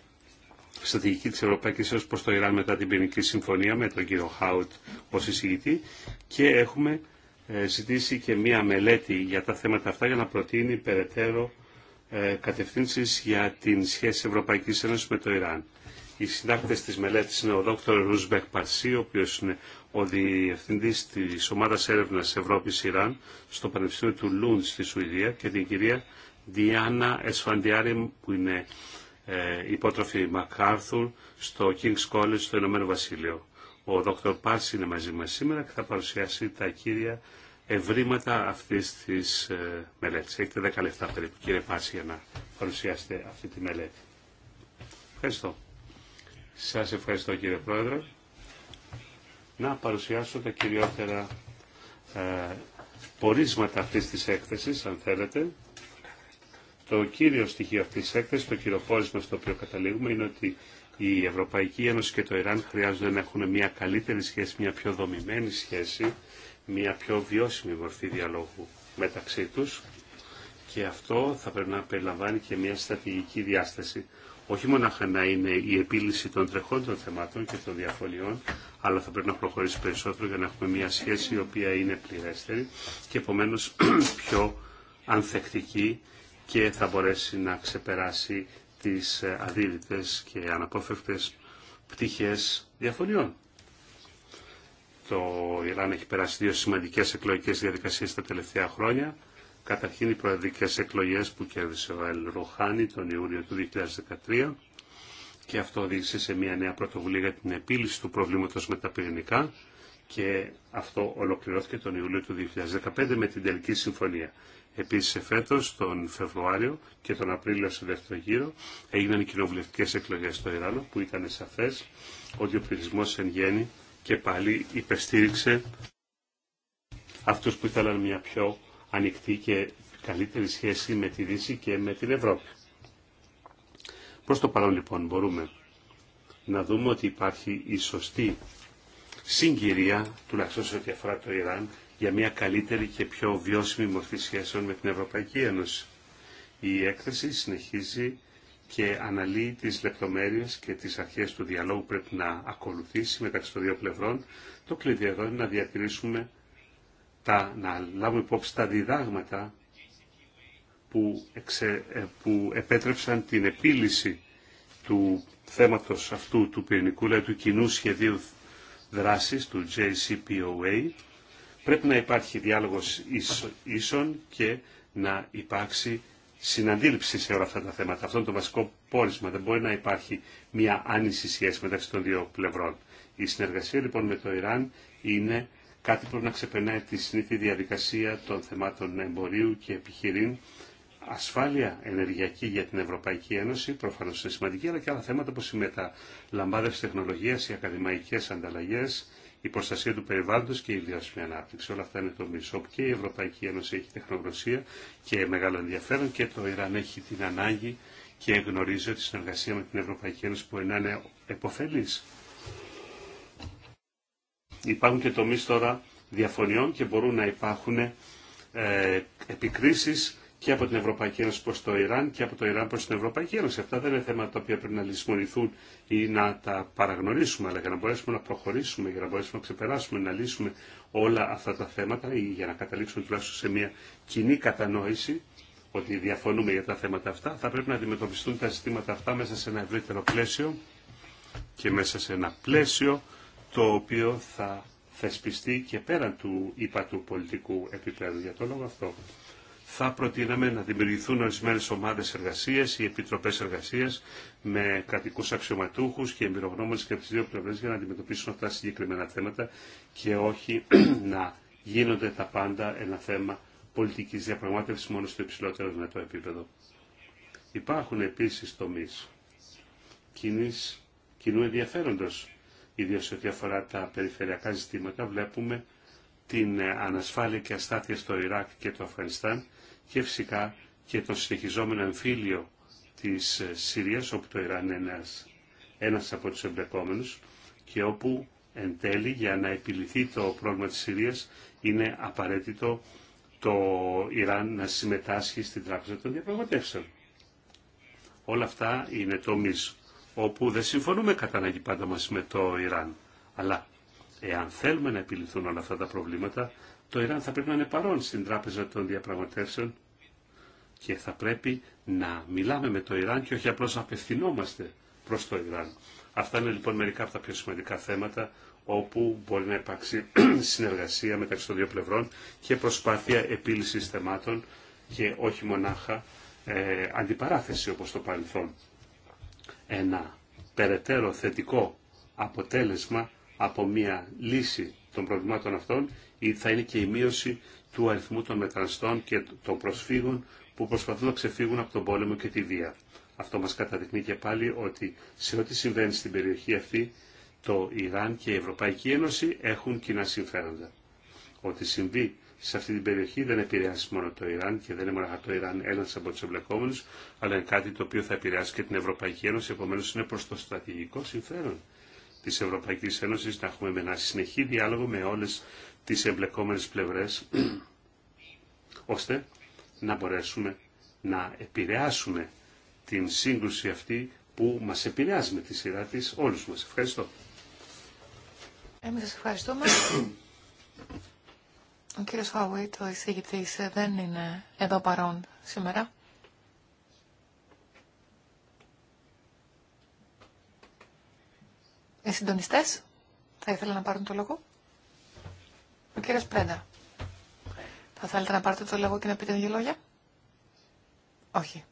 [SPEAKER 1] στρατηγική της Ευρωπαϊκής Ένωσης προς το Ιράν μετά την ποινική συμφωνία με τον κύριο Χάουτ ως εισηγητή και έχουμε ε, ζητήσει και μια μελέτη για τα θέματα αυτά για να προτείνει περαιτέρω ε, κατευθύνσεις για την σχέση Ευρωπαϊκής Ένωσης με το Ιράν. Οι συντάκτες της μελέτης είναι ο Δόκτωρ Ρουσμπεκ Παρσί, ο οποίος είναι ο Διευθυντής της ομάδα ερευνας Ευρώπη Ευρώπης-Ιράν στο Πανεπιστήμιο του Λούντ στη Σουηδία και την κυρία Διάννα Εσφαντιάρη που είναι ε, υπότροφη Μακάρθουρ στο King's College στο Ηνωμένο Βασίλειο. Ο Δόκτωρ Πάρση είναι μαζί μας σήμερα και θα παρουσιάσει τα κύρια ευρήματα αυτή τη ε, μελέτη. Έχετε 10 λεπτά περίπου κύριε Πάση για να παρουσιάσετε αυτή τη μελέτη. Ευχαριστώ. Σα ευχαριστώ κύριε Πρόεδρε. Να παρουσιάσω τα κυριότερα ε, πορίσματα αυτής της έκθεσης, αν θέλετε. Το κύριο στοιχείο αυτή τη έκθεσης, το κύριο στο οποίο καταλήγουμε, είναι ότι η Ευρωπαϊκή Ένωση και το Ιράν χρειάζονται να έχουν μια καλύτερη σχέση, μια πιο δομημένη σχέση μια πιο βιώσιμη μορφή διαλόγου μεταξύ τους και αυτό θα πρέπει να περιλαμβάνει και μια στρατηγική διάσταση. Όχι μόνο να είναι η επίλυση των των θεμάτων και των διαφωνιών, αλλά θα πρέπει να προχωρήσει περισσότερο για να έχουμε μια σχέση η οποία είναι πληρέστερη και επομένως πιο ανθεκτική και θα μπορέσει να ξεπεράσει τις αδίλητες και αναπόφευκτες πτυχές διαφωνιών το Ιράν έχει περάσει δύο σημαντικές εκλογικές διαδικασίες τα τελευταία χρόνια. Καταρχήν οι προεδρικές εκλογές που κέρδισε ο Ελ Ροχάνη τον Ιούλιο του 2013 και αυτό οδήγησε σε μια νέα πρωτοβουλία για την επίλυση του προβλήματος με τα πυρηνικά και αυτό ολοκληρώθηκε τον Ιούλιο του 2015 με την τελική συμφωνία. Επίσης φέτο τον Φεβρουάριο και τον Απρίλιο σε δεύτερο γύρο, έγιναν οι κοινοβουλευτικές εκλογές στο Ιράν, που ήταν σαφές ότι ο πληθυσμός εν γέννη και πάλι υπεστήριξε αυτούς που ήθελαν μια πιο ανοιχτή και καλύτερη σχέση με τη Δύση και με την Ευρώπη. Προς το παρόν λοιπόν μπορούμε να δούμε ότι υπάρχει η σωστή συγκυρία, τουλάχιστον σε ό,τι αφορά το Ιράν, για μια καλύτερη και πιο βιώσιμη μορφή σχέσεων με την Ευρωπαϊκή Ένωση. Η έκθεση συνεχίζει και αναλύει τις λεπτομέρειες και τις αρχές του διαλόγου που πρέπει να ακολουθήσει μεταξύ των δύο πλευρών. Το κλειδί εδώ είναι να διατηρήσουμε, τα, να λάβουμε υπόψη τα διδάγματα που, ε, που επέτρεψαν την επίλυση του θέματος αυτού του πυρηνικού, δηλαδή του κοινού σχεδίου δράσης, του JCPOA. Πρέπει να υπάρχει διάλογος ίσων και να υπάρξει συναντήληψη σε όλα αυτά τα θέματα. Αυτό είναι το βασικό πόρισμα. Δεν μπορεί να υπάρχει μια άνηση σχέση μεταξύ των δύο πλευρών. Η συνεργασία λοιπόν με το Ιράν είναι κάτι που να ξεπερνάει τη συνήθη διαδικασία των θεμάτων εμπορίου και επιχειρήν. Ασφάλεια ενεργειακή για την Ευρωπαϊκή Ένωση, προφανώς είναι σημαντική, αλλά και άλλα θέματα που η μεταλαμπάδευση τεχνολογία, οι ακαδημαϊκές ανταλλαγέ, η προστασία του περιβάλλοντος και η βιώσιμη ανάπτυξη. Όλα αυτά είναι το μισό και η Ευρωπαϊκή Ένωση έχει τεχνογνωσία και μεγάλο ενδιαφέρον και το Ιράν έχει την ανάγκη και γνωρίζει ότι η συνεργασία με την Ευρωπαϊκή Ένωση μπορεί να είναι επωφελής. Υπάρχουν και τομείς τώρα διαφωνιών και μπορούν να υπάρχουν ε, επικρίσεις και από την Ευρωπαϊκή Ένωση προς το Ιράν και από το Ιράν προς την Ευρωπαϊκή Ένωση. Αυτά δεν είναι θέματα τα οποία πρέπει να λησμονηθούν ή να τα παραγνωρίσουμε, αλλά για να μπορέσουμε να προχωρήσουμε, για να μπορέσουμε να ξεπεράσουμε, να λύσουμε όλα αυτά τα θέματα ή για να καταλήξουμε τουλάχιστον σε μια κοινή κατανόηση ότι διαφωνούμε για τα θέματα αυτά, θα πρέπει να αντιμετωπιστούν τα ζητήματα αυτά μέσα σε ένα ευρύτερο πλαίσιο και μέσα σε ένα πλαίσιο το οποίο θα θεσπιστεί και πέραν του ύπατου πολιτικού επίπεδου. Για το λόγο αυτό θα προτείναμε να δημιουργηθούν ορισμένε ομάδε εργασία ή επιτροπέ εργασία με κρατικού αξιωματούχου και εμπειρογνώμονε και από τι δύο πλευρέ για να αντιμετωπίσουν αυτά τα συγκεκριμένα θέματα και όχι να γίνονται τα πάντα ένα θέμα πολιτική διαπραγμάτευση μόνο στο υψηλότερο δυνατό επίπεδο. Υπάρχουν επίση τομεί κοινού ενδιαφέροντο, ιδίω σε ό,τι αφορά τα περιφερειακά ζητήματα, βλέπουμε την ανασφάλεια και αστάθεια στο Ιράκ και το Αφγανιστάν και φυσικά και το συνεχιζόμενο εμφύλιο της ε, Συρίας, όπου το Ιράν είναι ένας, από τους εμπλεκόμενους και όπου εν τέλει για να επιληθεί το πρόβλημα της Συρίας είναι απαραίτητο το Ιράν να συμμετάσχει στην Τράπεζα των Διαπραγματεύσεων. Όλα αυτά είναι τομεί όπου δεν συμφωνούμε κατά ανάγκη πάντα μας με το Ιράν. Αλλά εάν θέλουμε να επιληθούν όλα αυτά τα προβλήματα το Ιράν θα πρέπει να είναι παρόν στην τράπεζα των διαπραγματεύσεων και θα πρέπει να μιλάμε με το Ιράν και όχι απλώς να απευθυνόμαστε προς το Ιράν. Αυτά είναι λοιπόν μερικά από τα πιο σημαντικά θέματα όπου μπορεί να υπάρξει συνεργασία μεταξύ των δύο πλευρών και προσπάθεια επίλυσης θεμάτων και όχι μονάχα ε, αντιπαράθεση όπως το παρελθόν. Ένα περαιτέρω θετικό αποτέλεσμα από μια λύση των προβλημάτων αυτών θα είναι και η μείωση του αριθμού των μεταναστών και των προσφύγων που προσπαθούν να ξεφύγουν από τον πόλεμο και τη βία. Αυτό μας καταδεικνύει και πάλι ότι σε ό,τι συμβαίνει στην περιοχή αυτή, το Ιράν και η Ευρωπαϊκή Ένωση έχουν κοινά συμφέροντα. Ό,τι συμβεί σε αυτή την περιοχή δεν επηρεάζει μόνο το Ιράν και δεν είναι μόνο το Ιράν ένα από του εμπλεκόμενου, αλλά είναι κάτι το οποίο θα επηρεάσει και την Ευρωπαϊκή Ένωση, επομένω είναι προ το στρατηγικό συμφέρον της Ευρωπαϊκής Ένωσης να έχουμε ένα συνεχή διάλογο με όλες τις εμπλεκόμενες πλευρές ώστε να μπορέσουμε να επηρεάσουμε την σύγκρουση αυτή που μας επηρεάζει με τη σειρά της όλους μας. Ευχαριστώ.
[SPEAKER 5] Εμείς σας ευχαριστούμε. Ο κύριος Χαουίτ, ο εισηγητής, δεν είναι εδώ παρόν σήμερα. Οι συντονιστέ θα ήθελαν να πάρουν το λόγο. Ο κύριο Πρέντα. Θα θέλετε να πάρετε το λόγο και να πείτε δύο λόγια. Όχι.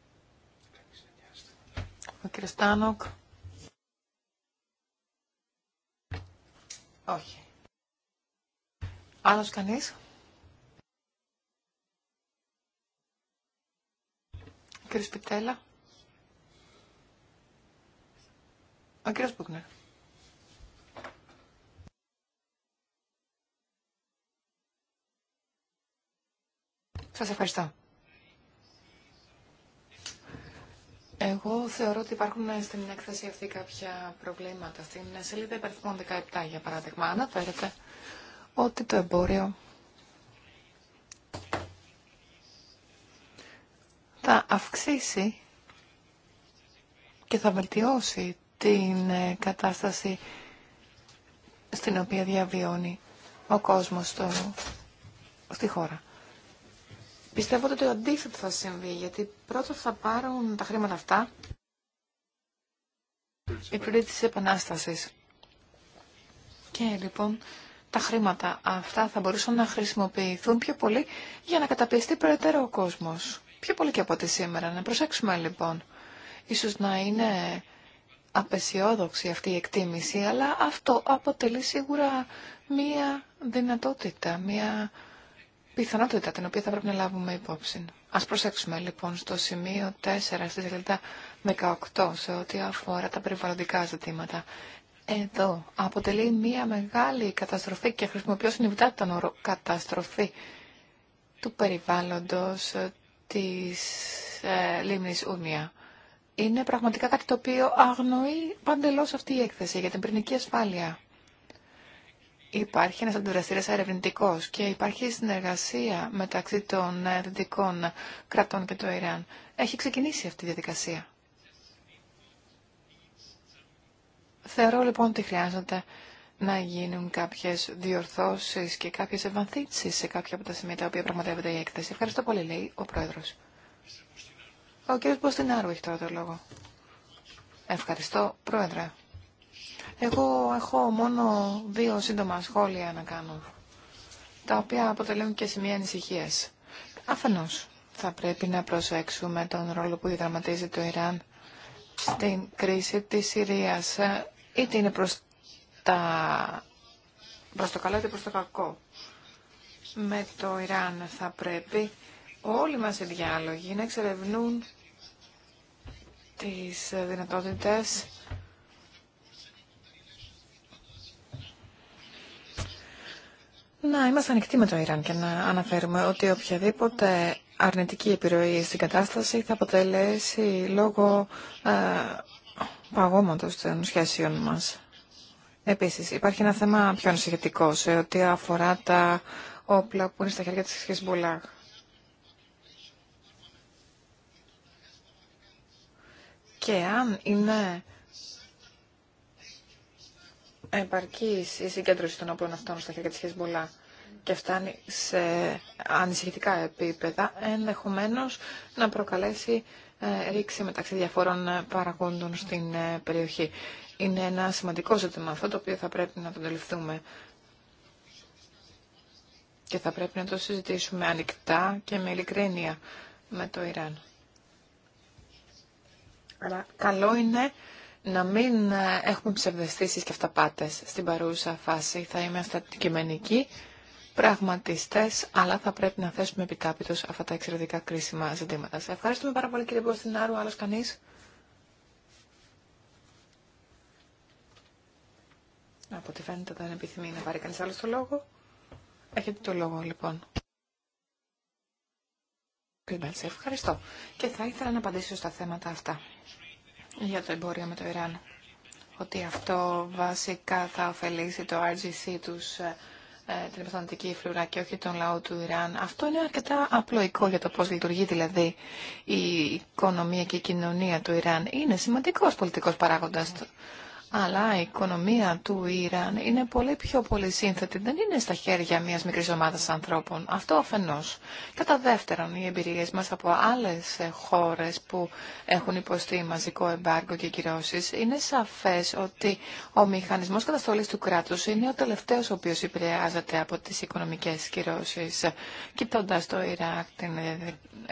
[SPEAKER 5] Ο κύριο Τάνοκ. Όχι. Άλλος κανείς. Ο κύριος Πιτέλα. Ο κύριος Μπούκνερ. Σας ευχαριστώ. Εγώ θεωρώ ότι υπάρχουν στην έκθεση αυτή κάποια προβλήματα. Στην σελίδα υπερθυμών 17, για παράδειγμα, αναφέρεται ότι το εμπόριο θα αυξήσει και θα βελτιώσει την ε, κατάσταση στην οποία διαβιώνει ο κόσμος στο, στη χώρα. Πιστεύω ότι το αντίθετο θα συμβεί, γιατί πρώτα θα πάρουν τα χρήματα αυτά Η πλήρη της Επανάστασης. Και λοιπόν, τα χρήματα αυτά θα μπορούσαν να χρησιμοποιηθούν πιο πολύ για να καταπιεστεί προαιτέρω ο κόσμος. Πιο πολύ και από ό,τι σήμερα. Να προσέξουμε λοιπόν. Ίσως να είναι απεσιόδοξη αυτή η εκτίμηση, αλλά αυτό αποτελεί σίγουρα μία δυνατότητα, μία πιθανότητα την οποία θα πρέπει να λάβουμε υπόψη. Ας προσέξουμε λοιπόν στο σημείο 4 στη σελίδα 18 σε ό,τι αφορά τα περιβαλλοντικά ζητήματα. Εδώ αποτελεί μια μεγάλη καταστροφή και χρησιμοποιώ συνειδητά τον όρο καταστροφή του περιβάλλοντος της ε, λίμνης Ούνια. Είναι πραγματικά κάτι το οποίο αγνοεί παντελώς αυτή η έκθεση για την πυρηνική ασφάλεια. Υπάρχει ένας αντιδραστήρας ερευνητικό και υπάρχει συνεργασία μεταξύ των δυτικών κρατών και του Ιράν. Έχει ξεκινήσει αυτή η διαδικασία. Θεωρώ λοιπόν ότι χρειάζεται να γίνουν κάποιες διορθώσεις και κάποιες ευανθίτσεις σε κάποια από τα σημεία τα οποία πραγματεύεται η έκθεση. Ευχαριστώ πολύ, λέει ο Πρόεδρος. Ο κ. Ποστινάρου έχει τώρα το λόγο. Ευχαριστώ, Πρόεδρε. Εγώ έχω μόνο δύο σύντομα σχόλια να κάνω, τα οποία αποτελούν και σημεία ανησυχία. Αφενό, θα πρέπει να προσέξουμε τον ρόλο που διαδραματίζει το Ιράν στην κρίση της Συρίας, ε, είτε είναι προ τα... προς το καλό είτε προς το κακό. Με το Ιράν θα πρέπει όλοι μας οι διάλογοι να εξερευνούν τις δυνατότητες να είμαστε ανοιχτοί με το Ιράν και να αναφέρουμε ότι οποιαδήποτε αρνητική επιρροή στην κατάσταση θα αποτελέσει λόγω ε, παγώματος των σχέσεων μας. Επίσης, υπάρχει ένα θέμα πιο ανησυχητικό σε ό,τι αφορά τα όπλα που είναι στα χέρια της Χεσμπολάχ. Και αν είναι επαρκή η συγκέντρωση των όπλων αυτών στα χέρια τη Χεσμολά και φτάνει σε ανησυχητικά επίπεδα, Ενδεχομένω να προκαλέσει ε, ρήξη μεταξύ διαφόρων ε, παραγόντων στην ε, περιοχή. Είναι ένα σημαντικό ζήτημα αυτό το οποίο θα πρέπει να το αντιληφθούμε και θα πρέπει να το συζητήσουμε ανοιχτά και με ειλικρίνεια με το Ιράν. Αλλά καλό είναι να μην ε, έχουμε ψευδεστήσει και αυτάπάτε στην παρούσα φάση. Θα είμαι αυτοκειμενική, Πραγματιστέ, αλλά θα πρέπει να θέσουμε επιτάπητο αυτά τα εξαιρετικά κρίσιμα ζητήματα. Σε ευχαριστούμε πάρα πολύ κύριε Μποστινάρου, άλλο κανεί. Από ό,τι φαίνεται δεν επιθυμεί να πάρει κανείς άλλο το λόγο. Έχετε το λόγο λοιπόν. Ευχαριστώ. Και θα ήθελα να απαντήσω στα θέματα αυτά για το εμπόριο με το Ιράν. Ότι αυτό βασικά θα ωφελήσει το RGC τους ε, ε, την επιστημονική φρουρά και όχι τον λαό του Ιράν. Αυτό είναι αρκετά απλοϊκό για το πώς λειτουργεί δηλαδή η οικονομία και η κοινωνία του Ιράν. Είναι σημαντικός πολιτικός παράγοντας αλλά η οικονομία του Ιράν είναι πολύ πιο πολύ σύνθετη. Δεν είναι στα χέρια μιας μικρής ομάδας ανθρώπων. Αυτό αφενός. Κατά δεύτερον, οι εμπειρίες μας από άλλε χώρες που έχουν υποστεί μαζικό εμπάργκο και κυρώσεις, είναι σαφές ότι ο μηχανισμός καταστολής του κράτους είναι ο τελευταίος ο οποίος επηρεάζεται από τις οικονομικές κυρώσεις. κοιτώντα το Ιράκ την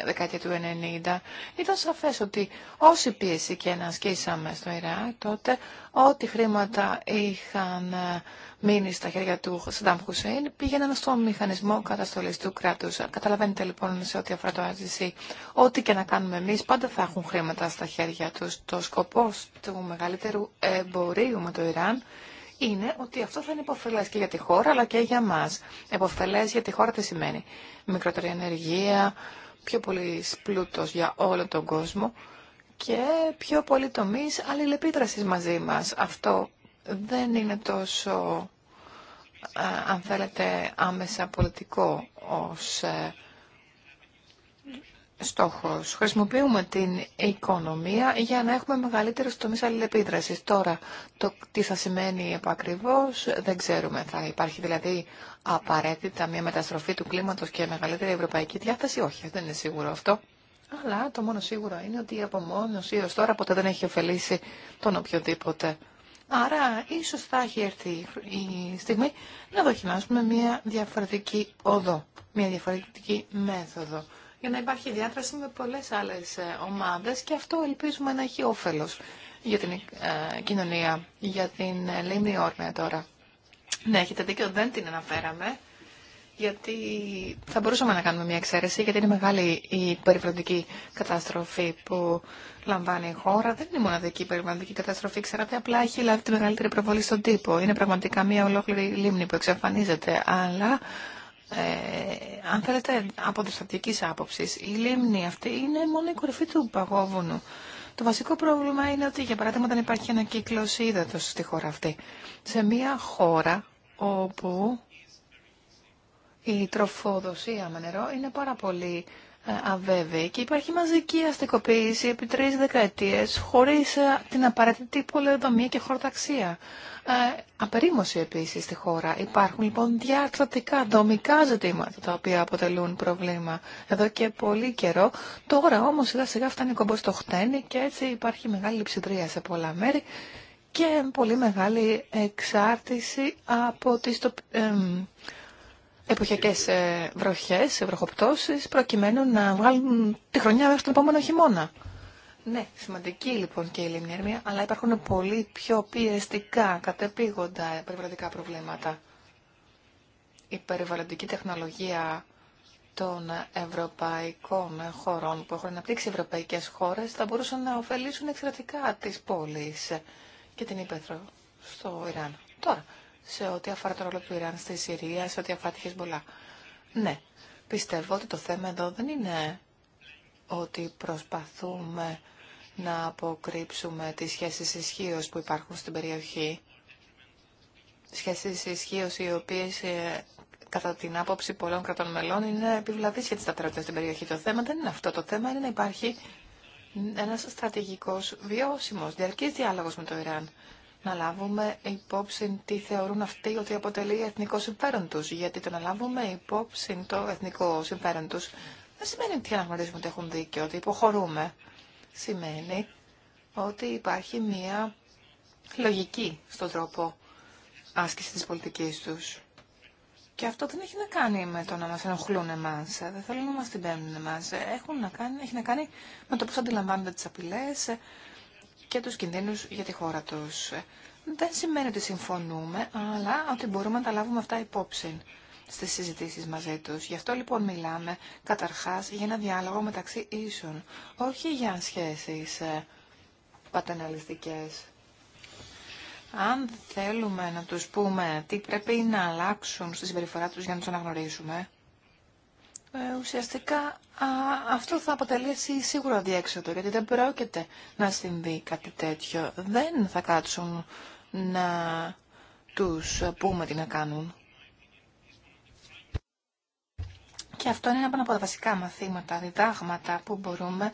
[SPEAKER 5] δεκαετία του 90, ήταν σαφέ ότι όση πίεση και να ασκήσαμε στο Ιράκ, τότε ό,τι χρήματα είχαν ε, μείνει στα χέρια του Σαντάμ Χουσέιν πήγαιναν στο μηχανισμό καταστολής του κράτους. Καταλαβαίνετε λοιπόν σε ό,τι αφορά το RGC, ό,τι και να κάνουμε εμείς πάντα θα έχουν χρήματα στα χέρια τους. Το σκοπός του μεγαλύτερου εμπορίου με το Ιράν είναι ότι αυτό θα είναι υποφελές και για τη χώρα αλλά και για μας. Υποφελές για τη χώρα τι σημαίνει. Μικρότερη ενεργεία, πιο πολύ πλούτος για όλο τον κόσμο και πιο πολλοί τομεί αλληλεπίδραση μαζί μα. Αυτό δεν είναι τόσο, αν θέλετε, άμεσα πολιτικό ως ε, στόχος. Χρησιμοποιούμε την οικονομία για να έχουμε μεγαλύτερους τομεί αλληλεπίδρασης. Τώρα, το τι θα σημαίνει επακριβώς δεν ξέρουμε. Θα υπάρχει δηλαδή απαραίτητα μια μεταστροφή του κλίματος και μεγαλύτερη ευρωπαϊκή διάθεση. Όχι, δεν είναι σίγουρο αυτό. Αλλά το μόνο σίγουρο είναι ότι η απομόνωση ως τώρα ποτέ δεν έχει ωφελήσει τον οποιοδήποτε. Άρα ίσως θα έχει έρθει η στιγμή να δοκιμάσουμε μια διαφορετική οδό, μια διαφορετική μέθοδο για να υπάρχει διάδραση με πολλές άλλες ε, ομάδες και αυτό ελπίζουμε να έχει όφελος για την ε, κοινωνία, για την ε, Λίμνη Όρμια τώρα. Ναι, έχετε δίκιο, δεν την αναφέραμε γιατί θα μπορούσαμε να κάνουμε μια εξαίρεση, γιατί είναι μεγάλη η περιβαλλοντική καταστροφή που λαμβάνει η χώρα. Δεν είναι η μοναδική περιβαλλοντική καταστροφή, ξέρετε, απλά έχει λάβει τη μεγαλύτερη προβολή στον τύπο. Είναι πραγματικά μια ολόκληρη λίμνη που εξαφανίζεται, αλλά... Ε, αν θέλετε, από δυστατικής άποψης, η λίμνη αυτή είναι μόνο η κορυφή του παγόβουνου. Το βασικό πρόβλημα είναι ότι, για παράδειγμα, δεν υπάρχει ανακύκλωση ύδατο στη χώρα αυτή. Σε μια χώρα όπου η τροφοδοσία με νερό είναι πάρα πολύ ε, αβέβαιη και υπάρχει μαζική αστικοποίηση επί τρεις δεκαετίες χωρίς ε, την απαραίτητη πολεοδομία και χορταξία. Ε, απερίμωση επίσης στη χώρα. Υπάρχουν λοιπόν διαρθρωτικά δομικά ζητήματα τα οποία αποτελούν προβλήμα εδώ και πολύ καιρό. Τώρα όμως σιγά σιγά φτάνει κομπό στο χτένι και έτσι υπάρχει μεγάλη λειψιδρία σε πολλά μέρη και πολύ μεγάλη εξάρτηση από τις εποχιακές ε, βροχές, ε, βροχοπτώσεις, προκειμένου να βγάλουν τη χρονιά μέχρι τον επόμενο χειμώνα. Ναι, σημαντική λοιπόν και η λιμνιέρμια, αλλά υπάρχουν πολύ πιο πιεστικά, κατεπήγοντα περιβαλλοντικά προβλήματα. Η περιβαλλοντική τεχνολογία των ευρωπαϊκών χωρών που έχουν αναπτύξει ευρωπαϊκές χώρες θα μπορούσαν να ωφελήσουν εξαιρετικά τις πόλεις και την Ήπεθρο στο Ιράν. Τώρα, σε ό,τι αφορά το ρόλο του Ιράν στη Συρία, σε ό,τι αφορά τη Ναι, πιστεύω ότι το θέμα εδώ δεν είναι ότι προσπαθούμε να αποκρύψουμε τις σχέσεις ισχύω που υπάρχουν στην περιοχή. Σχέσεις ισχύω οι οποίες ε, κατά την άποψη πολλών κρατών μελών είναι επιβλαβείς για τη σταθερότητα στην περιοχή. Το θέμα δεν είναι αυτό. Το θέμα είναι να υπάρχει ένας στρατηγικός βιώσιμος, διαρκής διάλογος με το Ιράν να λάβουμε υπόψη τι θεωρούν αυτοί ότι αποτελεί εθνικό συμφέρον τους. Γιατί το να λάβουμε υπόψη το εθνικό συμφέρον τους δεν σημαίνει ότι αναγνωρίζουμε ότι έχουν δίκιο, ότι υποχωρούμε. Σημαίνει ότι υπάρχει μία λογική στον τρόπο άσκηση της πολιτικής τους. Και αυτό δεν έχει να κάνει με το να μας ενοχλούν εμάς, δεν θέλουν να μας την παίρνουν εμάς. Έχουν να έχει να κάνει με το πώς αντιλαμβάνονται τις απειλές, και τους κινδύνους για τη χώρα τους. Δεν σημαίνει ότι συμφωνούμε, αλλά ότι μπορούμε να τα λάβουμε αυτά υπόψη στις συζητήσεις μαζί τους. Γι' αυτό λοιπόν μιλάμε καταρχάς για ένα διάλογο μεταξύ ίσων, όχι για σχέσεις ε, πατεναλιστικές. Αν θέλουμε να τους πούμε τι πρέπει να αλλάξουν στη συμπεριφορά τους για να τους αναγνωρίσουμε, ε, ουσιαστικά αυτό θα αποτελέσει σίγουρα διέξοδο, γιατί δεν πρόκειται να συμβεί κάτι τέτοιο. Δεν θα κάτσουν να τους πούμε τι να κάνουν. Και αυτό είναι ένα από τα βασικά μαθήματα, διδάγματα που μπορούμε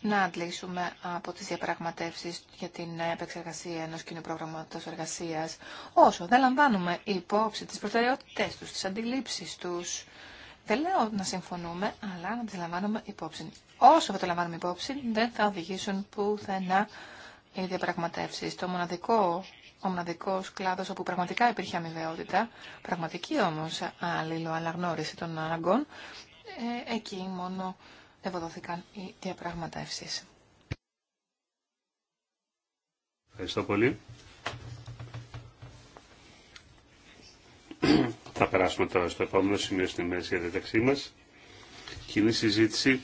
[SPEAKER 5] να αντλήσουμε από τις διαπραγματεύσεις για την επεξεργασία ενός κοινού προγραμματός εργασίας, όσο δεν λαμβάνουμε υπόψη τις προτεραιότητες τους, τις αντιλήψεις τους, δεν λέω να συμφωνούμε, αλλά να τις λαμβάνουμε υπόψη. Όσο θα το λαμβάνουμε υπόψη, δεν θα οδηγήσουν πουθενά οι διαπραγματεύσει. Το μοναδικό, ο μοναδικό κλάδο όπου πραγματικά υπήρχε αμοιβαιότητα, πραγματική όμω αλληλοαναγνώριση των αναγκών, ε, εκεί μόνο ευοδοθήκαν οι διαπραγματεύσει.
[SPEAKER 1] Ευχαριστώ πολύ. Θα περάσουμε τώρα στο επόμενο σημείο στην ημέρα για διαταξή μας. Κοινή συζήτηση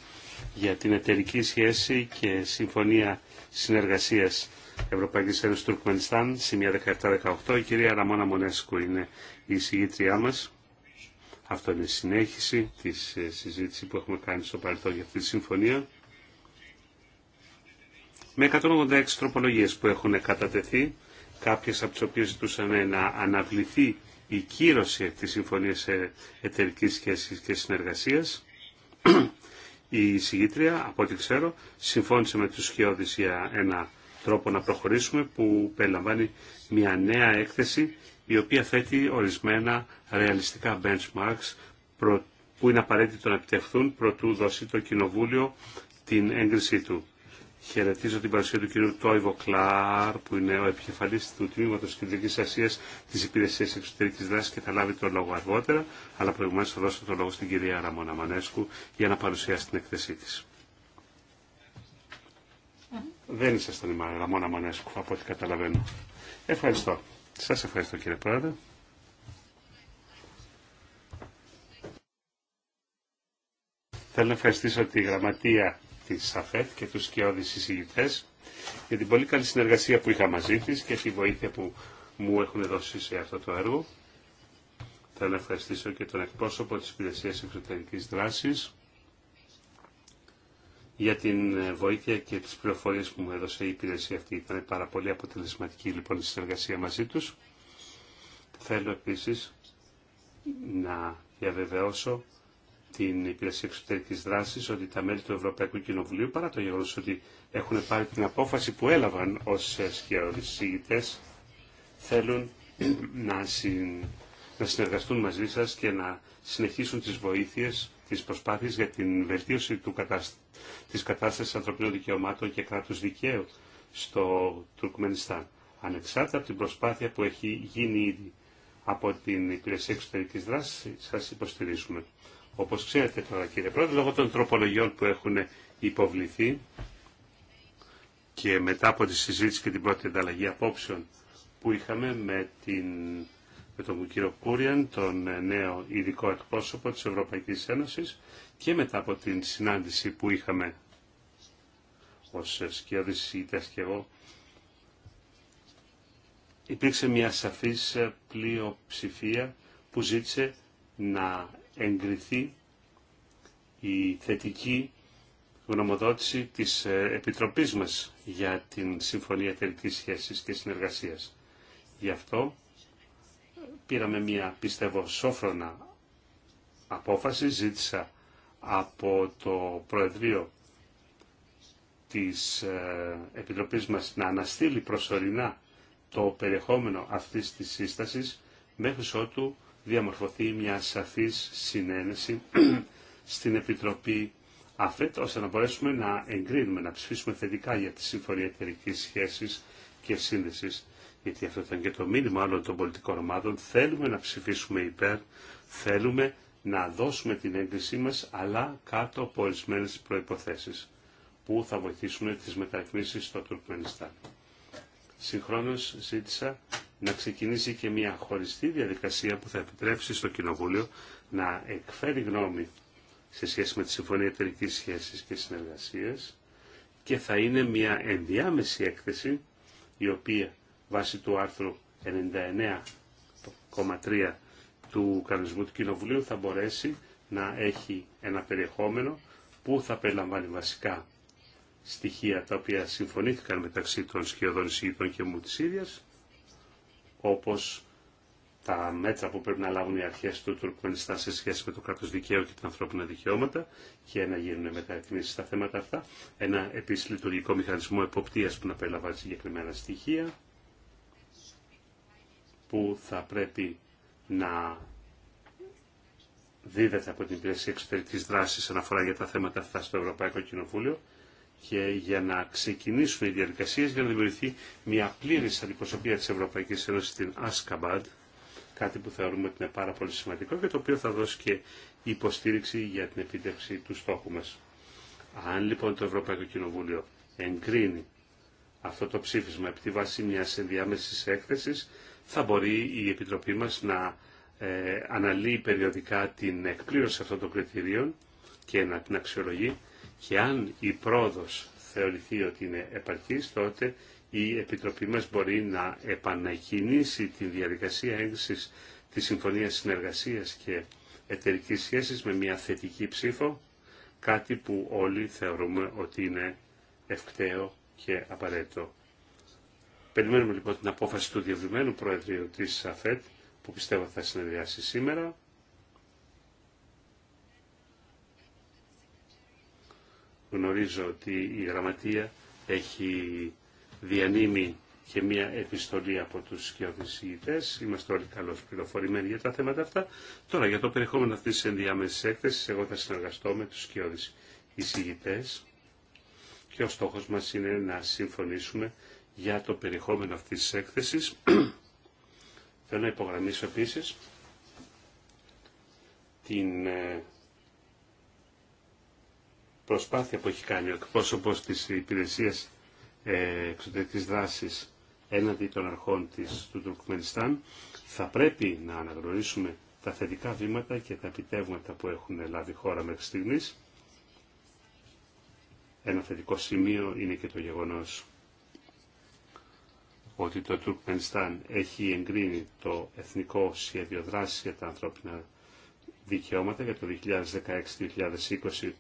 [SPEAKER 1] για την εταιρική σχέση και συμφωνία συνεργασίας Ευρωπαϊκής Ένωσης Τουρκμενιστάν, σημεία 17-18. Η κυρία Ραμόνα Μονέσκου είναι η συγγήτριά μας. Αυτό είναι η συνέχιση της ε, συζήτησης που έχουμε κάνει στο παρελθόν για αυτή τη συμφωνία. Με 186 τροπολογίες που έχουν κατατεθεί, κάποιες από τις οποίες ζητούσαν να αναβληθεί η κύρωση της Συμφωνίας Εταιρικής Σχέσης και Συνεργασίας. Η συγγήτρια, από ό,τι ξέρω, συμφώνησε με τους Χιώδης για ένα τρόπο να προχωρήσουμε που περιλαμβάνει μια νέα έκθεση η οποία θέτει ορισμένα ρεαλιστικά benchmarks που είναι απαραίτητο να επιτευχθούν προτού δώσει το Κοινοβούλιο την έγκρισή του. Χαιρετίζω την παρουσία του κύριου Τόιβο Κλάρ, που είναι ο επικεφαλή του Τμήματο Κεντρική Ασία τη Υπηρεσία Εξωτερική Δράση και θα λάβει το λόγο αργότερα. Αλλά προηγουμένω θα δώσω το λόγο στην κυρία Ραμόνα Μανέσκου για να παρουσιάσει την εκθεσή τη. Δεν ήσασταν η Ραμόνα Μανέσκου, από ό,τι καταλαβαίνω. Ευχαριστώ. Σα ευχαριστώ κύριε Πρόεδρε. Θέλω να ευχαριστήσω τη γραμματεία της ΑΦΕΤ και τους σκιώδης συζητητές για την πολύ καλή συνεργασία που είχα μαζί της και τη βοήθεια που μου έχουν δώσει σε αυτό το έργο. Θέλω να ευχαριστήσω και τον εκπρόσωπο της Υπηρεσίας Εξωτερικής Δράσης για την βοήθεια και τις πληροφορίες που μου έδωσε η υπηρεσία αυτή. Ήταν πάρα πολύ αποτελεσματική λοιπόν η συνεργασία μαζί τους. Θέλω επίσης να διαβεβαιώσω την Υπηρεσία Εξωτερική Δράση ότι τα μέλη του Ευρωπαϊκού Κοινοβουλίου, παρά το γεγονό ότι έχουν πάρει την απόφαση που έλαβαν ω σκιαγητέ, θέλουν να, συν, να συνεργαστούν μαζί σα και να συνεχίσουν τι βοήθειε, τι προσπάθειε για την βελτίωση του τη κατάσταση ανθρωπίνων δικαιωμάτων και κράτου δικαίου στο Τουρκμενιστάν. Ανεξάρτητα από την προσπάθεια που έχει γίνει ήδη από την Υπηρεσία Εξωτερική Δράση, σα υποστηρίζουμε. Όπως ξέρετε τώρα κύριε Πρόεδρε, λόγω των τροπολογιών που έχουν υποβληθεί και μετά από τη συζήτηση και την πρώτη ανταλλαγή απόψεων που είχαμε με, την, με τον κύριο Κούριαν, τον νέο ειδικό εκπρόσωπο της Ευρωπαϊκής Ένωσης και μετά από την συνάντηση που είχαμε ως σκιώδης συζητητές και εγώ, υπήρξε μια σαφής πλειοψηφία που ζήτησε να εγκριθεί η θετική γνωμοδότηση της ε, Επιτροπής μας για την Συμφωνία Εταιρικής Σχέσης και Συνεργασίας. Γι' αυτό ε, πήραμε μια πιστεύω σόφρονα απόφαση, ζήτησα από το Προεδρείο της ε, Επιτροπής μας να αναστείλει προσωρινά το περιεχόμενο αυτής της σύστασης μέχρι ότου διαμορφωθεί μια σαφής συνένεση στην Επιτροπή ΑΦΕΤ, ώστε να μπορέσουμε να εγκρίνουμε, να ψηφίσουμε θετικά για τη Συμφωνία Εταιρικής Σχέσης και Σύνδεσης. Γιατί αυτό ήταν και το μήνυμα άλλων των πολιτικών ομάδων. Θέλουμε να ψηφίσουμε υπέρ, θέλουμε να δώσουμε την έγκρισή μας, αλλά κάτω από ορισμένε προϋποθέσεις που θα βοηθήσουν τις μεταρρυθμίσεις στο Τουρκμενιστάν. Συγχρόνως ζήτησα να ξεκινήσει και μια χωριστή διαδικασία που θα επιτρέψει στο Κοινοβούλιο να εκφέρει γνώμη σε σχέση με τη Συμφωνία Εταιρική Σχέση και Συνεργασία και θα είναι μια ενδιάμεση έκθεση η οποία βάσει του άρθρου 99,3 του κανονισμού του Κοινοβουλίου θα μπορέσει να έχει ένα περιεχόμενο που θα περιλαμβάνει βασικά στοιχεία τα οποία συμφωνήθηκαν μεταξύ των σχεδόν εισηγητών και μου της ίδιας όπως τα μέτρα που πρέπει να λάβουν οι αρχές του Τουρκμενιστάν σε σχέση με το κράτος δικαίου και τα ανθρώπινα δικαιώματα και να γίνουν μεταρρυθμίσεις στα θέματα αυτά. Ένα επίσης λειτουργικό μηχανισμό εποπτείας που να περιλαμβάνει συγκεκριμένα στοιχεία που θα πρέπει να δίδεται από την πλαίσια εξωτερική δράσης αναφορά για τα θέματα αυτά στο Ευρωπαϊκό Κοινοβούλιο και για να ξεκινήσουν οι διαδικασίε για να δημιουργηθεί μια πλήρη αντιπροσωπεία τη Ευρωπαϊκή Ένωση στην Ασκαμπάντ, κάτι που θεωρούμε ότι είναι πάρα πολύ σημαντικό και το οποίο θα δώσει και υποστήριξη για την επίτευξη του στόχου μα. Αν λοιπόν το Ευρωπαϊκό Κοινοβούλιο εγκρίνει αυτό το ψήφισμα επί τη βάση μια ενδιάμεση έκθεση, θα μπορεί η Επιτροπή μα να ε, αναλύει περιοδικά την εκπλήρωση αυτών των κριτηρίων και να την αξιολογεί και αν η πρόοδος θεωρηθεί ότι είναι επαρκής, τότε η Επιτροπή μας μπορεί να επανακινήσει τη διαδικασία έγκρισης της Συμφωνίας Συνεργασίας και Εταιρικής Σχέσης με μια θετική ψήφο, κάτι που όλοι θεωρούμε ότι είναι ευκταίο και απαραίτητο. Περιμένουμε λοιπόν την απόφαση του διευρυμένου Προεδρείου της ΑΦΕΤ, που πιστεύω θα συνεδριάσει σήμερα Γνωρίζω ότι η Γραμματεία έχει διανύμει και μια επιστολή από τους σκιοδησιητές. Είμαστε όλοι καλώς πληροφορημένοι για τα θέματα αυτά. Τώρα για το περιεχόμενο αυτής της ενδιάμεσης έκθεσης εγώ θα συνεργαστώ με τους σκιοδησιητές και ο στόχος μας είναι να συμφωνήσουμε για το περιεχόμενο αυτής της έκθεσης. Θέλω να υπογραμμίσω επίσης την ε, προσπάθεια που έχει κάνει ο εκπρόσωπος της υπηρεσίας ε, εξωτερικής δράσης έναντι των αρχών της, του Τουρκμενιστάν, θα πρέπει να αναγνωρίσουμε τα θετικά βήματα και τα επιτεύγματα που έχουν λάβει χώρα μέχρι στιγμής. Ένα θετικό σημείο είναι και το γεγονός ότι το Τουρκμενιστάν έχει εγκρίνει το Εθνικό Σχέδιο Δράσης για τα Ανθρώπινα Δικαιώματα για το 2016-2020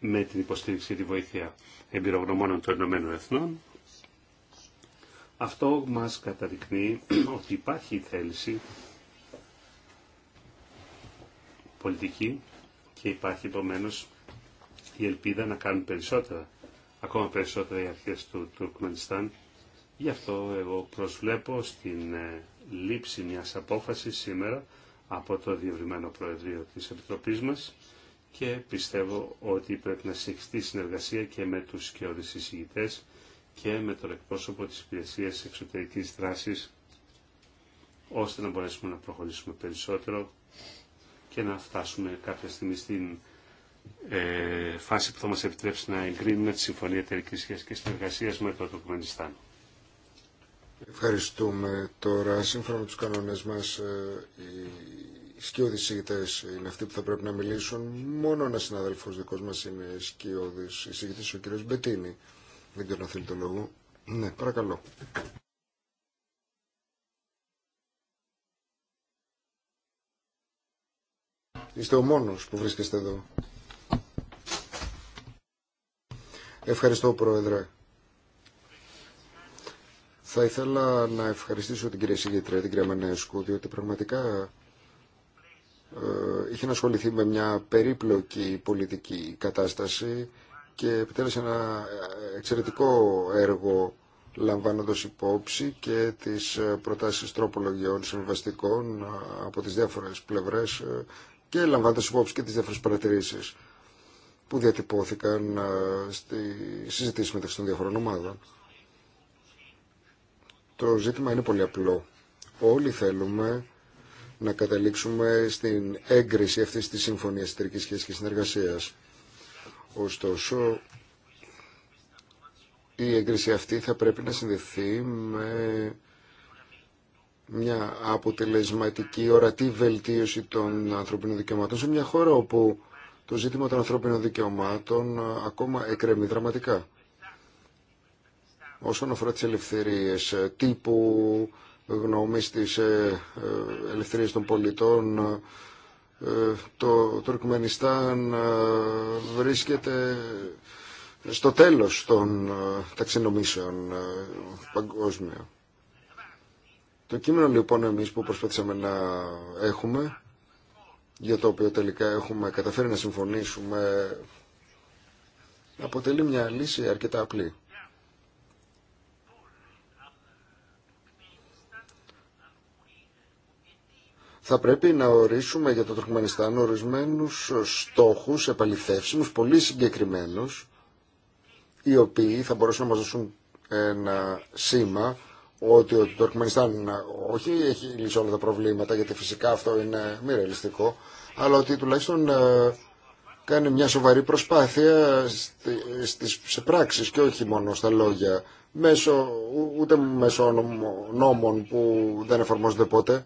[SPEAKER 1] με την υποστήριξη και τη βοήθεια εμπειρογνωμόνων των Ηνωμένων Εθνών. Αυτό μας καταδεικνύει ότι υπάρχει θέληση πολιτική και υπάρχει επομένω η ελπίδα να κάνουν περισσότερα, ακόμα περισσότερα οι αρχές του Τουρκμενιστάν. Γι' αυτό εγώ προσβλέπω στην ε, λήψη μιας απόφασης σήμερα από το διευρυμένο Προεδρείο της Επιτροπής μας και πιστεύω ότι πρέπει να συνεχιστεί συνεργασία και με τους και εισηγητές και με τον εκπρόσωπο της υπηρεσίας εξωτερικής δράσης ώστε να μπορέσουμε να προχωρήσουμε περισσότερο και να φτάσουμε κάποια στιγμή στην ε, φάση που θα μας επιτρέψει να εγκρίνουμε τη Συμφωνία Εταιρικής Σχέσης και Συνεργασίας με το Τουρκμενιστάν.
[SPEAKER 4] Ευχαριστούμε. Τώρα, σύμφωνα με τους κανόνες μας, ε, σκιώδη συγγητέ είναι αυτοί που θα πρέπει να μιλήσουν. Μόνο ένα συναδελφό δικός μας είναι σκιώδη εισηγητής, ο κύριος Μπετίνη. Δεν ξέρω αν θέλει το λόγο. Ναι, παρακαλώ. Είστε ο μόνος που βρίσκεστε εδώ. Ευχαριστώ, Πρόεδρε. Θα ήθελα να ευχαριστήσω την κυρία Σιγητρία, την κυρία Μανέσκου, διότι πραγματικά ε, είχε να ασχοληθεί με μια περίπλοκη πολιτική κατάσταση και επιτέλεσε ένα ε, εξαιρετικό έργο λαμβάνοντας υπόψη και τις ε, προτάσεις τροπολογιών συμβαστικών από τις διάφορες πλευρές και λαμβάνοντας υπόψη και τις διάφορες παρατηρήσεις που διατυπώθηκαν στη συζητήση μεταξύ των διαφορών ομάδων. Το ζήτημα είναι πολύ απλό. Όλοι θέλουμε να καταλήξουμε στην έγκριση αυτής της Συμφωνίας Εταιρικής Σχέσης και Συνεργασίας. Ωστόσο, η έγκριση αυτή θα πρέπει να συνδεθεί με μια αποτελεσματική, ορατή βελτίωση των ανθρωπίνων δικαιωμάτων σε μια χώρα όπου το ζήτημα των ανθρώπινων δικαιωμάτων ακόμα εκρεμεί δραματικά. Όσον αφορά τις ελευθερίες τύπου, γνώμης της ε, ε, ελευθερίας των πολιτών ε, το Τουρκμενιστάν βρίσκεται στο τέλος των ταξινομήσεων παγκόσμια. Το κείμενο λοιπόν εμείς που προσπαθήσαμε να έχουμε, για το οποίο τελικά έχουμε καταφέρει να συμφωνήσουμε, αποτελεί μια λύση αρκετά απλή. θα πρέπει να ορίσουμε για το Τουρκμενιστάν ορισμένους στόχους επαληθεύσιμους, πολύ συγκεκριμένους, οι οποίοι θα μπορούσαν να μας δώσουν ένα σήμα ότι το Τουρκμενιστάν όχι έχει λύσει όλα τα προβλήματα, γιατί φυσικά αυτό είναι μη ρεαλιστικό, αλλά ότι τουλάχιστον ε, κάνει μια σοβαρή προσπάθεια σε πράξεις και όχι μόνο στα λόγια, μέσω, ούτε μέσω νόμων που δεν εφαρμόζονται ποτέ,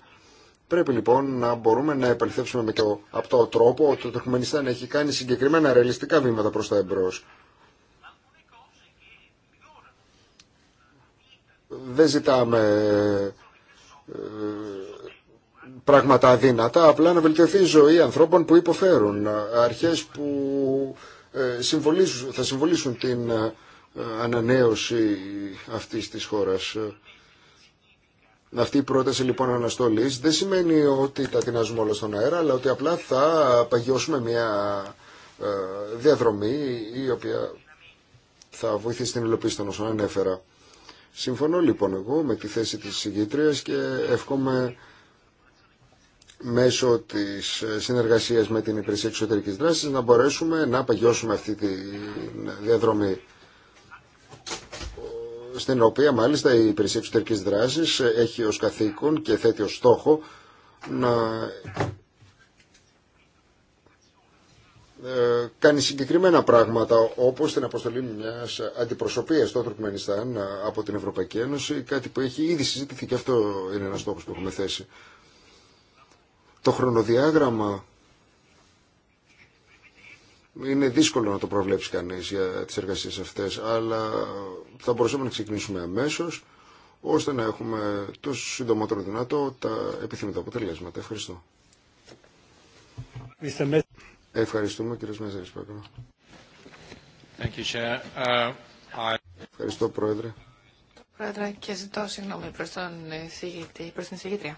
[SPEAKER 4] Πρέπει λοιπόν να μπορούμε να επαληθεύσουμε με το τον τρόπο ότι το Τουρκμενιστάν έχει κάνει συγκεκριμένα ρεαλιστικά βήματα προς τα εμπρός. Δεν ζητάμε ε, πράγματα αδύνατα, απλά να βελτιωθεί η ζωή ανθρώπων που υποφέρουν, αρχές που ε, συμβολίζουν, θα συμβολήσουν την ε, ανανέωση αυτής της χώρας. Αυτή η πρόταση λοιπόν αναστολή δεν σημαίνει ότι τα τεινάζουμε όλα στον αέρα, αλλά ότι απλά θα παγιώσουμε μια ε, διαδρομή η οποία θα βοηθήσει την υλοποίηση των όσων ανέφερα. Συμφωνώ λοιπόν εγώ με τη θέση της συγκήτριας και εύχομαι μέσω της συνεργασίας με την Υπηρεσία Εξωτερικής Δράσης να μπορέσουμε να παγιώσουμε αυτή τη διαδρομή στην οποία μάλιστα η υπηρεσία εξωτερική δράσης έχει ως καθήκον και θέτει ω στόχο να ε, κάνει συγκεκριμένα πράγματα όπως την αποστολή μιας αντιπροσωπείας στο Τουρκμενιστάν από την Ευρωπαϊκή Ένωση κάτι που έχει ήδη συζητηθεί και αυτό είναι ένας στόχος που έχουμε θέσει το χρονοδιάγραμμα είναι δύσκολο να το προβλέψει κανείς για τις εργασίες αυτές, αλλά θα μπορούσαμε να ξεκινήσουμε αμέσως, ώστε να έχουμε το συντομότερο δυνατό τα επιθυμητά αποτελέσματα. Ευχαριστώ. Ευχαριστούμε κύριε Μέζερης, παρακαλώ.
[SPEAKER 5] Uh,
[SPEAKER 4] Ευχαριστώ Πρόεδρε.
[SPEAKER 5] Πρόεδρε και ζητώ συγγνώμη προς, τον την εισηγητρία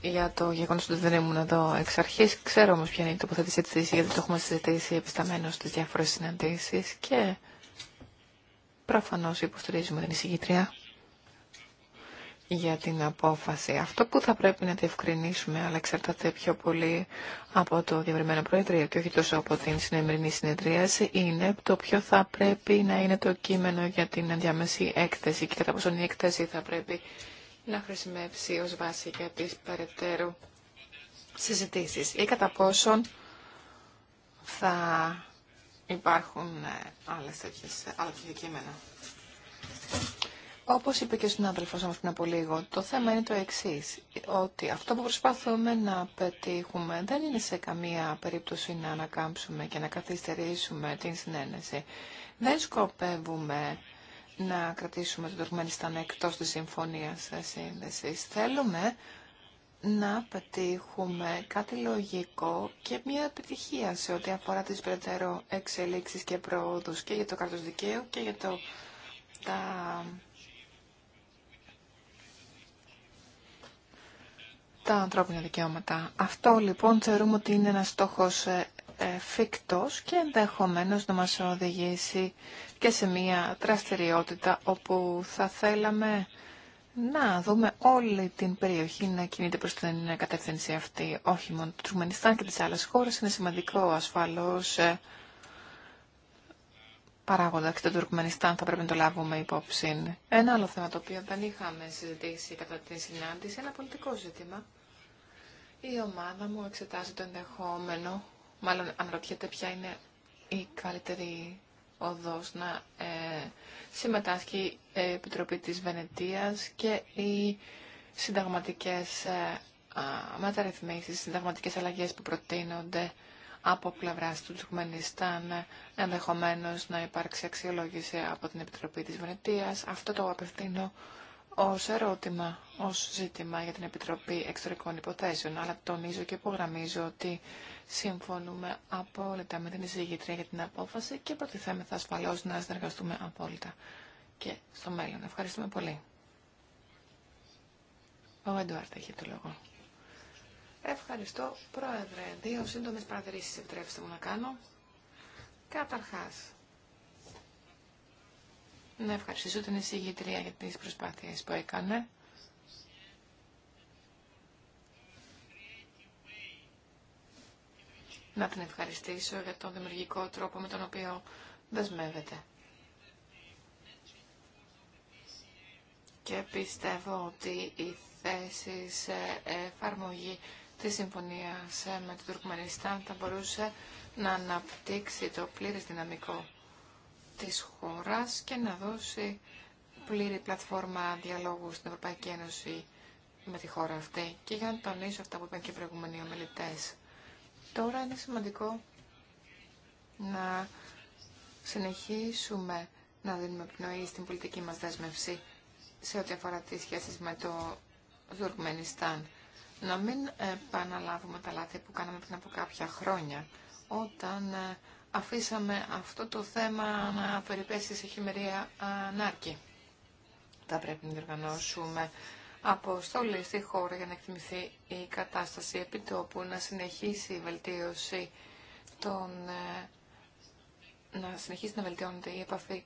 [SPEAKER 5] για το γεγονό ότι δεν ήμουν εδώ εξ αρχή. Ξέρω όμω ποια είναι η τοποθέτησή τη, γιατί το έχουμε συζητήσει επισταμένω στι διάφορε συναντήσει και προφανώ υποστηρίζουμε την εισηγήτρια για την απόφαση. Αυτό που θα πρέπει να διευκρινίσουμε, αλλά εξαρτάται πιο πολύ από το διαβριμένο Προεδρείο και όχι τόσο από την συνεμερινή συνεδρίαση, είναι το ποιο θα πρέπει να είναι το κείμενο για την ενδιάμεση έκθεση και κατά πόσο η έκθεση θα πρέπει να χρησιμεύσει ως βάση για τις περαιτέρω συζητήσεις ή κατά πόσον θα υπάρχουν ε, άλλες τέτοιες, ε, άλλα κείμενα. Όπως είπε και ο συνάδελφος μα πριν από λίγο, το θέμα είναι το εξής, ότι αυτό που προσπαθούμε να πετύχουμε δεν είναι σε καμία περίπτωση να ανακάμψουμε και να καθυστερήσουμε την συνένεση. Δεν σκοπεύουμε να κρατήσουμε το Τουρκμενιστάν εκτός της συμφωνίας σύνδεσης. Θέλουμε να πετύχουμε κάτι λογικό και μια επιτυχία σε ό,τι αφορά τις περαιτέρω εξελίξεις και προόδους και για το κράτος δικαίου και για το, τα, τα ανθρώπινα δικαιώματα. Αυτό λοιπόν θεωρούμε ότι είναι ένας στόχος ε, εφικτός και ενδεχομένως να μας οδηγήσει και σε μια δραστηριότητα όπου θα θέλαμε να δούμε όλη την περιοχή να κινείται προς την κατεύθυνση αυτή, όχι μόνο του Τουρκμενιστάν και τις άλλες χώρες. Είναι σημαντικό ασφαλώς ε, παράγοντα και το Τουρκμενιστάν θα πρέπει να το λάβουμε υπόψη. Ένα άλλο θέμα το οποίο δεν είχαμε συζητήσει κατά την συνάντηση, ένα πολιτικό ζήτημα. Η ομάδα μου εξετάζει το ενδεχόμενο Μάλλον αναρωτιέται ποια είναι η καλύτερη οδός να ε, συμμετάσχει η Επιτροπή της Βενετίας και οι συνταγματικές ε, μεταρρυθμίσεις, συνταγματικές αλλαγές που προτείνονται από πλευρά του Τουρκμενιστάν, ενδεχομένω να υπάρξει αξιολόγηση από την Επιτροπή της Βενετίας. Αυτό το απευθύνω ως ερώτημα, ως ζήτημα για την Επιτροπή Εξωτερικών Υποθέσεων, αλλά τονίζω και υπογραμμίζω ότι Συμφωνούμε απόλυτα με την εισηγητρία για την απόφαση και προτιθέμεθα ασφαλώ να συνεργαστούμε απόλυτα και στο μέλλον. Ευχαριστούμε πολύ. Ο Εντουάρτ έχει το λόγο. Ευχαριστώ, Πρόεδρε. Δύο σύντομε παρατηρήσει επιτρέψτε μου να κάνω. Καταρχά, να ευχαριστήσω την εισηγητρία για τι προσπάθειε που έκανε να την ευχαριστήσω για τον δημιουργικό τρόπο με τον οποίο δεσμεύεται. Και πιστεύω ότι η θέση σε εφαρμογή της συμφωνίας με το Τουρκμενιστάν θα μπορούσε να αναπτύξει το πλήρες δυναμικό της χώρας και να δώσει πλήρη πλατφόρμα διαλόγου στην Ευρωπαϊκή Ένωση με τη χώρα αυτή. Και για να τονίσω αυτά που είπαν και οι προηγούμενοι ομιλητές. Τώρα είναι σημαντικό να συνεχίσουμε να δίνουμε πνοή στην πολιτική μας δέσμευση σε ό,τι αφορά τις σχέσεις με το Δουρκμενιστάν. Να μην επαναλάβουμε τα λάθη που κάναμε πριν από κάποια χρόνια, όταν ε, αφήσαμε αυτό το θέμα να περιπέσει σε χειμερία ανάρκη. Θα πρέπει να διοργανώσουμε αποστολή στη χώρα για να εκτιμηθεί η κατάσταση επιτόπου, να συνεχίσει η βελτίωση των, ε, να συνεχίσει να βελτιώνεται η επαφή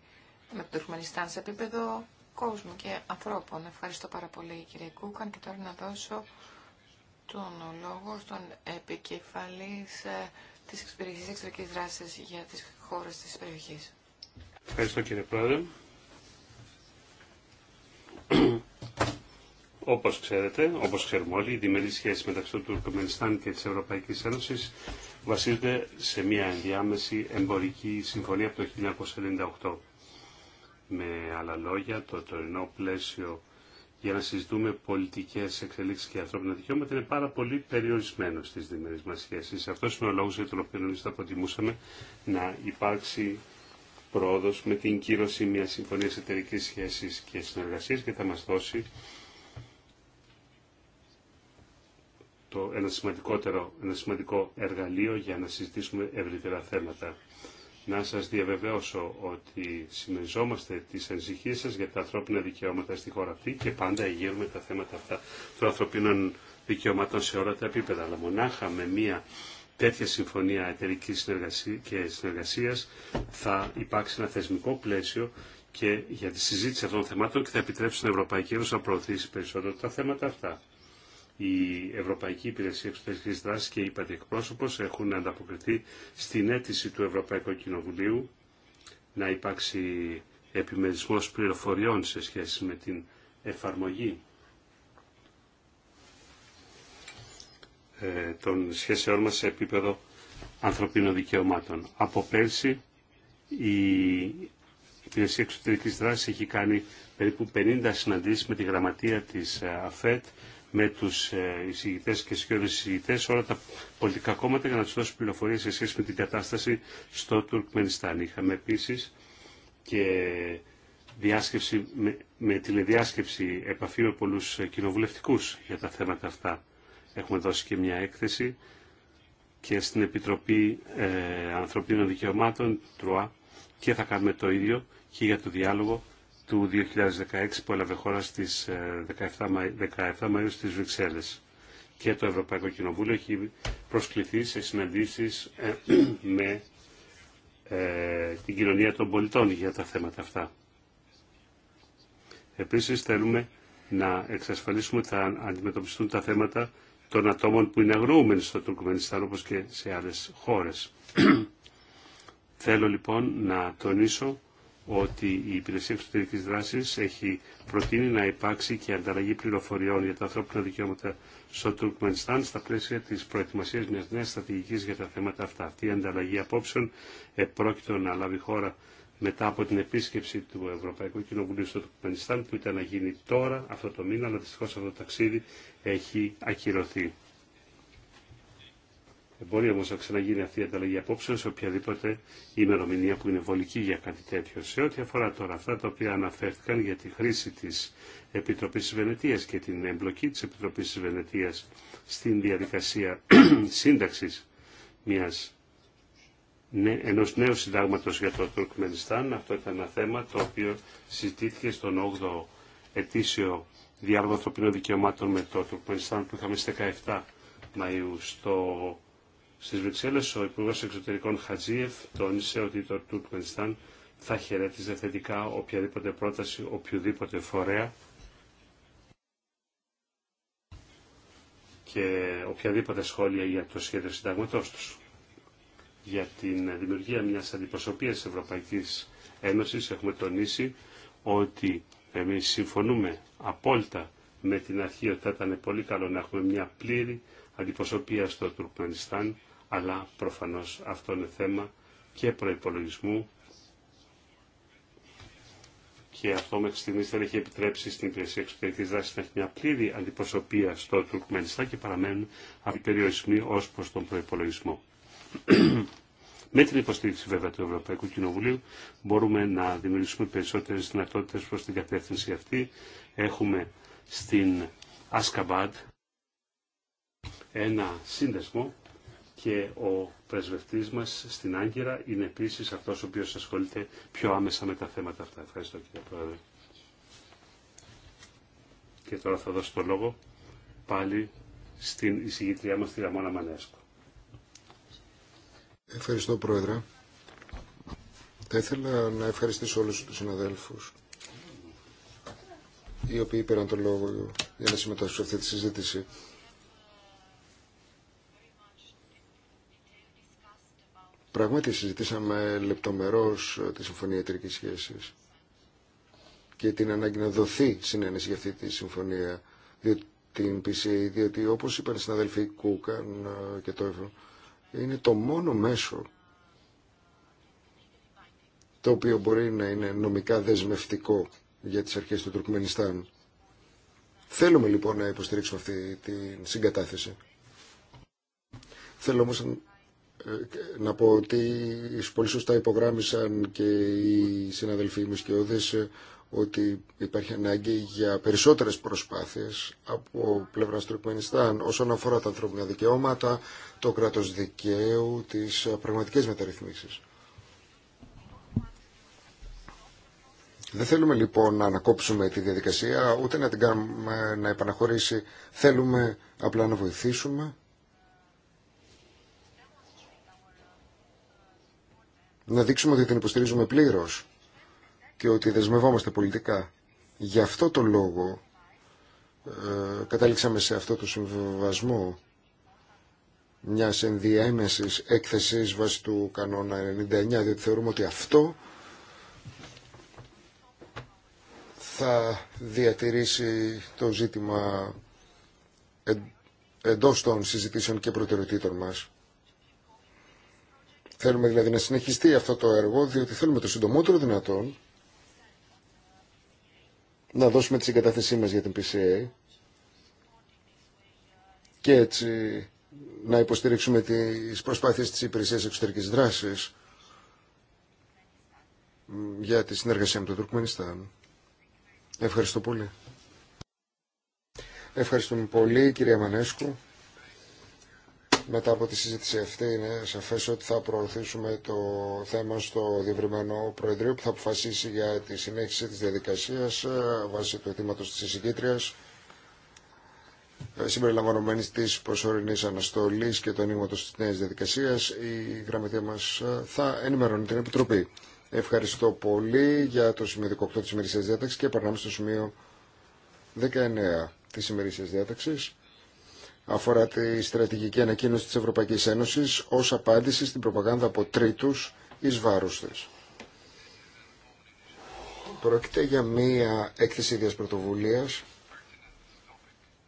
[SPEAKER 5] με το Τουρκμενιστάν σε επίπεδο κόσμου και ανθρώπων. Ευχαριστώ πάρα πολύ κύριε Κούκαν και τώρα να δώσω τον λόγο στον επικεφαλής ε, της Εξυπηρεσίας Εξωτερικής Δράσης για τις χώρες της περιοχής.
[SPEAKER 1] Ευχαριστώ κύριε Πρόεδρε. Όπω ξέρετε, όπω ξέρουμε όλοι, οι διμερείς σχέσει μεταξύ του Τουρκμενιστάν και τη Ευρωπαϊκή Ένωση βασίζονται σε μια ενδιάμεση εμπορική συμφωνία από το 1998. Με άλλα λόγια, το τωρινό πλαίσιο για να συζητούμε πολιτικέ εξελίξει και ανθρώπινα δικαιώματα είναι πάρα πολύ περιορισμένο στι διμερεί μα σχέσει. Αυτό είναι ο λόγο για τον οποίο εμεί θα προτιμούσαμε να υπάρξει πρόοδο με την κύρωση μιας συμφωνία εταιρική σχέση και συνεργασία και θα μα δώσει το, ένα, σημαντικότερο, σημαντικό εργαλείο για να συζητήσουμε ευρύτερα θέματα. Να σας διαβεβαιώσω ότι συμμεριζόμαστε τις ανησυχίες σας για τα ανθρώπινα δικαιώματα στη χώρα αυτή και πάντα εγείρουμε τα θέματα αυτά των ανθρωπίνων δικαιωμάτων σε όλα τα επίπεδα. Αλλά μονάχα με μια τέτοια συμφωνία εταιρική και συνεργασίας θα υπάρξει ένα θεσμικό πλαίσιο και για τη συζήτηση αυτών των θεμάτων και θα επιτρέψει στην Ευρωπαϊκή Ένωση να προωθήσει περισσότερο τα θέματα αυτά η Ευρωπαϊκή Υπηρεσία Εξωτερικής Δράσης και η ΥΠΑΤΗ έχουν ανταποκριθεί στην αίτηση του Ευρωπαϊκού Κοινοβουλίου να υπάρξει επιμερισμός πληροφοριών σε σχέση με την εφαρμογή ε, των σχέσεών μας σε επίπεδο ανθρωπίνων δικαιωμάτων. Από πέρσι η Υπηρεσία Εξωτερικής Δράσης έχει κάνει περίπου 50 συναντήσεις με τη γραμματεία της ε, ΑΦΕΤ με τους ε, εισηγητέ και σχεδόν εισηγητέ όλα τα πολιτικά κόμματα για να του δώσουν πληροφορίες σε σχέση με την κατάσταση στο Τουρκμενιστάν. Είχαμε επίσης και διάσκεψη, με, με τηλεδιάσκεψη επαφή με πολλού κοινοβουλευτικού για τα θέματα αυτά. Έχουμε δώσει και μια έκθεση και στην Επιτροπή ε, Ανθρωπίνων Δικαιωμάτων, ΤΡΟΑ, και θα κάνουμε το ίδιο και για το διάλογο του 2016 που έλαβε χώρα στις 17, Μαου 17 Μαΐου στις Βρυξέλλες. Και το Ευρωπαϊκό Κοινοβούλιο έχει προσκληθεί σε συναντήσεις ε, με ε, την κοινωνία των πολιτών για τα θέματα αυτά. Επίσης θέλουμε να εξασφαλίσουμε ότι θα αντιμετωπιστούν τα θέματα των ατόμων που είναι αγνοούμενοι στο Τουρκμενιστάν όπως και σε άλλες χώρες. Θέλω λοιπόν να τονίσω ότι η Υπηρεσία Εξωτερική Δράση έχει προτείνει να υπάρξει και ανταλλαγή πληροφοριών για τα ανθρώπινα δικαιώματα στο Τουρκμενιστάν στα πλαίσια τη προετοιμασία μια νέα στρατηγική για τα θέματα αυτά. Αυτή η ανταλλαγή απόψεων επρόκειτο να λάβει χώρα μετά από την επίσκεψη του Ευρωπαϊκού Κοινοβουλίου στο Τουρκμενιστάν που ήταν να γίνει τώρα, αυτό το μήνα, αλλά δυστυχώ αυτό το ταξίδι έχει ακυρωθεί. Μπορεί όμω να ξαναγίνει αυτή η ανταλλαγή απόψεων σε οποιαδήποτε ημερομηνία που είναι βολική για κάτι τέτοιο. Σε ό,τι αφορά τώρα αυτά τα οποία αναφέρθηκαν για τη χρήση τη επιτροπή τη Βενετίας και την εμπλοκή τη επιτροπή τη Βενετίας στην διαδικασία σύνταξη μιας, ενό νέου συντάγματο για το Τουρκμενιστάν, αυτό ήταν ένα θέμα το οποίο συζητήθηκε στον 8ο ετήσιο διάλογο ανθρωπίνων δικαιωμάτων με το Τουρκμενιστάν που είχαμε στι 17 Μαΐου στο Στι Βρυξέλλε, ο Υπουργό Εξωτερικών Χατζίεφ τόνισε ότι το Τουρκμενιστάν θα χαιρέτιζε θετικά οποιαδήποτε πρόταση οποιοδήποτε φορέα και οποιαδήποτε σχόλια για το σχέδιο συνταγματός τους. Για την δημιουργία μιας αντιπροσωπείας Ευρωπαϊκής Ένωσης έχουμε τονίσει ότι εμείς συμφωνούμε απόλυτα με την αρχή ότι θα ήταν πολύ καλό να έχουμε μια πλήρη αντιπροσωπεία στο Τουρκμενιστάν αλλά προφανώς αυτό είναι θέμα και προϋπολογισμού και αυτό μέχρι στιγμή δεν έχει επιτρέψει στην υπηρεσία εξωτερική δράσης να έχει μια πλήρη αντιπροσωπεία στο Τουρκμενιστάν και παραμένουν από περιορισμοί ω προ τον προπολογισμό. Με την υποστήριξη βέβαια του Ευρωπαϊκού Κοινοβουλίου μπορούμε να δημιουργήσουμε περισσότερε δυνατότητε προ την κατεύθυνση αυτή. Έχουμε στην Ασκαμπάντ ένα σύνδεσμο και ο πρεσβευτής μας στην Άγκυρα είναι επίσης αυτός ο οποίος ασχολείται πιο άμεσα με τα θέματα αυτά. Ευχαριστώ κύριε Πρόεδρε. Και τώρα θα δώσω το λόγο πάλι στην εισηγήτριά μας τη Ραμόνα Μανέσκο.
[SPEAKER 4] Ευχαριστώ Πρόεδρε. Θα ήθελα να ευχαριστήσω όλους τους συναδέλφους οι οποίοι πήραν το λόγο για να συμμετάσχουν σε αυτή τη συζήτηση. Πραγματικά συζητήσαμε λεπτομερώς ε, τη Συμφωνία Εταιρικής Σχέσης και την ανάγκη να δοθεί συνένεση για αυτή τη συμφωνία, διότι, την PCA, διότι όπως είπαν οι συναδελφοί Κούκαν ε, και το Εύρο είναι το μόνο μέσο το οποίο μπορεί να είναι νομικά δεσμευτικό για τις αρχές του Τουρκμενιστάν. Θέλουμε λοιπόν να υποστηρίξουμε αυτή τη συγκατάθεση. Θέλω όμως ε, να πω ότι πολύ σωστά υπογράμμισαν και οι συναδελφοί μου σκιώδες ε, ότι υπάρχει ανάγκη για περισσότερες προσπάθειες από του Τουρκμενιστάν όσον αφορά τα ανθρώπινα δικαιώματα, το κράτος δικαίου, τις ε, πραγματικές μεταρρυθμίσεις. Δεν θέλουμε λοιπόν να ανακόψουμε τη διαδικασία, ούτε να την κάνουμε να επαναχωρήσει. Θέλουμε απλά να βοηθήσουμε να δείξουμε ότι την υποστηρίζουμε πλήρως και ότι δεσμευόμαστε πολιτικά. Γι' αυτό το λόγο ε, καταλήξαμε σε αυτό το συμβιβασμό μιας ενδιέμεση έκθεσης βάσει του κανόνα 99, διότι θεωρούμε ότι αυτό θα διατηρήσει το ζήτημα εντός των συζητήσεων και προτεραιοτήτων μας. Θέλουμε δηλαδή να συνεχιστεί αυτό το έργο, διότι θέλουμε το συντομότερο δυνατόν να δώσουμε τη συγκατάθεσή μας για την PCA και έτσι να υποστηρίξουμε τις προσπάθειες της υπηρεσίας εξωτερικής δράσης για τη συνεργασία με το Τουρκμενιστάν. Ευχαριστώ πολύ. Ευχαριστούμε πολύ κυρία Μανέσκου. Μετά από τη συζήτηση αυτή είναι σαφές ότι θα προωθήσουμε το θέμα στο διευρυμένο Προεδρείο που θα αποφασίσει για τη συνέχιση της διαδικασίας ε, βάσει του αιτήματος της εισηγήτριας ε, συμπεριλαμβανομένης της προσωρινής αναστολής και του ανοίγματος της νέας διαδικασίας. Η γραμματεία μας ε, θα ενημερώνει την Επιτροπή. Ευχαριστώ πολύ για το σημείο 18 της ημερησίας διάταξης και περνάμε στο σημείο 19 της ημερησίας διάταξης αφορά τη στρατηγική ανακοίνωση της Ευρωπαϊκής Ένωσης ως απάντηση στην προπαγάνδα από τρίτους εις βάρους της. Πρόκειται για μία έκθεση ίδιας πρωτοβουλίας,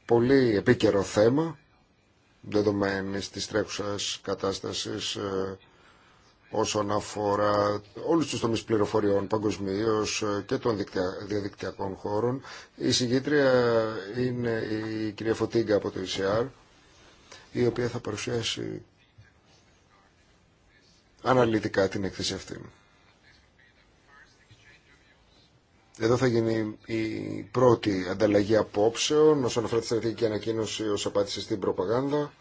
[SPEAKER 4] πολύ επίκαιρο θέμα, δεδομένης της τρέχουσας κατάστασης ε, όσον αφορά όλους τους τομείς πληροφοριών παγκοσμίω ε, και των διαδικτυακών χώρων. Η συγκήτρια είναι η κυρία Φωτίγκα από το ΙΣΕΑΡ, η οποία θα παρουσιάσει αναλυτικά την έκθεση αυτή. Εδώ θα γίνει η πρώτη ανταλλαγή απόψεων όσον αφορά τη στρατηγική ανακοίνωση ως απάντηση στην προπαγάνδα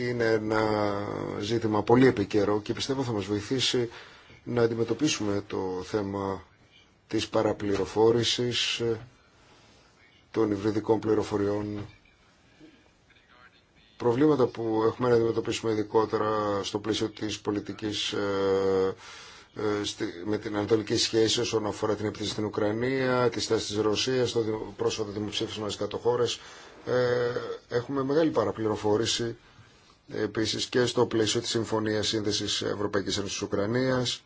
[SPEAKER 4] είναι ένα ζήτημα πολύ επικαιρό και πιστεύω θα μας βοηθήσει να αντιμετωπίσουμε το θέμα της παραπληροφόρησης των υβριδικών πληροφοριών προβλήματα που έχουμε να αντιμετωπίσουμε ειδικότερα στο πλαίσιο της πολιτικής ε, ε, με την ανατολική σχέση όσον αφορά την επίθεση στην Ουκρανία, τη στάση της Ρωσίας, το πρόσφατο δημοψήφισμα στις κάτω ε, έχουμε μεγάλη παραπληροφόρηση Επίση και στο πλαίσιο της Συμφωνία Σύνδεσης Ευρωπαϊκής Ένωση Ουκρανίας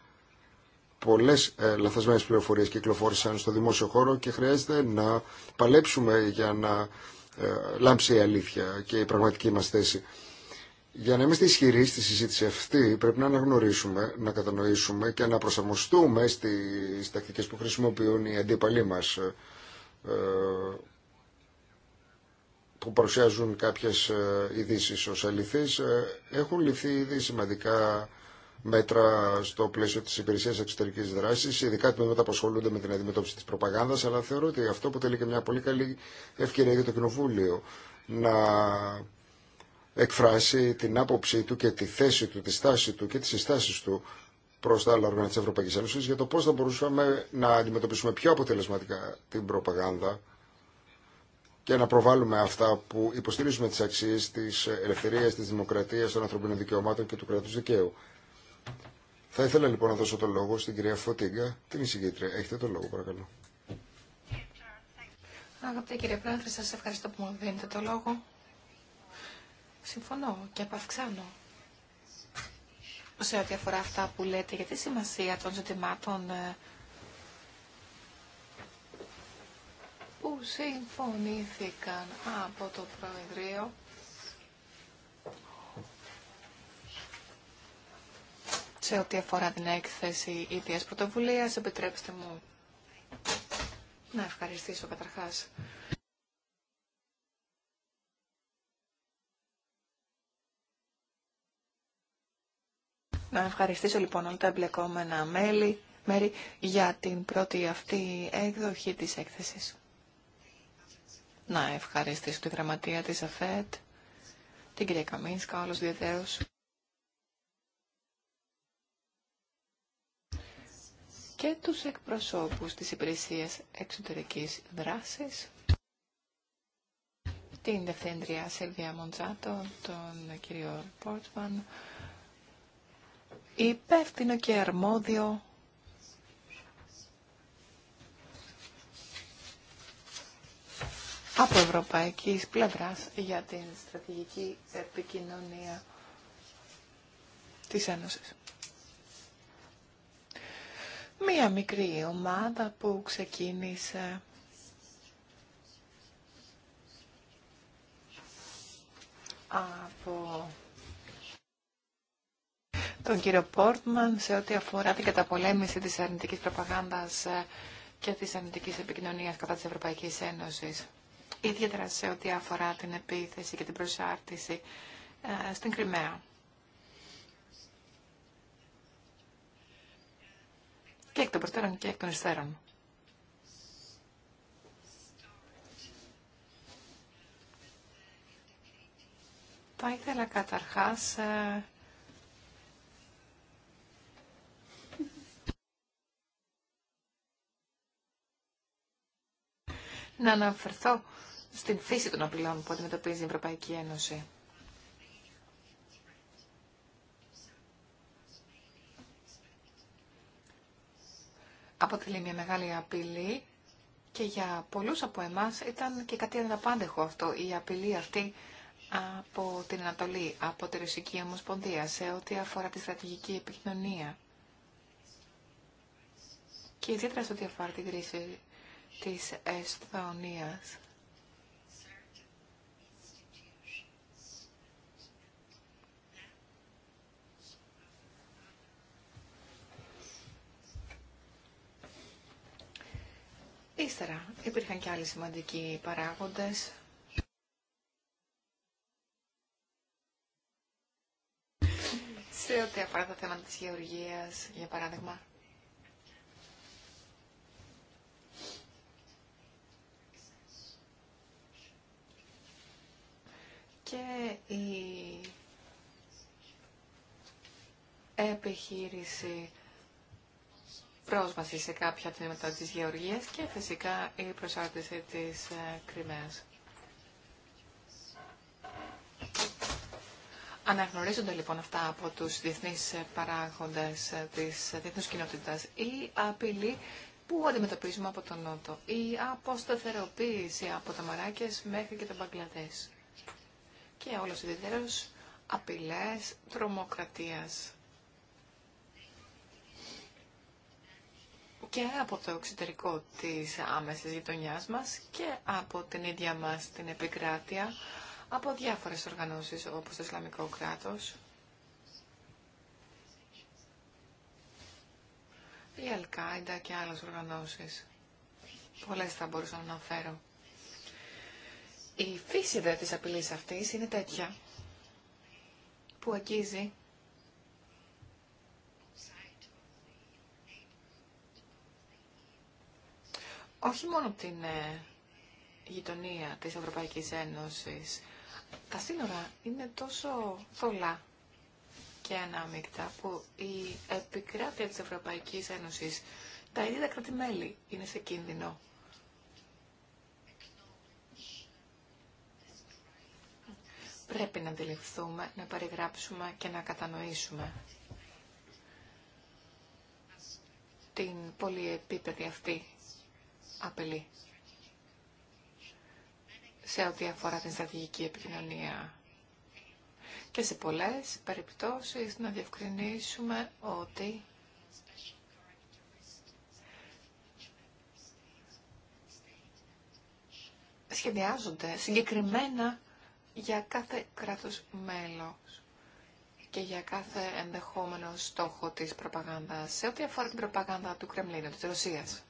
[SPEAKER 4] πολλέ ε, λαθασμένες πληροφορίες κυκλοφόρησαν στο δημόσιο χώρο και χρειάζεται να παλέψουμε για να ε, λάμψει η αλήθεια και η πραγματική μα θέση. Για να είμαστε ισχυροί στη συζήτηση αυτή πρέπει να αναγνωρίσουμε, να κατανοήσουμε και να προσαρμοστούμε στι τακτικέ που χρησιμοποιούν οι αντίπαλοι μα. Ε, που παρουσιάζουν κάποιες ε, ειδήσει ως αληθείς, ε, έχουν ληφθεί ήδη σημαντικά μέτρα στο πλαίσιο της υπηρεσίας εξωτερικής δράσης, ειδικά τμήματα που ασχολούνται με την αντιμετώπιση της προπαγάνδας, αλλά θεωρώ ότι αυτό αποτελεί και μια πολύ καλή ευκαιρία για το Κοινοβούλιο να εκφράσει την άποψή του και τη θέση του, τη στάση του και τις συστάσεις του προ τα άλλα όργανα τη Ευρωπαϊκή Ένωση για το πώ θα μπορούσαμε να αντιμετωπίσουμε πιο αποτελεσματικά την προπαγάνδα και να προβάλλουμε αυτά που υποστηρίζουμε τις αξίες της ελευθερίας, της δημοκρατίας, των ανθρωπίνων δικαιωμάτων και του Κρατου δικαίου. Θα ήθελα λοιπόν να δώσω το λόγο στην κυρία Φωτίγκα, την εισηγήτρια. Έχετε το λόγο παρακαλώ.
[SPEAKER 5] Αγαπητέ κύριε Πρόεδρε, σας ευχαριστώ που μου δίνετε το λόγο. Συμφωνώ και επαυξάνω σε ό,τι αφορά αυτά που λέτε για τη σημασία των ζητημάτων ε, που συμφωνήθηκαν από το Προεδρείο σε ό,τι αφορά την έκθεση ίδιας πρωτοβουλίας. Επιτρέψτε μου να ευχαριστήσω καταρχάς Να ευχαριστήσω λοιπόν όλα τα εμπλεκόμενα μέλη, μέρη για την πρώτη αυτή έκδοχη της έκθεσης να ευχαριστήσω τη γραμματεία της ΑΦΕΤ, την κυρία Καμίνσκα, όλους και τους εκπροσώπους της Υπηρεσίας Εξωτερικής Δράσης, την Δευθέντρια Σελβία Μοντζάτο, τον κύριο Πόρτσμαν, υπεύθυνο και αρμόδιο από ευρωπαϊκής πλευράς για την στρατηγική επικοινωνία της Ένωσης. Μία μικρή ομάδα που ξεκίνησε από τον κύριο Πόρτμαν σε ό,τι αφορά την καταπολέμηση της αρνητικής προπαγάνδας και της αρνητικής επικοινωνίας κατά της Ευρωπαϊκής Ένωσης ιδιαίτερα σε ό,τι αφορά την επίθεση και την προσάρτηση ε, στην Κρυμαία. Και εκ των προτέρων και εκ των υστέρων. Θα ήθελα καταρχάς ε, να αναφερθώ στην φύση των απειλών που αντιμετωπίζει η Ευρωπαϊκή Ένωση. Αποτελεί μια μεγάλη απειλή και για πολλούς από εμάς ήταν και κάτι αναπάντεχο αυτό, η απειλή αυτή από την Ανατολή, από τη Ρωσική Ομοσπονδία, σε ό,τι αφορά τη στρατηγική επικοινωνία. Και ιδιαίτερα σε ό,τι αφορά την κρίση της Εσθονίας. Ύστερα υπήρχαν και άλλοι σημαντικοί παράγοντες. Σε ό,τι αφορά τα θέματα της γεωργίας, για παράδειγμα, και η επιχείρηση πρόσβαση σε κάποια τμήματα της γεωργίας και φυσικά η προσάρτηση της ε, Κρυμαίας. Αναγνωρίζονται λοιπόν αυτά από τους διεθνείς παράγοντες ε, της διεθνούς κοινότητας η απειλή που αντιμετωπίζουμε από τον Νότο, η αποσταθεροποίηση από τα Μαράκες μέχρι και τα Μπαγκλαδές και όλος ιδιαίτερος απειλές τρομοκρατίας. και από το εξωτερικό της άμεσης γειτονιάς μας και από την ίδια μας την επικράτεια, από διάφορες οργανώσεις όπως το Ισλαμικό κράτος. Η Αλκάιντα και άλλες οργανώσεις. Πολλές θα μπορούσα να αναφέρω. Η φύση δε της απειλής αυτής είναι τέτοια που αγγίζει όχι μόνο την ε, γειτονία της Ευρωπαϊκής Ένωσης. Τα σύνορα είναι τόσο θολά και ανάμεικτα που η επικράτεια της Ευρωπαϊκής Ένωσης, τα ίδια κρατημέλη είναι σε κίνδυνο. πρέπει να αντιληφθούμε, να περιγράψουμε και να κατανοήσουμε την πολυεπίπεδη αυτή απειλή σε ό,τι αφορά την στρατηγική επικοινωνία. Και σε πολλές περιπτώσεις να διευκρινίσουμε ότι σχεδιάζονται συγκεκριμένα για κάθε κράτος μέλος και για κάθε ενδεχόμενο στόχο της προπαγάνδας σε ό,τι αφορά την προπαγάνδα του Κρεμλίνου, της Ρωσίας.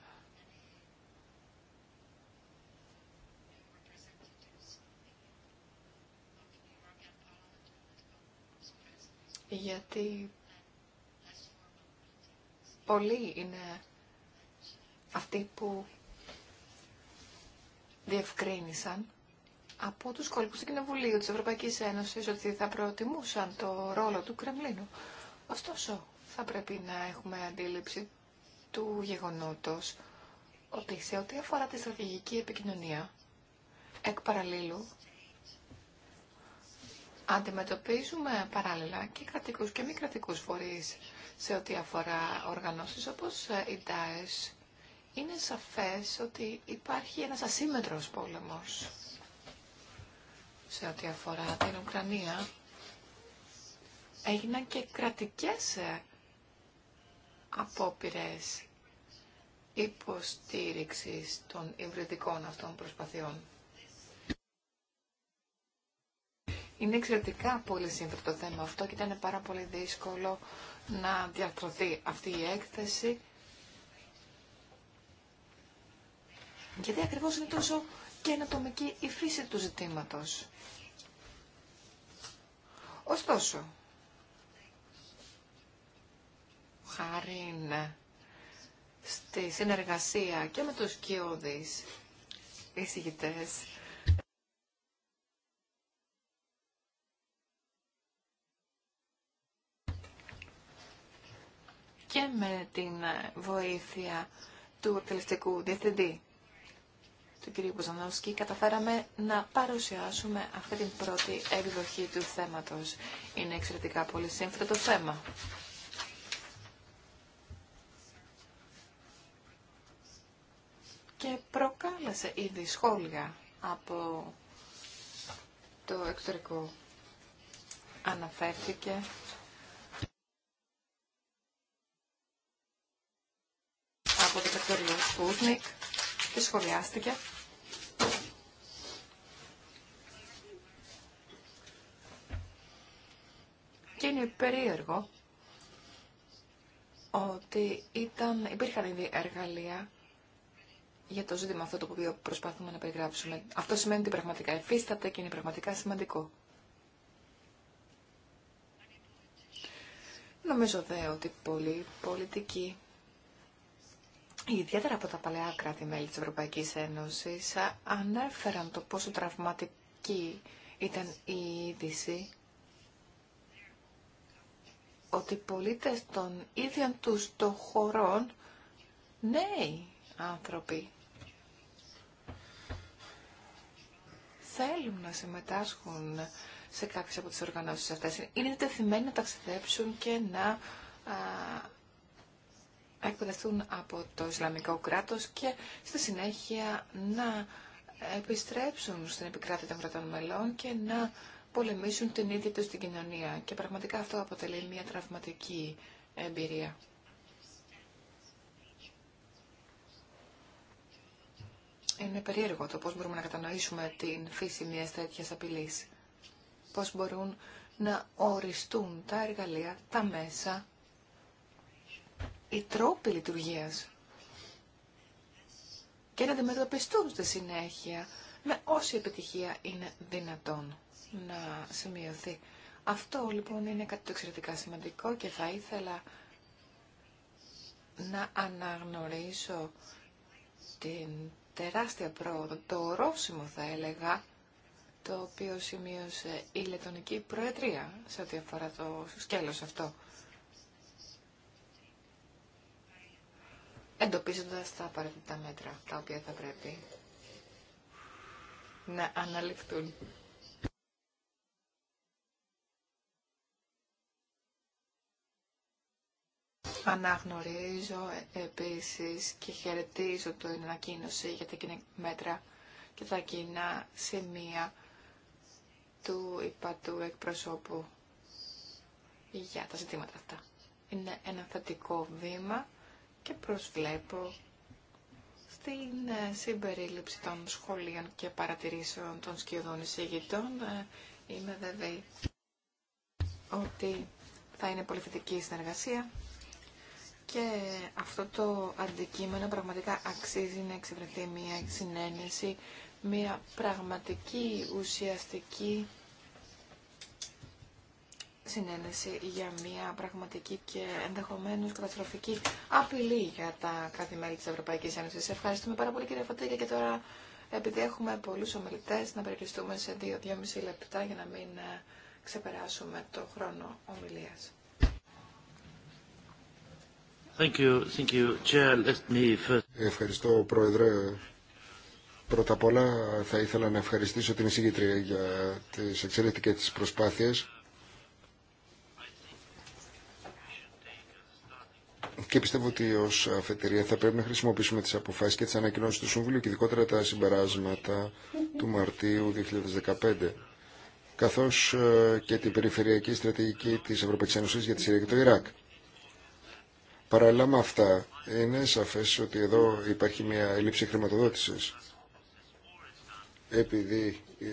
[SPEAKER 5] Γιατί πολλοί είναι αυτοί που διευκρίνησαν από τους κόλπους του Κοινοβουλίου της Ευρωπαϊκής Ένωσης ότι θα προτιμούσαν το ρόλο του Κρεμλίνου. Ωστόσο, θα πρέπει να έχουμε αντίληψη του γεγονότος ότι σε ό,τι αφορά τη στρατηγική επικοινωνία, εκ παραλλήλου, αντιμετωπίζουμε παράλληλα και κρατικούς και μη κρατικούς φορείς σε ό,τι αφορά οργανώσεις όπως ε, η ΤΑΕΣ. Είναι σαφές ότι υπάρχει ένας ασύμετρος πόλεμος σε ό,τι αφορά την Ουκρανία έγιναν και κρατικές ε, απόπειρες υποστήριξης των υβριδικών αυτών προσπαθειών. Είναι εξαιρετικά πολύ σύμφωνο το θέμα αυτό και ήταν πάρα πολύ δύσκολο να διαρθρωθεί αυτή η έκθεση. Γιατί ακριβώς είναι τόσο καινοτομική η φύση του ζητήματος. Ωστόσο, χάρη στη συνεργασία και με τους κοιόδης εισηγητές, και με την βοήθεια του εκτελεστικού διευθυντή του κυρία Κουζανόφσκι καταφέραμε να παρουσιάσουμε αυτή την πρώτη εκδοχή του θέματος. Είναι εξαιρετικά πολύ σύμφωτο το θέμα. Και προκάλεσε ήδη σχόλια από το εξωτερικό. Αναφέρθηκε από το τεκτορικό Σπούτνικ και σχολιάστηκε. είναι περίεργο ότι ήταν, υπήρχαν ήδη εργαλεία για το ζήτημα αυτό το οποίο προσπαθούμε να περιγράψουμε. Αυτό σημαίνει ότι πραγματικά εφίσταται και είναι πραγματικά σημαντικό. Νομίζω δε ότι πολλοί πολιτικοί, ιδιαίτερα από τα παλαιά κράτη-μέλη της Ευρωπαϊκής Ένωσης, ανέφεραν το πόσο τραυματική ήταν η είδηση ότι οι πολίτες των ίδιων τους των χωρών, νέοι άνθρωποι, θέλουν να συμμετάσχουν σε κάποιες από τις οργανώσεις αυτές. Είναι τεθειμένοι να ταξιδέψουν και να εκπαιδευτούν από το Ισλαμικό κράτος και στη συνέχεια να επιστρέψουν στην επικράτεια των κρατών μελών και να πολεμήσουν την ίδια τους την κοινωνία. Και πραγματικά αυτό αποτελεί μια τραυματική εμπειρία. Είναι περίεργο το πώς μπορούμε να κατανοήσουμε την φύση μιας τέτοιας απειλής. Πώς μπορούν να οριστούν τα εργαλεία, τα μέσα, οι τρόποι λειτουργίας και να αντιμετωπιστούν στη συνέχεια με όση επιτυχία είναι δυνατόν να σημειωθεί. Αυτό λοιπόν είναι κάτι το εξαιρετικά σημαντικό και θα ήθελα να αναγνωρίσω την τεράστια πρόοδο, το ορόσημο θα έλεγα, το οποίο σημείωσε η Λετωνική Προεδρία σε ό,τι αφορά το σκέλος αυτό. Εντοπίζοντας τα απαραίτητα μέτρα, τα οποία θα πρέπει να αναλυφθούν. Αναγνωρίζω ε, επίσης και χαιρετίζω το ανακοίνωση για τα κοινά μέτρα και τα κοινά σημεία του υπατού εκπροσώπου για τα ζητήματα αυτά. Είναι ένα θετικό βήμα και προσβλέπω στην ε, συμπερίληψη των σχολείων και παρατηρήσεων των σκιωδών εισηγητών. Ε, είμαι βέβαιη ότι θα είναι πολύ θετική η συνεργασία και αυτό το αντικείμενο πραγματικά αξίζει να εξευρεθεί μια συνένεση, μια πραγματική ουσιαστική συνένεση για μια πραγματική και ενδεχομένως καταστροφική απειλή για τα κάθε μελη της Ευρωπαϊκής Ένωσης. Ευχαριστούμε πάρα πολύ κύριε Φωτήκα και τώρα επειδή έχουμε πολλούς ομιλητές να περιοριστούμε σε 2-2,5 λεπτά για να μην ε, ξεπεράσουμε το χρόνο ομιλίας.
[SPEAKER 4] Ευχαριστώ, Πρόεδρε. Πρώτα απ' όλα θα ήθελα να ευχαριστήσω την εισηγήτρια για τις εξαιρετικές της προσπάθειες. Και πιστεύω ότι ω αφετηρία θα πρέπει να χρησιμοποιήσουμε τι αποφάσει και τι ανακοινώσει του Συμβουλίου και ειδικότερα τα συμπεράσματα του Μαρτίου 2015, καθώ ε, και την περιφερειακή στρατηγική τη Ευρωπαϊκή Ένωση για τη Συρία και το Ιράκ. Παράλληλα με αυτά, είναι σαφές ότι εδώ υπάρχει μια έλλειψη χρηματοδότησης. Επειδή ε,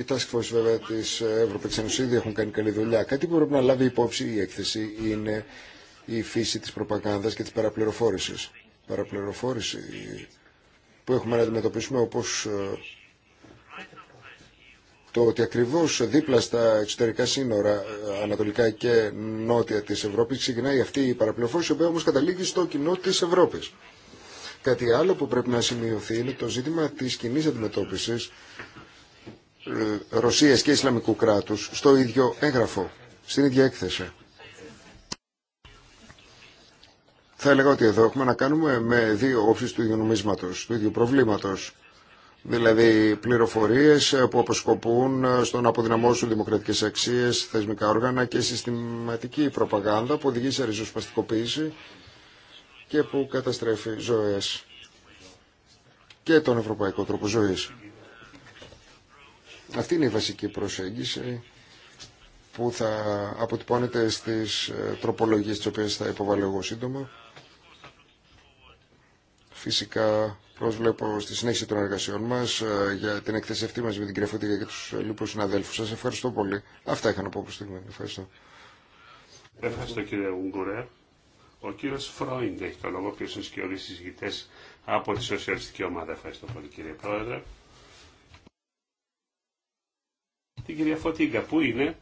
[SPEAKER 4] οι task βέβαια της Ευρωπαϊκής Ένωσης έχουν κάνει καλή δουλειά, κάτι που πρέπει να λάβει υπόψη η έκθεση είναι η φύση της προπαγάνδας και της παραπληροφόρησης. Παραπληροφόρηση που έχουμε να αντιμετωπίσουμε όπως ε, το ότι ακριβώς δίπλα στα εξωτερικά σύνορα ε, ανατολικά και νότια της Ευρώπης ξεκινάει αυτή η παραπληροφόρηση, η οποία όμως καταλήγει στο κοινό της Ευρώπης. Κάτι άλλο που πρέπει να σημειωθεί είναι το ζήτημα της κοινή αντιμετώπισης ε, Ρωσίας και Ισλαμικού κράτους στο ίδιο έγγραφο, στην ίδια έκθεση. Θα έλεγα ότι εδώ έχουμε να κάνουμε με δύο όψεις του ίδιου νομίσματος, του ίδιου προβλήματος δηλαδή πληροφορίες που αποσκοπούν στο να αποδυναμώσουν δημοκρατικές αξίες, θεσμικά όργανα και συστηματική προπαγάνδα που οδηγεί σε ριζοσπαστικοποίηση και που καταστρέφει ζωές και τον ευρωπαϊκό τρόπο ζωής. Αυτή είναι η βασική προσέγγιση που θα αποτυπώνεται στις ε, τροπολογίες τις οποίες θα υποβάλω εγώ σύντομα. Φυσικά Προσβλέπω στη συνέχιση των εργασιών μα ε, για την εκθέση αυτή μαζί με την κυρία Φωτίγα και του λοιπού συναδέλφου σα. Ευχαριστώ πολύ. Αυτά είχα να πω προ στιγμή. Ευχαριστώ.
[SPEAKER 1] Ευχαριστώ κύριε Ούγγουρε Ο κύριο Φρόιντ έχει το λόγο, ο οποίο είναι σκιώδη συζητητέ από τη Σοσιαλιστική Ομάδα. Ευχαριστώ πολύ κύριε Πρόεδρε. Την κυρία Φωτίγκα, πού είναι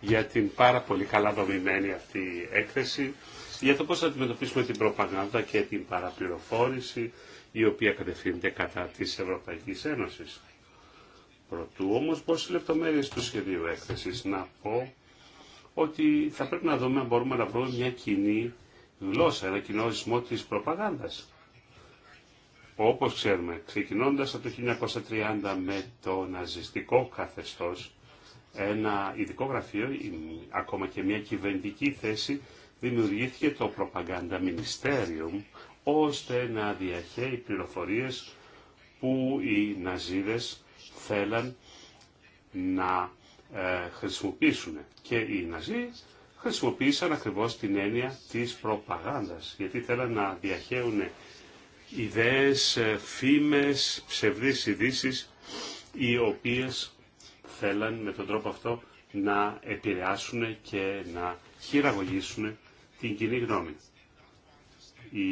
[SPEAKER 1] για την πάρα πολύ καλά δομημένη αυτή έκθεση για το πώς θα αντιμετωπίσουμε την προπαγάνδα και την παραπληροφόρηση η οποία κατευθύνεται κατά της Ευρωπαϊκής Ένωσης. Προτού όμως οι λεπτομέρειες του σχεδίου έκθεσης να πω ότι θα πρέπει να δούμε αν μπορούμε να βρούμε μια κοινή γλώσσα, ένα κοινό ορισμό της προπαγάνδας. Όπως ξέρουμε, ξεκινώντας από το 1930 με το ναζιστικό καθεστώς, ένα ειδικό γραφείο, ακόμα και μια κυβερνητική θέση, δημιουργήθηκε το Propaganda Ministerium ώστε να διαχέει πληροφορίες που οι Ναζίδες θέλαν να ε, χρησιμοποιήσουν. Και οι Ναζί χρησιμοποίησαν ακριβώς την έννοια της προπαγάνδας, γιατί θέλαν να διαχέουν ιδέες, ε, φήμες, ψευδείς ειδήσει οι οποίες θέλαν με τον τρόπο αυτό να επηρεάσουν και να χειραγωγήσουν την κοινή γνώμη. Οι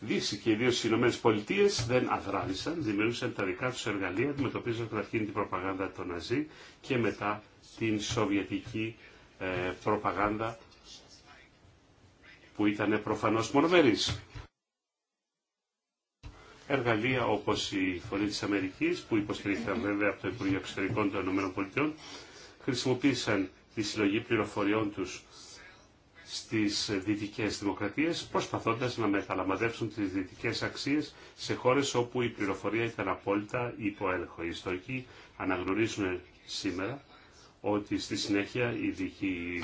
[SPEAKER 1] Δύση και ιδίω οι Ηνωμένε Πολιτείε δεν αδράνησαν, δημιούργησαν τα δικά του εργαλεία, αντιμετωπίζοντα καταρχήν την προπαγάνδα των Ναζί και μετά την σοβιετική ε, προπαγάνδα που ήταν προφανώς μορμερής. Εργαλεία όπως η Φωνή της Αμερικής, που υποστηρίχθηκαν βέβαια από το Υπουργείο Εξωτερικών των ΗΠΑ, χρησιμοποίησαν τη συλλογή πληροφοριών τους στις δυτικές δημοκρατίες, προσπαθώντας να μεταλαμβαδεύσουν τις δυτικές αξίες σε χώρες όπου η πληροφορία ήταν απόλυτα υποέλεγχο. Οι ιστορικοί αναγνωρίζουν σήμερα ότι στη συνέχεια οι, δικοί,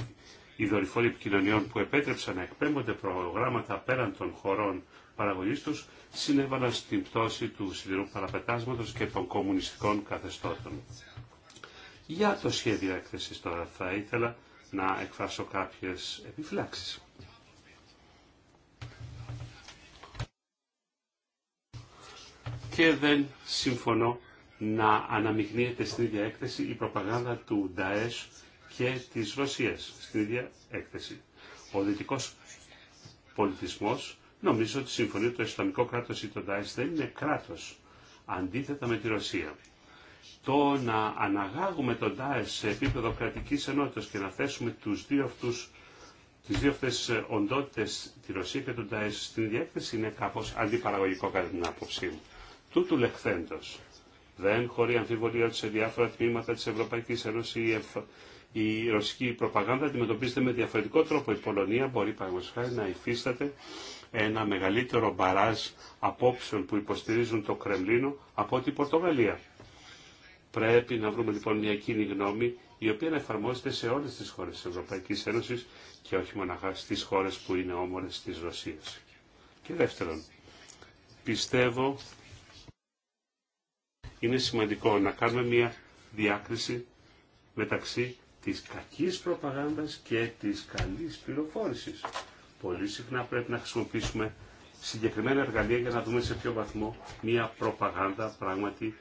[SPEAKER 1] οι δορυφόροι επικοινωνιών που επέτρεψαν να εκπέμπονται προγράμματα πέραν των χωρών παραγωγής τους συνέβαλαν στην πτώση του σιδηρού παραπετάσματος και των κομμουνιστικών καθεστώτων. Για το σχέδιο έκθεση τώρα θα ήθελα να εκφράσω κάποιες επιφυλάξεις. Και δεν συμφωνώ να αναμειχνύεται στην ίδια έκθεση η προπαγάνδα του Νταέσ και της Ρωσίας στην ίδια έκθεση. Ο δυτικός πολιτισμός νομίζω ότι συμφωνεί ότι το Ισλαμικό κράτος ή το Νταέσ δεν είναι κράτος αντίθετα με τη Ρωσία το να αναγάγουμε τον ΤΑΕΣ σε επίπεδο κρατικής ενότητας και να θέσουμε τους δύο αυτούς τις δύο αυτές οντότητες, τη Ρωσία και τον ΤΑΕΣ, στην διέκθεση είναι κάπως αντιπαραγωγικό κατά την άποψή μου. Τούτου λεχθέντος. Δεν χωρεί αμφιβολία ότι σε διάφορα τμήματα της Ευρωπαϊκής Ένωσης η ρωσική προπαγάνδα αντιμετωπίζεται με διαφορετικό τρόπο. Η Πολωνία μπορεί παραγωγικά να υφίσταται ένα μεγαλύτερο μπαράζ απόψεων που υποστηρίζουν το Κρεμλίνο από την Πορτογαλία. Πρέπει να βρούμε λοιπόν μια κοινή γνώμη η οποία να εφαρμόζεται σε όλες τις χώρες της Ευρωπαϊκής Ένωσης και όχι μοναχά στις χώρες που είναι όμορες της Ρωσίας. Και δεύτερον, πιστεύω είναι σημαντικό να κάνουμε μια διάκριση μεταξύ της κακής προπαγάνδας και της καλής πληροφόρησης. Πολύ συχνά πρέπει να χρησιμοποιήσουμε συγκεκριμένα εργαλεία για να δούμε σε ποιο βαθμό μια προπαγάνδα πράγματι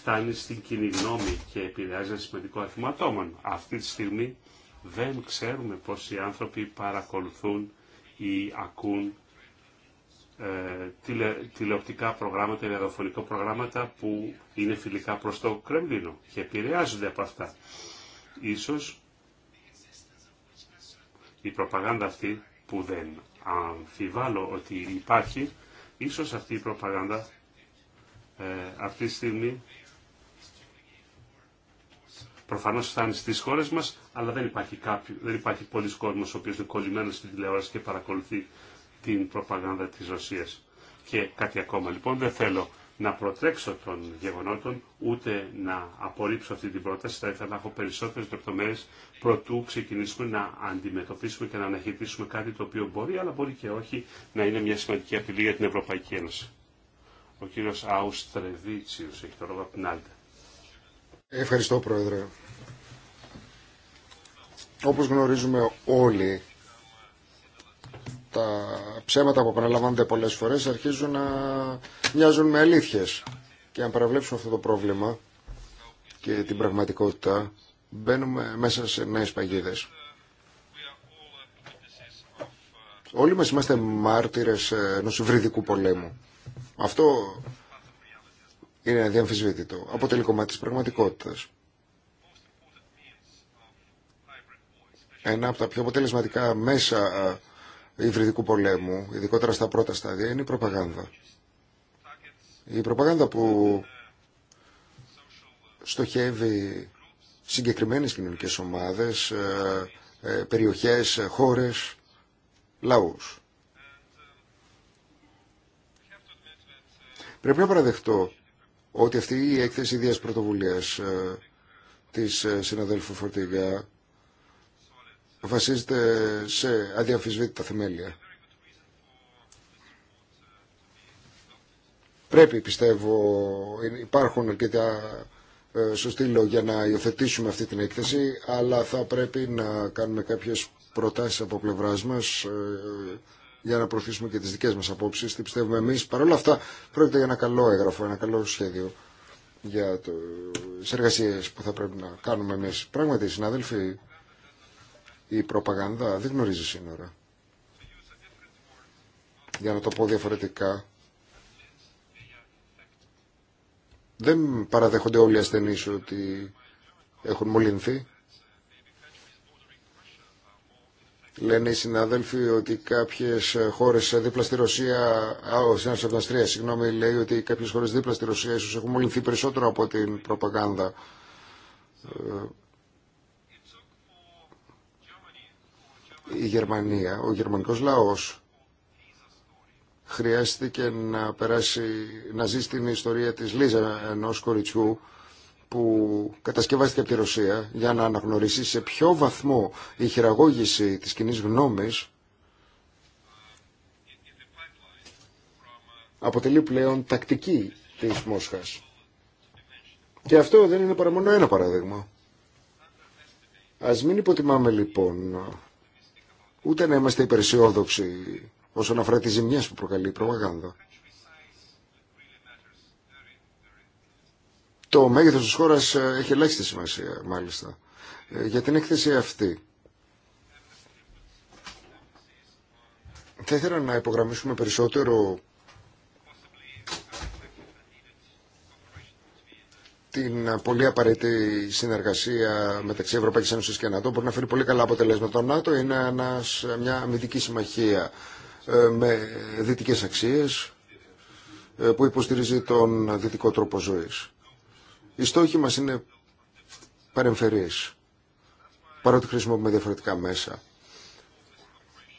[SPEAKER 1] φτάνει στην κοινή γνώμη και επηρεάζει ένα σημαντικό αριθμό ατόμων. Αυτή τη στιγμή δεν ξέρουμε πώς οι άνθρωποι παρακολουθούν ή ακούν ε, τηλεοπτικά προγράμματα ή ραδιοφωνικά προγράμματα που είναι φιλικά προς το Κρεμλίνο και επηρεάζονται από αυτά. Ίσως η προπαγάνδα αυτή που δεν αμφιβάλλω ότι υπάρχει, ίσως αυτή η προπαγάνδα ε, αυτή τη στιγμή Προφανώ φτάνει στι χώρε μα, αλλά δεν υπάρχει, κάποιο, δεν υπάρχει πολλοί κόσμο ο οποίο είναι κολλημένο στην τηλεόραση και παρακολουθεί την προπαγάνδα τη Ρωσία. Και κάτι ακόμα λοιπόν, δεν θέλω να προτρέξω των γεγονότων, ούτε να απορρίψω αυτή την πρόταση. Θα ήθελα να έχω περισσότερε λεπτομέρειε προτού ξεκινήσουμε να αντιμετωπίσουμε και να αναχαιτήσουμε κάτι το οποίο μπορεί, αλλά μπορεί και όχι, να είναι μια σημαντική απειλή για την Ευρωπαϊκή Ένωση. Ο κύριο Αουστρεβίτσιου έχει το λόγο από την άλλη.
[SPEAKER 4] Ευχαριστώ, Πρόεδρε. Όπως γνωρίζουμε όλοι, τα ψέματα που επαναλαμβάνονται πολλές φορές αρχίζουν να μοιάζουν με αλήθειες. Και αν παραβλέψουμε αυτό το πρόβλημα και την πραγματικότητα, μπαίνουμε μέσα σε νέες παγίδες. Όλοι μας είμαστε μάρτυρες ενός υβριδικού πολέμου. Αυτό είναι αδιαμφισβήτητο. Αποτελεί κομμάτι της πραγματικότητας. Ένα από τα πιο αποτελεσματικά μέσα υβριδικού πολέμου, ειδικότερα στα πρώτα στάδια, είναι η προπαγάνδα. Η προπαγάνδα που στοχεύει συγκεκριμένες κοινωνικές ομάδες, ε, περιοχές, χώρες, λαούς. Πρέπει να παραδεχτώ ότι αυτή η έκθεση ιδίας πρωτοβουλίας ε, της ε, συναδέλφου Φορτίγα βασίζεται σε αδιαμφισβήτητα θεμέλια. Πρέπει, πιστεύω, ε, υπάρχουν αρκετά σωστή λόγια να υιοθετήσουμε αυτή την έκθεση, αλλά θα πρέπει να κάνουμε κάποιες προτάσεις από πλευράς μας για να προωθήσουμε και τις δικές μας απόψεις, τι πιστεύουμε Εμεί, Παρ' όλα αυτά πρόκειται για ένα καλό έγγραφο, ένα καλό σχέδιο για το... τις που θα πρέπει να κάνουμε εμείς. Πράγματι, συνάδελφοι, η προπαγάνδα δεν γνωρίζει σύνορα. Για να το πω διαφορετικά, δεν παραδέχονται όλοι οι ασθενείς ότι έχουν μολυνθεί. Λένε οι συναδέλφοι ότι κάποιε χώρε δίπλα στη Ρωσία, ο λέει ότι κάποιε χώρε δίπλα στη Ρωσία ίσω έχουν μολυνθεί περισσότερο από την προπαγάνδα. Ε, η Γερμανία, ο γερμανικός λαός χρειάστηκε να περάσει, να ζει στην ιστορία της Λίζα ενός κοριτσιού που κατασκευάστηκε από τη Ρωσία για να αναγνωρίσει σε ποιο βαθμό η χειραγώγηση της κοινή γνώμης αποτελεί πλέον τακτική της Μόσχας. Και αυτό δεν είναι παρά μόνο ένα παράδειγμα. Ας μην υποτιμάμε λοιπόν ούτε να είμαστε υπεραισιόδοξοι όσον αφορά τις ζημιές που προκαλεί η προπαγάνδα. το μέγεθος της χώρας ε, έχει ελάχιστη σημασία μάλιστα. Ε, για την έκθεση αυτή θα ήθελα να υπογραμμίσουμε περισσότερο την πολύ απαραίτητη συνεργασία μεταξύ Ευρωπαϊκής Ένωσης και ΝΑΤΟ μπορεί να φέρει πολύ καλά αποτελέσματα. Το ΝΑΤΟ είναι ένας, μια αμυντική συμμαχία ε, με δυτικές αξίες που υποστηρίζει τον δυτικό τρόπο ζωής. Οι στόχοι μας είναι παρεμφερείς, παρότι χρησιμοποιούμε διαφορετικά μέσα.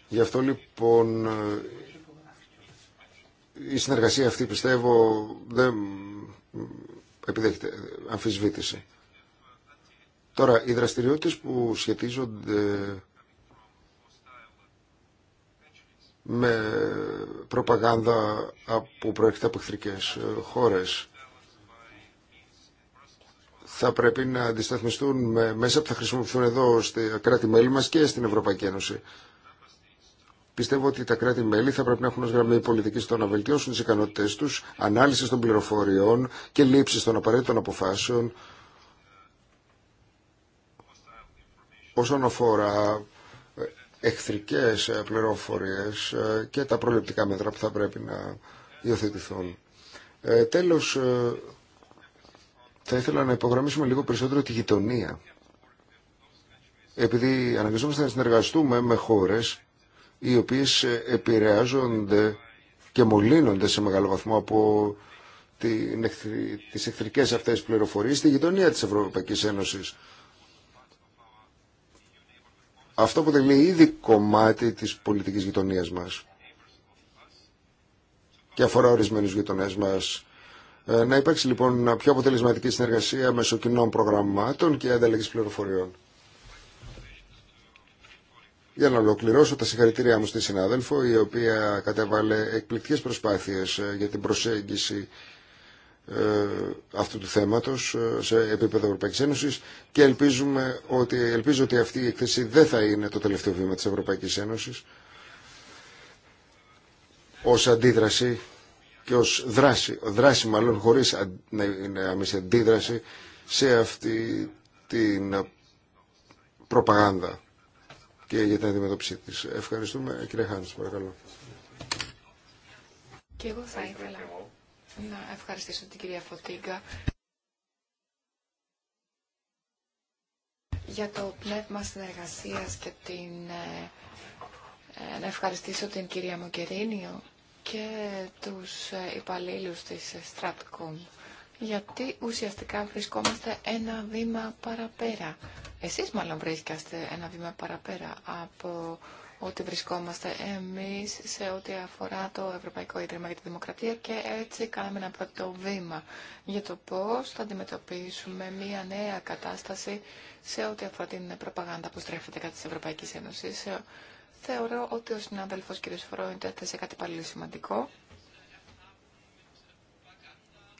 [SPEAKER 4] Γι' αυτό λοιπόν η συνεργασία αυτή πιστεύω δεν επιδέχεται αμφισβήτηση. Τώρα, οι δραστηριότητες που σχετίζονται με προπαγάνδα που προέρχεται από εχθρικές ε, χώρες θα πρέπει να αντισταθμιστούν μέσα που θα χρησιμοποιηθούν εδώ στη κράτη-μέλη μας και στην Ευρωπαϊκή Ένωση. Πιστεύω ότι τα κράτη-μέλη θα πρέπει να έχουν ως γραμμή πολιτική στο να βελτιώσουν τις ικανότητέ του, ανάλυση των πληροφοριών και λήψη των απαραίτητων αποφάσεων όσον αφορά ε, εχθρικέ ε, πληροφορίες ε, και τα προληπτικά μέτρα που θα πρέπει να υιοθετηθούν. Τέλος, θα ήθελα να υπογραμμίσουμε λίγο περισσότερο τη γειτονία. Επειδή αναγκαζόμαστε να συνεργαστούμε με χώρες οι οποίες επηρεάζονται και μολύνονται σε μεγάλο βαθμό από τις εχθρικές αυτές πληροφορίες στη γειτονία της Ευρωπαϊκής Ένωσης. Αυτό αποτελεί ήδη κομμάτι της πολιτικής γειτονίας μας και αφορά ορισμένους γειτονές μας ε, να υπάρξει λοιπόν πιο αποτελεσματική συνεργασία μέσω κοινών προγραμμάτων και ανταλλαγή πληροφοριών. Για να ολοκληρώσω τα συγχαρητήριά μου στη συνάδελφο, η οποία κατέβαλε εκπληκτικές προσπάθειες ε, για την προσέγγιση ε, αυτού του θέματος σε επίπεδο Ευρωπαϊκής Ένωσης και ελπίζουμε ότι, ελπίζω ότι αυτή η εκθέση δεν θα είναι το τελευταίο βήμα της Ευρωπαϊκής Ένωσης ως αντίδραση και ως δράση, δράση μάλλον χωρίς να είναι άμεση αντίδραση σε αυτή την προπαγάνδα και για την αντιμετώπιση της. Ευχαριστούμε. Κύριε Χάνης, παρακαλώ.
[SPEAKER 5] Και εγώ θα ήθελα να ευχαριστήσω την κυρία Φωτίγκα για το πνεύμα συνεργασίας και την, ε, ε, να ευχαριστήσω την κυρία Μοκερίνιο και τους ε, υπαλλήλους της ε, Stratcom, γιατί ουσιαστικά βρισκόμαστε ένα βήμα παραπέρα. Εσείς μάλλον βρίσκεστε ένα βήμα παραπέρα από ότι βρισκόμαστε εμείς σε ό,τι αφορά το Ευρωπαϊκό Ίδρυμα για τη Δημοκρατία και έτσι κάναμε ένα πρώτο βήμα για το πώς θα αντιμετωπίσουμε μια νέα κατάσταση σε ό,τι αφορά την προπαγάνδα που στρέφεται κατά της Ευρωπαϊκής Ένωσης Θεωρώ ότι ο συνάδελφος κ. Φρόιντ έθεσε κάτι πάλι σημαντικό.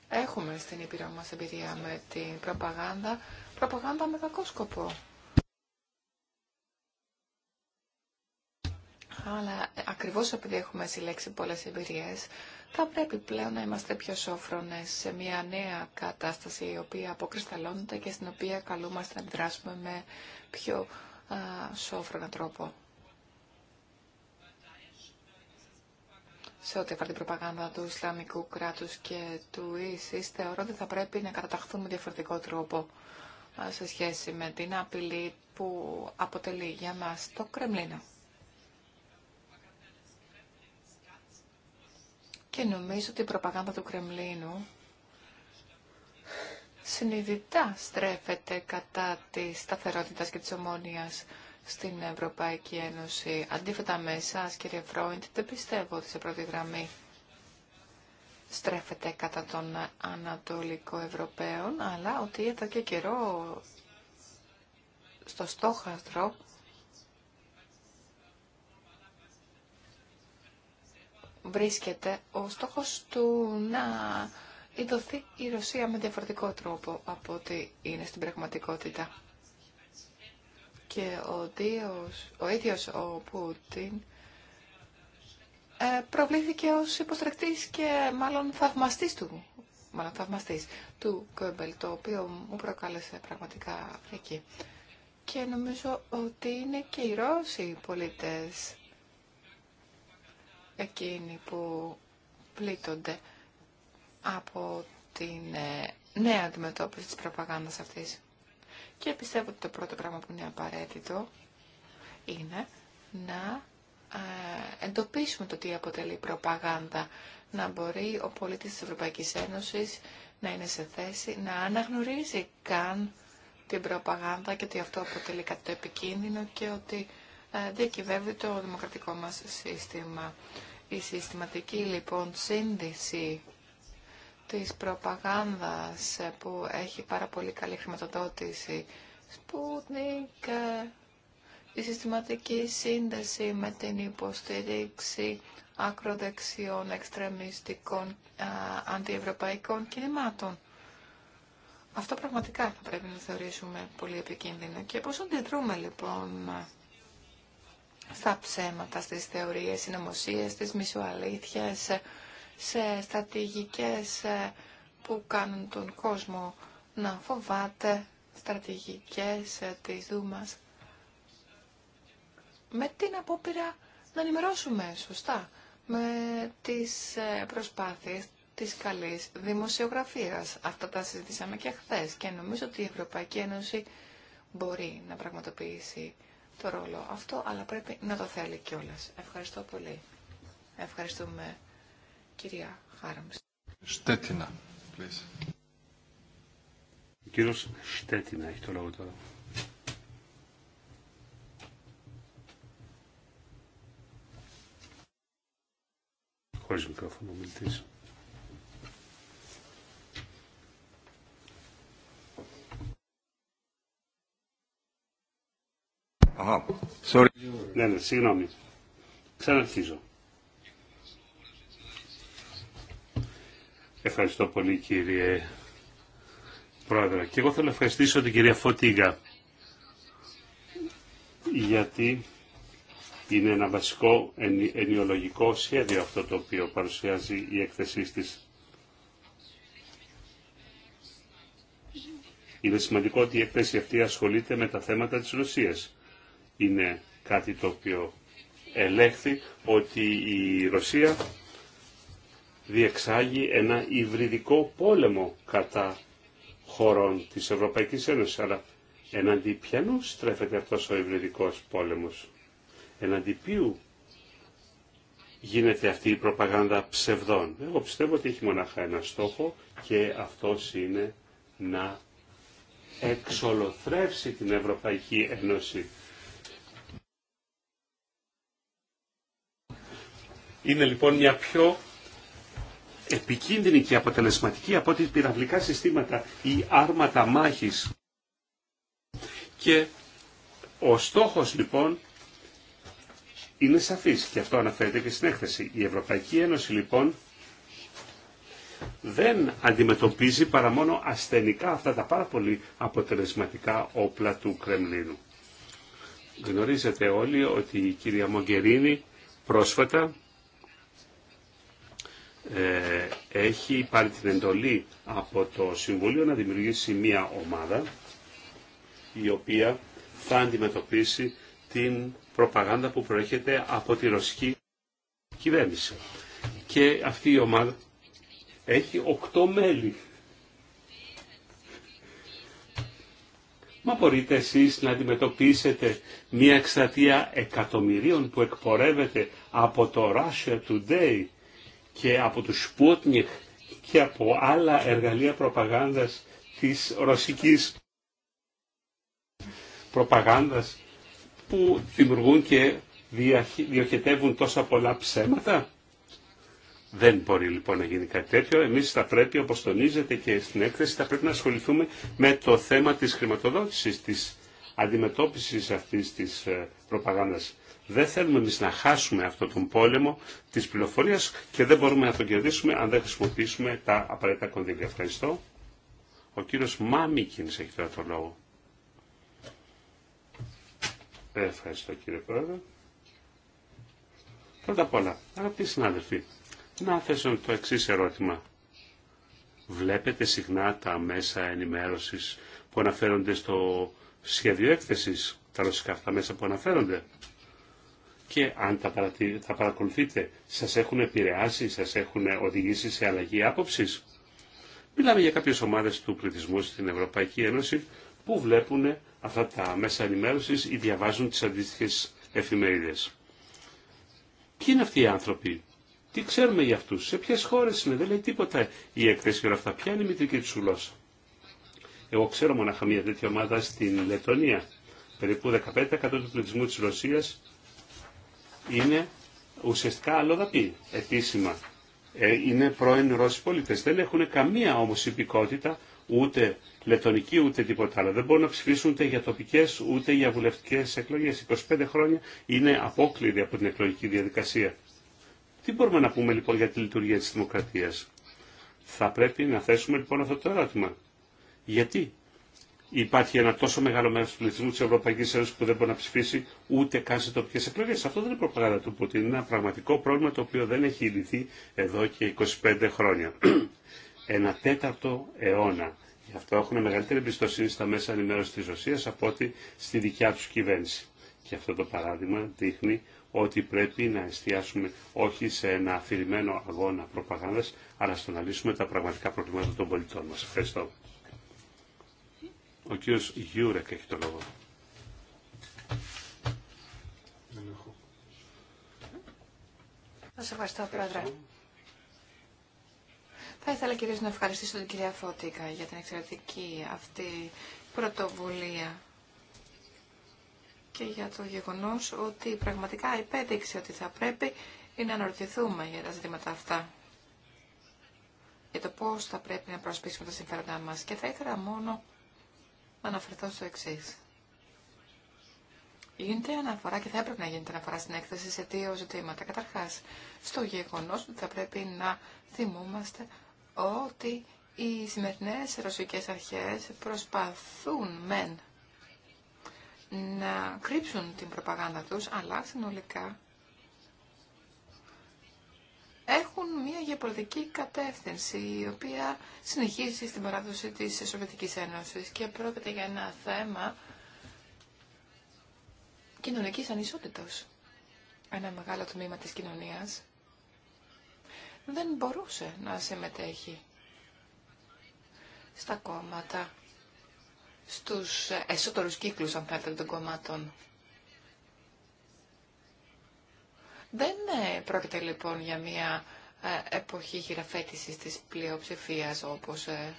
[SPEAKER 5] Έχουμε στην Ήπειρο μας εμπειρία με την προπαγάνδα, προπαγάνδα με κακό σκοπό. Αλλά ακριβώς επειδή έχουμε συλλέξει πολλές εμπειρίες, θα πρέπει πλέον να είμαστε πιο σόφρονες σε μια νέα κατάσταση η οποία αποκρισταλώνεται και στην οποία καλούμαστε να αντιδράσουμε με πιο σόφρονα τρόπο. σε ό,τι αφορά την προπαγάνδα του Ισλαμικού κράτους και του ΙΣΙΣ, θεωρώ ότι θα πρέπει να καταταχθούν με διαφορετικό τρόπο σε σχέση με την απειλή που αποτελεί για μας το Κρεμλίνο. Και νομίζω ότι η προπαγάνδα του Κρεμλίνου συνειδητά στρέφεται κατά της σταθερότητας και της ομόνοιας στην Ευρωπαϊκή Ένωση. Αντίθετα με εσά, κύριε Φρόιντ, δεν πιστεύω ότι σε πρώτη γραμμή στρέφεται κατά των Ανατολικό Ευρωπαίων, αλλά ότι εδώ και καιρό στο στόχαστρο βρίσκεται ο στόχος του να ειδωθεί η Ρωσία με διαφορετικό τρόπο από ό,τι είναι στην πραγματικότητα και ο, δίος, ο ίδιος ο Πούτιν ε, προβλήθηκε ως υποστρακτής και μάλλον θαυμαστής του, μάλλον θαυμαστής του Κόμπελ, το οποίο μου προκάλεσε πραγματικά φρίκη. Και νομίζω ότι είναι και οι Ρώσοι πολίτες εκείνοι που πλήττονται από την ε, νέα αντιμετώπιση της προπαγάνδας αυτής. Και πιστεύω ότι το πρώτο πράγμα που είναι απαραίτητο είναι να ε, εντοπίσουμε το τι αποτελεί προπαγάνδα. Να μπορεί ο πολίτης της Ευρωπαϊκής Ένωσης να είναι σε θέση να αναγνωρίζει καν την προπαγάνδα και ότι αυτό αποτελεί κάτι το επικίνδυνο και ότι ε, διακυβεύει το δημοκρατικό μας σύστημα. Η συστηματική λοιπόν σύνδεση της προπαγάνδας ε, που έχει πάρα πολύ καλή χρηματοδότηση. και ε, η συστηματική σύνδεση με την υποστήριξη ακροδεξιών, εξτρεμιστικών, ε, αντιευρωπαϊκών κινημάτων. Αυτό πραγματικά θα πρέπει να θεωρήσουμε πολύ επικίνδυνο. Και πώς αντιδρούμε λοιπόν στα ψέματα, στις θεωρίες, συνωμοσίες, στις μισοαλήθειες, σε στρατηγικές ε, που κάνουν τον κόσμο να φοβάται, στρατηγικές ε, της Δούμας. Με την απόπειρα να ενημερώσουμε σωστά με τις ε, προσπάθειες της καλής δημοσιογραφίας. Αυτά τα συζητήσαμε και χθε και νομίζω ότι η Ευρωπαϊκή Ένωση μπορεί να πραγματοποιήσει το ρόλο αυτό, αλλά πρέπει να το θέλει κιόλας. Ευχαριστώ πολύ. Ευχαριστούμε Κυρία Χάραμς.
[SPEAKER 4] Στέτινα, please.
[SPEAKER 1] Ο κύριος Στέτινα έχει το λόγο τώρα. Χωρίς μικρόφωνο μιλητής. Ναι, ναι, συγγνώμη. Ξαναρχίζω. Ευχαριστώ πολύ κύριε Πρόεδρε. Και εγώ θέλω να ευχαριστήσω την κυρία Φωτίγα γιατί είναι ένα βασικό ενιολογικό σχέδιο αυτό το οποίο παρουσιάζει η έκθεσή της. Είναι σημαντικό ότι η έκθεση αυτή ασχολείται με τα θέματα της Ρωσίας. Είναι κάτι το οποίο ελέγχθη ότι η Ρωσία διεξάγει ένα υβριδικό πόλεμο κατά χωρών της Ευρωπαϊκής Ένωσης. Αλλά εναντί ποιανού στρέφεται αυτός ο υβριδικός πόλεμος. Εναντί ποιου γίνεται αυτή η προπαγάνδα ψευδών. Εγώ πιστεύω ότι έχει μονάχα ένα στόχο και αυτός είναι να εξολοθρεύσει την Ευρωπαϊκή Ένωση. Είναι λοιπόν μια πιο επικίνδυνη και αποτελεσματική από ό,τι πυραυλικά συστήματα ή άρματα μάχης. Και ο στόχος λοιπόν είναι σαφής και αυτό αναφέρεται και στην έκθεση. Η Ευρωπαϊκή Ένωση λοιπόν δεν αντιμετωπίζει παρά μόνο ασθενικά αυτά τα πάρα πολύ αποτελεσματικά όπλα του Κρεμλίνου. Γνωρίζετε όλοι ότι η κυρία Μογκερίνη πρόσφατα ε, έχει πάρει την εντολή από το Συμβούλιο να δημιουργήσει μία ομάδα η οποία θα αντιμετωπίσει την προπαγάνδα που προέρχεται από τη ρωσική κυβέρνηση. Και αυτή η ομάδα έχει οκτώ μέλη. Μα μπορείτε εσείς να αντιμετωπίσετε μια εξατία εκατομμυρίων που εκπορεύεται από το Russia Today και από τους Σπούτνικ και από άλλα εργαλεία προπαγάνδας της ρωσικής προπαγάνδας που δημιουργούν και διοχετεύουν τόσα πολλά ψέματα. Δεν μπορεί λοιπόν να γίνει κάτι τέτοιο. Εμείς θα πρέπει, όπως τονίζεται και στην έκθεση, θα πρέπει να ασχοληθούμε με το θέμα της χρηματοδότησης, της αντιμετώπισης αυτής της ε, προπαγάνδας. Δεν θέλουμε εμεί να χάσουμε αυτό τον πόλεμο τη πληροφορία και δεν μπορούμε να τον κερδίσουμε αν δεν χρησιμοποιήσουμε τα απαραίτητα κονδύλια. Ευχαριστώ. Ο κύριο Μάμικιν έχει τώρα το λόγο. Ε, ευχαριστώ κύριε Πρόεδρε. Πρώτα απ' όλα, αγαπητοί συνάδελφοι, να θέσω το εξή ερώτημα. Βλέπετε συχνά τα μέσα ενημέρωσης που αναφέρονται στο σχέδιο έκθεσης, τα ρωσικά αυτά μέσα που αναφέρονται και αν τα, τα παρακολουθείτε, σας έχουν επηρεάσει, σας έχουν οδηγήσει σε αλλαγή άποψης. Μιλάμε για κάποιες ομάδες του πληθυσμού στην Ευρωπαϊκή Ένωση που βλέπουν αυτά τα μέσα ενημέρωσης ή διαβάζουν τις αντίστοιχες εφημερίδες. Ποιοι είναι αυτοί οι άνθρωποι, τι ξέρουμε για αυτούς, σε ποιες χώρες είναι, δεν λέει τίποτα η έκθεση όλα αυτά, ποια είναι η μητρική του γλώσσα. Εγώ ξέρω μονάχα μια τέτοια ομάδα στην Λετωνία. Περίπου 15% του πληθυσμού της Ρωσίας είναι ουσιαστικά αλλοδαπή επίσημα. Ε, είναι πρώην Ρώσοι πολίτε. Δεν έχουν καμία όμω υπηκότητα ούτε λετονική ούτε τίποτα άλλο. Δεν μπορούν να ψηφίσουν ούτε για τοπικέ ούτε για βουλευτικές εκλογές. 25 χρόνια είναι απόκληροι από την εκλογική διαδικασία. Τι μπορούμε να πούμε λοιπόν για τη λειτουργία τη δημοκρατία. Θα πρέπει να θέσουμε λοιπόν αυτό το ερώτημα. Γιατί υπάρχει ένα τόσο μεγάλο μέρο του πληθυσμού τη Ευρωπαϊκή Ένωση που δεν μπορεί να ψηφίσει ούτε καν σε τοπικέ εκλογέ. Αυτό δεν είναι προπαγάνδα του Πούτιν. Είναι ένα πραγματικό πρόβλημα το οποίο δεν έχει λυθεί εδώ και 25 χρόνια. ένα τέταρτο αιώνα. Γι' αυτό έχουν μεγαλύτερη εμπιστοσύνη στα μέσα ενημέρωση τη Ρωσία από ότι στη δικιά του κυβέρνηση. Και αυτό το παράδειγμα δείχνει ότι πρέπει να εστιάσουμε όχι σε ένα αφηρημένο αγώνα προπαγάνδας, αλλά στο να λύσουμε τα πραγματικά προβλήματα των πολιτών μας. Ευχαριστώ. Ο κύριος Γιούρεκ έχει το λόγο. Σας
[SPEAKER 5] ευχαριστώ, Πρόεδρε. Θα ήθελα κυρίως να ευχαριστήσω την κυρία Φώτικα για την εξαιρετική αυτή πρωτοβουλία και για το γεγονός ότι πραγματικά υπέδειξε ότι θα πρέπει να αναρωτηθούμε για τα ζητήματα αυτά για το πώς θα πρέπει να προσπίσουμε τα συμφέροντά μας. Και θα ήθελα μόνο αναφερθώ στο εξή. Γίνεται αναφορά και θα έπρεπε να γίνεται αναφορά στην έκθεση σε δύο ζητήματα. Καταρχά, στο γεγονό ότι θα πρέπει να θυμόμαστε ότι οι σημερινέ ρωσικέ αρχέ προσπαθούν μεν να κρύψουν την προπαγάνδα τους, αλλά συνολικά έχουν μια γεωπολιτική κατεύθυνση η οποία συνεχίζει στην παράδοση της Σοβιετικής Ένωσης και πρόκειται για ένα θέμα κοινωνικής ανισότητας. Ένα μεγάλο τμήμα της κοινωνίας δεν μπορούσε να συμμετέχει στα κόμματα, στους εσωτερούς κύκλους, αν θέλετε, των κομμάτων. Δεν ε, πρόκειται λοιπόν για μια ε, εποχή χειραφέτησης της πλειοψηφίας όπως ε,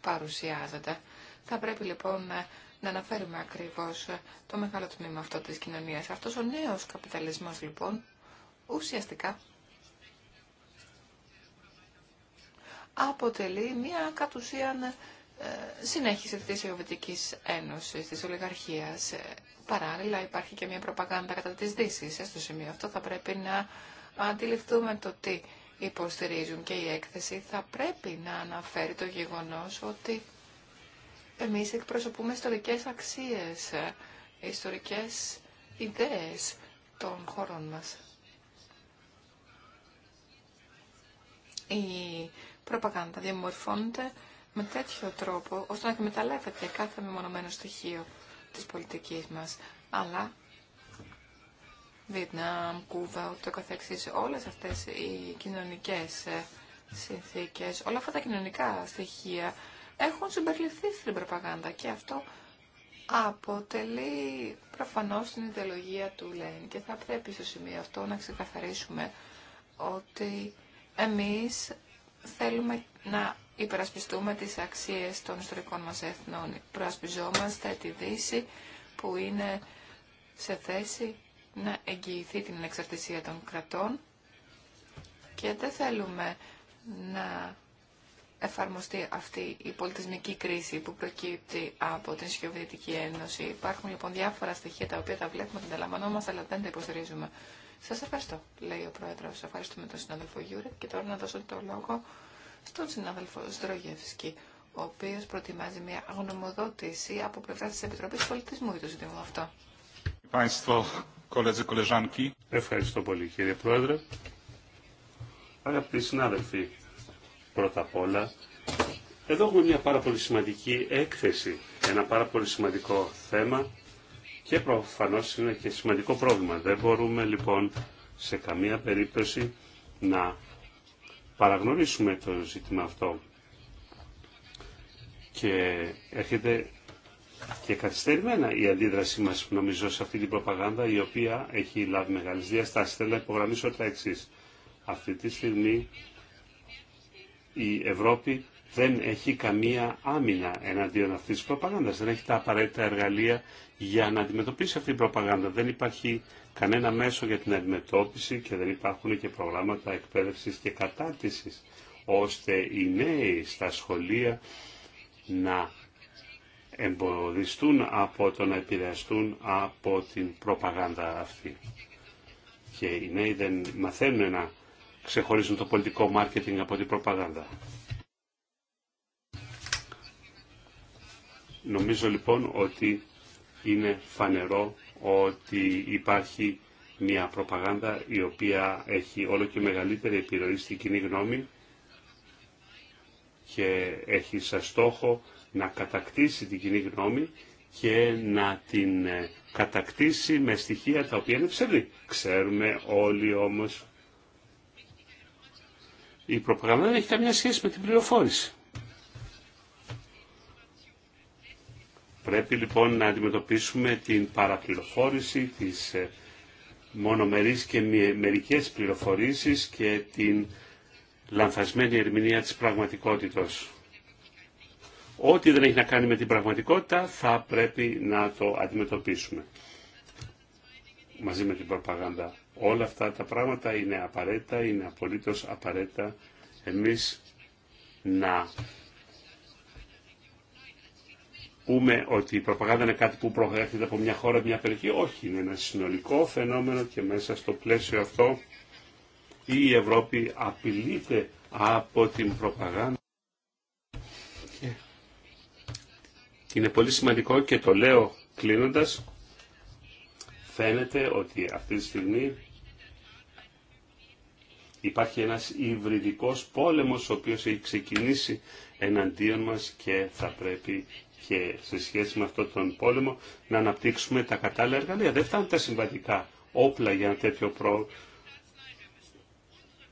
[SPEAKER 5] παρουσιάζεται. Θα πρέπει λοιπόν να αναφέρουμε ακριβώς το μεγάλο τμήμα αυτό της κοινωνίας. Αυτός ο νέος καπιταλισμός λοιπόν ουσιαστικά αποτελεί μια κατ' ουσίαν συνέχιση της Ιωβετικής Ένωσης, της Ολιγαρχίας. Παράλληλα υπάρχει και μια προπαγάνδα κατά της Δύσης. Ε, στο σημείο αυτό θα πρέπει να αντιληφθούμε το τι υποστηρίζουν και η έκθεση θα πρέπει να αναφέρει το γεγονός ότι εμείς εκπροσωπούμε ιστορικές αξίες, ε, ιστορικές ιδέες των χωρών μας. Η προπαγάνδα διαμορφώνεται με τέτοιο τρόπο ώστε να εκμεταλλεύεται κάθε μεμονωμένο στοιχείο της πολιτικής μας. Αλλά Βιετνάμ, Κούβα, ούτω καθεξής, όλες αυτές οι κοινωνικές ε, συνθήκες, όλα αυτά τα κοινωνικά στοιχεία έχουν συμπεριληφθεί στην προπαγάνδα και αυτό αποτελεί προφανώς την ιδεολογία του Λέιν και θα πρέπει στο σημείο αυτό να ξεκαθαρίσουμε ότι εμείς θέλουμε να υπερασπιστούμε τις αξίες των ιστορικών μας εθνών. Προασπιζόμαστε τη Δύση που είναι σε θέση να εγγυηθεί την εξαρτησία των κρατών και δεν θέλουμε να εφαρμοστεί αυτή η πολιτισμική κρίση που προκύπτει από την Σοβιετική Ένωση. Υπάρχουν λοιπόν διάφορα στοιχεία τα οποία τα βλέπουμε, τα ανταλαμβανόμαστε, αλλά δεν τα υποστηρίζουμε. Σα ευχαριστώ, λέει ο Πρόεδρο. Ευχαριστούμε τον συνάδελφο Γιούρεκ και τώρα να δώσω το λόγο στον συνάδελφο Στρογεύσκη, ο οποίο προετοιμάζει μια γνωμοδότηση από πλευρά τη Επιτροπή Πολιτισμού για το ζήτημα αυτό.
[SPEAKER 1] Ευχαριστώ πολύ κύριε Πρόεδρε. Αγαπητοί συνάδελφοι, πρώτα απ' όλα, εδώ έχουμε μια πάρα πολύ σημαντική έκθεση, ένα πάρα πολύ σημαντικό θέμα και προφανώς είναι και σημαντικό πρόβλημα. Δεν μπορούμε λοιπόν σε καμία περίπτωση να παραγνωρίσουμε το ζήτημα αυτό. Και έρχεται και καθυστερημένα η αντίδρασή μας νομίζω σε αυτή την προπαγάνδα η οποία έχει λάβει μεγάλες διαστάσεις. Θέλω να υπογραμμίσω τα εξή. Αυτή τη στιγμή η Ευρώπη δεν έχει καμία άμυνα εναντίον αυτής της προπαγάνδας. Δεν έχει τα απαραίτητα εργαλεία για να αντιμετωπίσει αυτή την προπαγάνδα. Δεν υπάρχει κανένα μέσο για την αντιμετώπιση και δεν υπάρχουν και προγράμματα εκπαίδευσης και κατάρτισης ώστε οι νέοι στα σχολεία να εμποδιστούν από το να επηρεαστούν από την προπαγάνδα αυτή. Και οι νέοι δεν μαθαίνουν να ξεχωρίζουν το πολιτικό μάρκετινγκ από την προπαγάνδα. Νομίζω λοιπόν ότι είναι φανερό ότι υπάρχει μια προπαγάνδα η οποία έχει όλο και μεγαλύτερη επιρροή στην κοινή γνώμη και έχει σαν στόχο να κατακτήσει την κοινή γνώμη και να την ε, κατακτήσει με στοιχεία τα οποία είναι ψευδή. Ξέρουμε όλοι όμως η προπαγάνδα δεν έχει καμιά σχέση με την πληροφόρηση. Πρέπει λοιπόν να αντιμετωπίσουμε την παραπληροφόρηση, τις ε, μονομερείς και μερικές πληροφορήσεις και την λανθασμένη ερμηνεία της πραγματικότητας. Ό,τι δεν έχει να κάνει με την πραγματικότητα θα πρέπει να το αντιμετωπίσουμε μαζί με την προπαγάνδα. Όλα αυτά τα πράγματα είναι απαραίτητα, είναι απολύτως απαραίτητα εμείς να πούμε ότι η προπαγάνδα είναι κάτι που προέρχεται από μια χώρα, μια περιοχή. Όχι, είναι ένα συνολικό φαινόμενο και μέσα στο πλαίσιο αυτό η Ευρώπη απειλείται από την προπαγάνδα. Είναι πολύ σημαντικό και το λέω κλείνοντας. Φαίνεται ότι αυτή τη στιγμή υπάρχει ένας υβριδικός πόλεμος ο οποίος έχει ξεκινήσει εναντίον μας και θα πρέπει και σε σχέση με αυτόν τον πόλεμο να αναπτύξουμε τα κατάλληλα εργαλεία. Δεν φτάνουν τα συμβατικά όπλα για ένα τέτοιο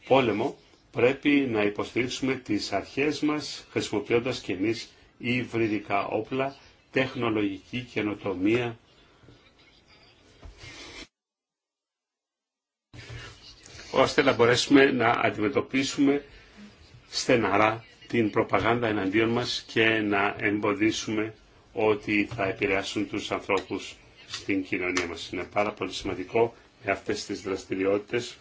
[SPEAKER 1] πόλεμο. Πρέπει να υποστηρίξουμε τις αρχές μας χρησιμοποιώντας και εμείς υβριδικά όπλα, τεχνολογική καινοτομία, ώστε να μπορέσουμε να αντιμετωπίσουμε στεναρά την προπαγάνδα εναντίον μας και να εμποδίσουμε ότι θα επηρεάσουν τους ανθρώπους στην κοινωνία μας. Είναι πάρα πολύ σημαντικό με αυτές τις δραστηριότητες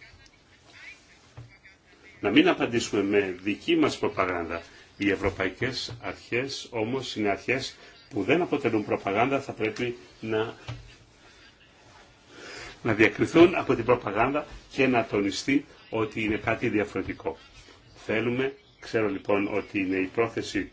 [SPEAKER 1] να μην απαντήσουμε με δική μας προπαγάνδα. Οι ευρωπαϊκές αρχές όμως είναι αρχές που δεν αποτελούν προπαγάνδα, θα πρέπει να, να διακριθούν από την προπαγάνδα και να τονιστεί ότι είναι κάτι διαφορετικό. Θέλουμε Ξέρω λοιπόν ότι είναι η πρόθεση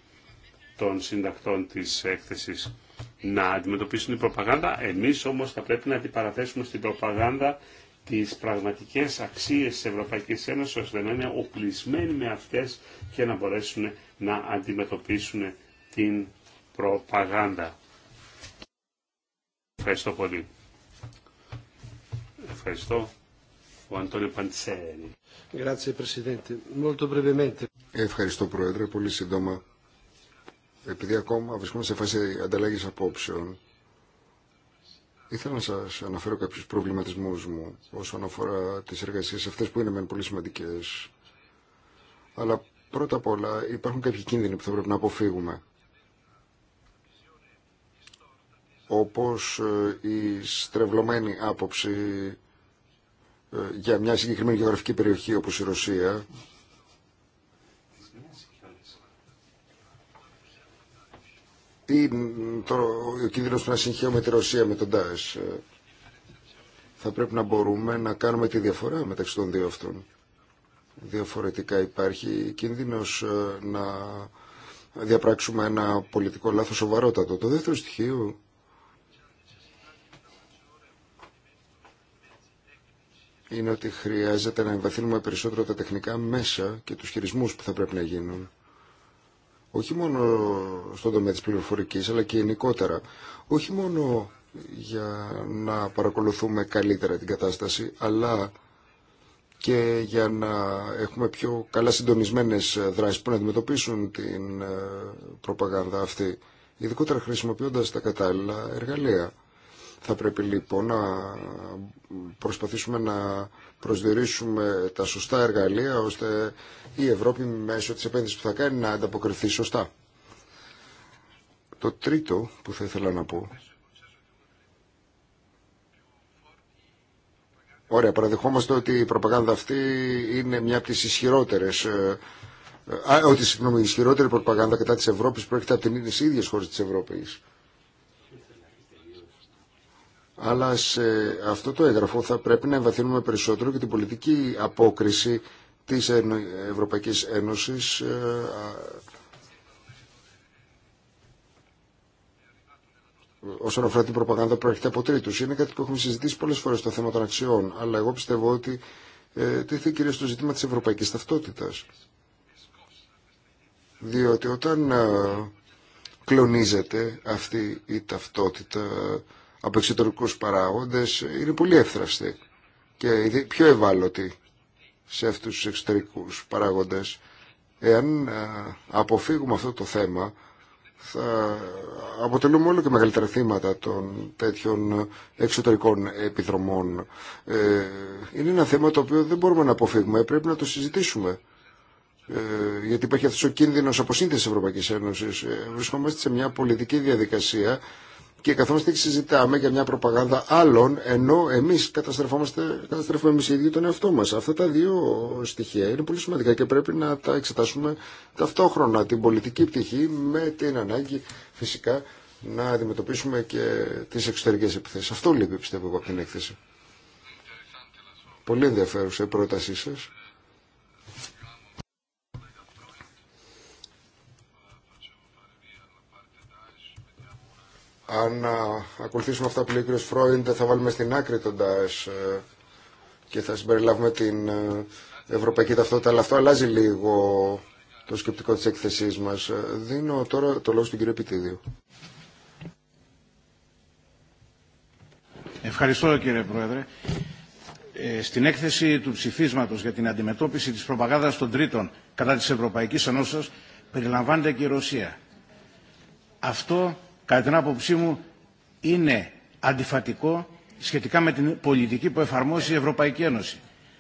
[SPEAKER 1] των συντακτών της έκθεσης να αντιμετωπίσουν την προπαγάνδα. Εμείς όμως θα πρέπει να αντιπαραθέσουμε στην προπαγάνδα τις πραγματικές αξίες της Ευρωπαϊκής Ένωσης ώστε να είναι οπλισμένοι με αυτές και να μπορέσουν να αντιμετωπίσουν την προπαγάνδα. Ευχαριστώ πολύ. Ευχαριστώ. Ο Αντώνιο
[SPEAKER 4] Ευχαριστώ Πρόεδρε, πολύ σύντομα. Επειδή ακόμα βρισκόμαστε σε φάση ανταλλαγής απόψεων, ήθελα να σας αναφέρω κάποιους προβληματισμούς μου όσον αφορά τις εργασίες αυτές που είναι μεν πολύ σημαντικές. Αλλά πρώτα απ' όλα υπάρχουν κάποιοι κίνδυνοι που θα πρέπει να αποφύγουμε. Όπως ε, η στρεβλωμένη άποψη ε, για μια συγκεκριμένη γεωγραφική περιοχή όπως η Ρωσία τι, το, ο κίνδυνος που να με τη Ρωσία με τον ΤΑΕΣ. Ε, θα πρέπει να μπορούμε να κάνουμε τη διαφορά μεταξύ των δύο αυτών. Διαφορετικά υπάρχει κίνδυνος ε, να διαπράξουμε ένα πολιτικό λάθος σοβαρότατο. Το δεύτερο στοιχείο είναι ότι χρειάζεται να εμβαθύνουμε περισσότερο τα τεχνικά μέσα και τους χειρισμούς που θα πρέπει να γίνουν όχι μόνο στον τομέα της πληροφορικής αλλά και γενικότερα. Όχι μόνο για να παρακολουθούμε καλύτερα την κατάσταση αλλά και για να έχουμε πιο καλά συντονισμένες δράσεις που να αντιμετωπίσουν την ε, προπαγάνδα αυτή ειδικότερα χρησιμοποιώντας τα κατάλληλα εργαλεία. Θα πρέπει λοιπόν να προσπαθήσουμε να προσδιορίσουμε τα σωστά εργαλεία ώστε η Ευρώπη μέσω της επένδυσης που θα κάνει να ανταποκριθεί σωστά. Το τρίτο που θα ήθελα να πω Ωραία, παραδεχόμαστε ότι η προπαγάνδα αυτή είναι μια από τις ισχυρότερες ε, ε, ότι συγγνώμη, η ισχυρότερη προπαγάνδα κατά της Ευρώπης προέρχεται από την ίδιες χώρες της Ευρώπης αλλά σε αυτό το έγγραφο θα πρέπει να εμβαθύνουμε περισσότερο και την πολιτική απόκριση της Ευρωπαϊκής Ένωσης ε, όσον αφορά την προπαγάνδα που έρχεται από τρίτου. Είναι κάτι που έχουμε συζητήσει πολλέ φορέ στο θέμα των αξιών, αλλά εγώ πιστεύω ότι ε, τίθεται κυρίω το ζήτημα τη ευρωπαϊκή ταυτότητα. Διότι όταν ε, κλονίζεται αυτή η ταυτότητα από εξωτερικού παράγοντε, είναι πολύ εύθραστοι και πιο ευάλωτη σε αυτούς τους εξωτερικού παράγοντε. Εάν ε, αποφύγουμε αυτό το θέμα, θα αποτελούμε όλο και μεγαλύτερα θύματα των τέτοιων εξωτερικών επιδρομών. Ε, είναι ένα θέμα το οποίο δεν μπορούμε να αποφύγουμε, πρέπει να το συζητήσουμε. Ε, γιατί υπάρχει αυτός ο κίνδυνος αποσύνθεσης της Ευρωπαϊκής Ένωσης. Ε, βρισκόμαστε σε μια πολιτική διαδικασία και καθόμαστε και συζητάμε για μια προπαγάνδα άλλων, ενώ εμείς καταστρεφόμαστε, καταστρέφουμε εμείς οι ίδιοι τον εαυτό μας. Αυτά τα δύο στοιχεία είναι πολύ σημαντικά και πρέπει να τα εξετάσουμε ταυτόχρονα, την πολιτική πτυχή με την ανάγκη φυσικά να αντιμετωπίσουμε και τις εξωτερικές επιθέσει. Αυτό λείπει πιστεύω από την έκθεση. Πολύ ενδιαφέρουσα η πρότασή σας. αν ακολουθήσουμε αυτά που λέει ο κ. Φρόιντ θα βάλουμε στην άκρη τον ΤΑΕΣ ε, και θα συμπεριλάβουμε την ε, ευρωπαϊκή ταυτότητα, αλλά αυτό αλλάζει λίγο το σκεπτικό της έκθεσής μας. Ε, δίνω τώρα το λόγο στον κύριο Πιτίδιο.
[SPEAKER 3] Ευχαριστώ κύριε Πρόεδρε. Ε, στην έκθεση του ψηφίσματος για την αντιμετώπιση της προπαγάνδας των τρίτων κατά της Ευρωπαϊκής Ενώσεως περιλαμβάνεται και η Ρωσία. Αυτό κατά την άποψή μου είναι αντιφατικό σχετικά με την πολιτική που εφαρμόζει η Ευρωπαϊκή Ένωση.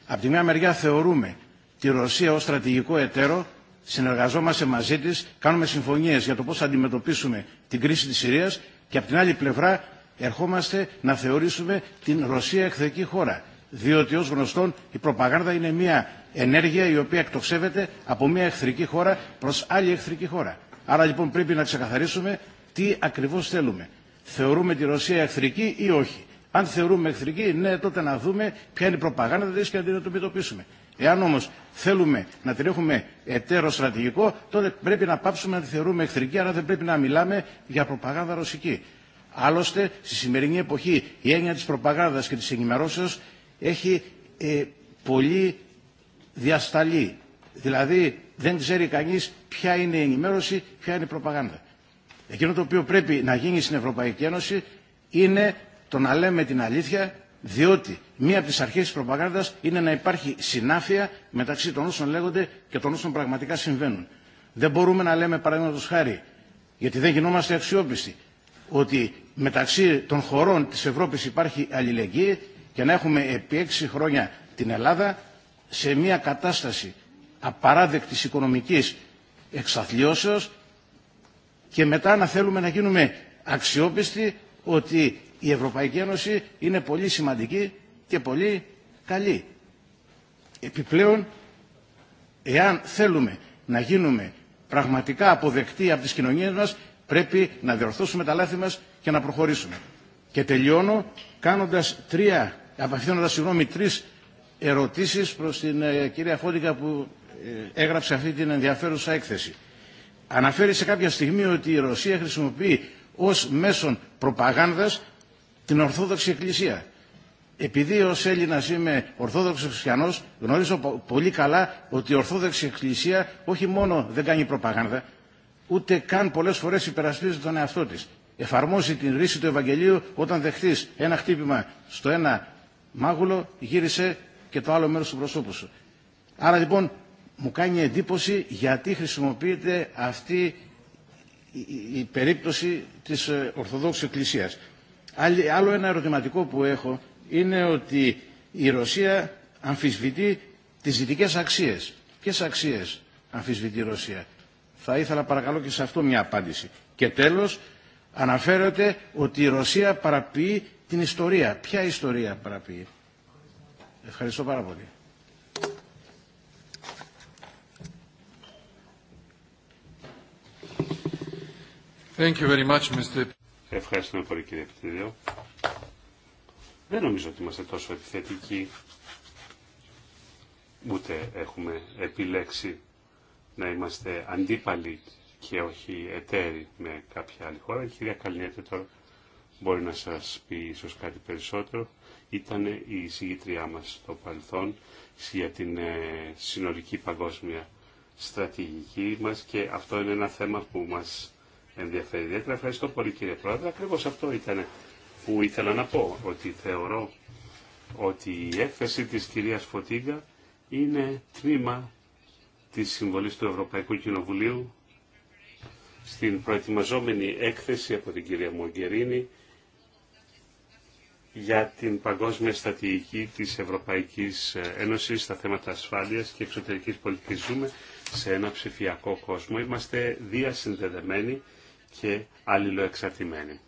[SPEAKER 3] Απ' τη μια μεριά θεωρούμε τη Ρωσία ως στρατηγικό εταίρο, συνεργαζόμαστε μαζί της, κάνουμε συμφωνίες για το πώς θα αντιμετωπίσουμε την κρίση της Συρίας και απ' την άλλη πλευρά ερχόμαστε να θεωρήσουμε την Ρωσία εχθρική χώρα. Διότι ως γνωστόν η προπαγάνδα είναι μια ενέργεια η οποία εκτοξεύεται από μια εχθρική χώρα προς άλλη εχθρική χώρα. Άρα λοιπόν πρέπει να ξεκαθαρίσουμε τι ακριβώς θέλουμε. Θεωρούμε τη Ρωσία εχθρική ή όχι. Αν θεωρούμε εχθρική, ναι, τότε να δούμε ποια είναι η προπαγάνδα τη και να την αντιμετωπίσουμε. Εάν όμως θέλουμε να την έχουμε εταίρο στρατηγικό, τότε πρέπει να πάψουμε να τη θεωρούμε εχθρική, αλλά δεν πρέπει να μιλάμε για προπαγάνδα ρωσική. Άλλωστε, στη σημερινή εποχή, η έννοια της προπαγάνδας και τη ενημερώσεω έχει ε, πολύ διασταλεί. Δηλαδή, δεν ξέρει κανεί ποια είναι η ενημέρωση, ποια είναι η προπαγάνδα. Εκείνο το οποίο πρέπει να γίνει στην Ευρωπαϊκή Ένωση είναι το να λέμε την αλήθεια, διότι μία από τι αρχέ τη προπαγάνδα είναι να υπάρχει συνάφεια μεταξύ των όσων λέγονται και των όσων πραγματικά συμβαίνουν. Δεν μπορούμε να λέμε, παραδείγματο χάρη, γιατί δεν γινόμαστε αξιόπιστοι, ότι μεταξύ των χωρών της Ευρώπης υπάρχει αλληλεγγύη και να έχουμε επί έξι χρόνια την Ελλάδα σε μια κατάσταση απαράδεκτης οικονομικής εξαθλιώσεως και μετά να θέλουμε να γίνουμε αξιόπιστοι ότι η Ευρωπαϊκή Ένωση είναι πολύ σημαντική και πολύ καλή. Επιπλέον, εάν θέλουμε να γίνουμε πραγματικά αποδεκτοί από τις κοινωνίες μας, πρέπει να διορθώσουμε τα λάθη μας και να προχωρήσουμε. Και τελειώνω κάνοντας τρία, απευθύνοντας συγγνώμη τρεις ερωτήσεις προς την ε, κυρία Φόντικα που ε, έγραψε αυτή την ενδιαφέρουσα έκθεση αναφέρει σε κάποια στιγμή ότι η Ρωσία χρησιμοποιεί ως μέσον προπαγάνδας την Ορθόδοξη Εκκλησία. Επειδή ω Έλληνα είμαι Ορθόδοξο Χριστιανό, γνωρίζω πολύ καλά ότι η Ορθόδοξη Εκκλησία όχι μόνο δεν κάνει προπαγάνδα, ούτε καν πολλέ φορέ υπερασπίζει τον εαυτό τη. Εφαρμόζει την ρίση του Ευαγγελίου όταν δεχτεί ένα χτύπημα στο ένα μάγουλο, γύρισε και το άλλο μέρο του προσώπου σου. Άρα λοιπόν μου κάνει εντύπωση γιατί χρησιμοποιείται αυτή η περίπτωση της ε, Ορθοδόξης Εκκλησίας. Άλλο ένα ερωτηματικό που έχω είναι ότι η Ρωσία αμφισβητεί τις δυτικές αξίες. Ποιες αξίες αμφισβητεί η Ρωσία. Θα ήθελα παρακαλώ και σε αυτό μια απάντηση. Και τέλος αναφέρεται ότι η Ρωσία παραποιεί την ιστορία. Ποια ιστορία παραποιεί. Ευχαριστώ πάρα πολύ.
[SPEAKER 1] Ευχαριστούμε πολύ κύριε Επιτελείο. Δεν νομίζω ότι είμαστε τόσο επιθετικοί, ούτε έχουμε επιλέξει να είμαστε αντίπαλοι και όχι εταίροι με κάποια άλλη χώρα. Η κυρία τώρα μπορεί να σας πει ίσως κάτι περισσότερο. Ήταν η συγγήτριά μας το παρελθόν για την ε, συνολική παγκόσμια στρατηγική μας και αυτό είναι ένα θέμα που μας ενδιαφέρει ιδιαίτερα. Ευχαριστώ πολύ κύριε Πρόεδρε. Ακριβώς αυτό ήταν που ήθελα να πω, ότι θεωρώ ότι η έκθεση της κυρίας Φωτίγκα είναι τμήμα της συμβολής του Ευρωπαϊκού Κοινοβουλίου στην προετοιμαζόμενη έκθεση από την κυρία Μογκερίνη για την παγκόσμια στατηγική της Ευρωπαϊκής Ένωσης στα θέματα ασφάλειας και εξωτερικής πολιτικής. Ζούμε σε ένα ψηφιακό κόσμο. Είμαστε διασυνδεδεμένοι και αλληλοεξαρτημένοι.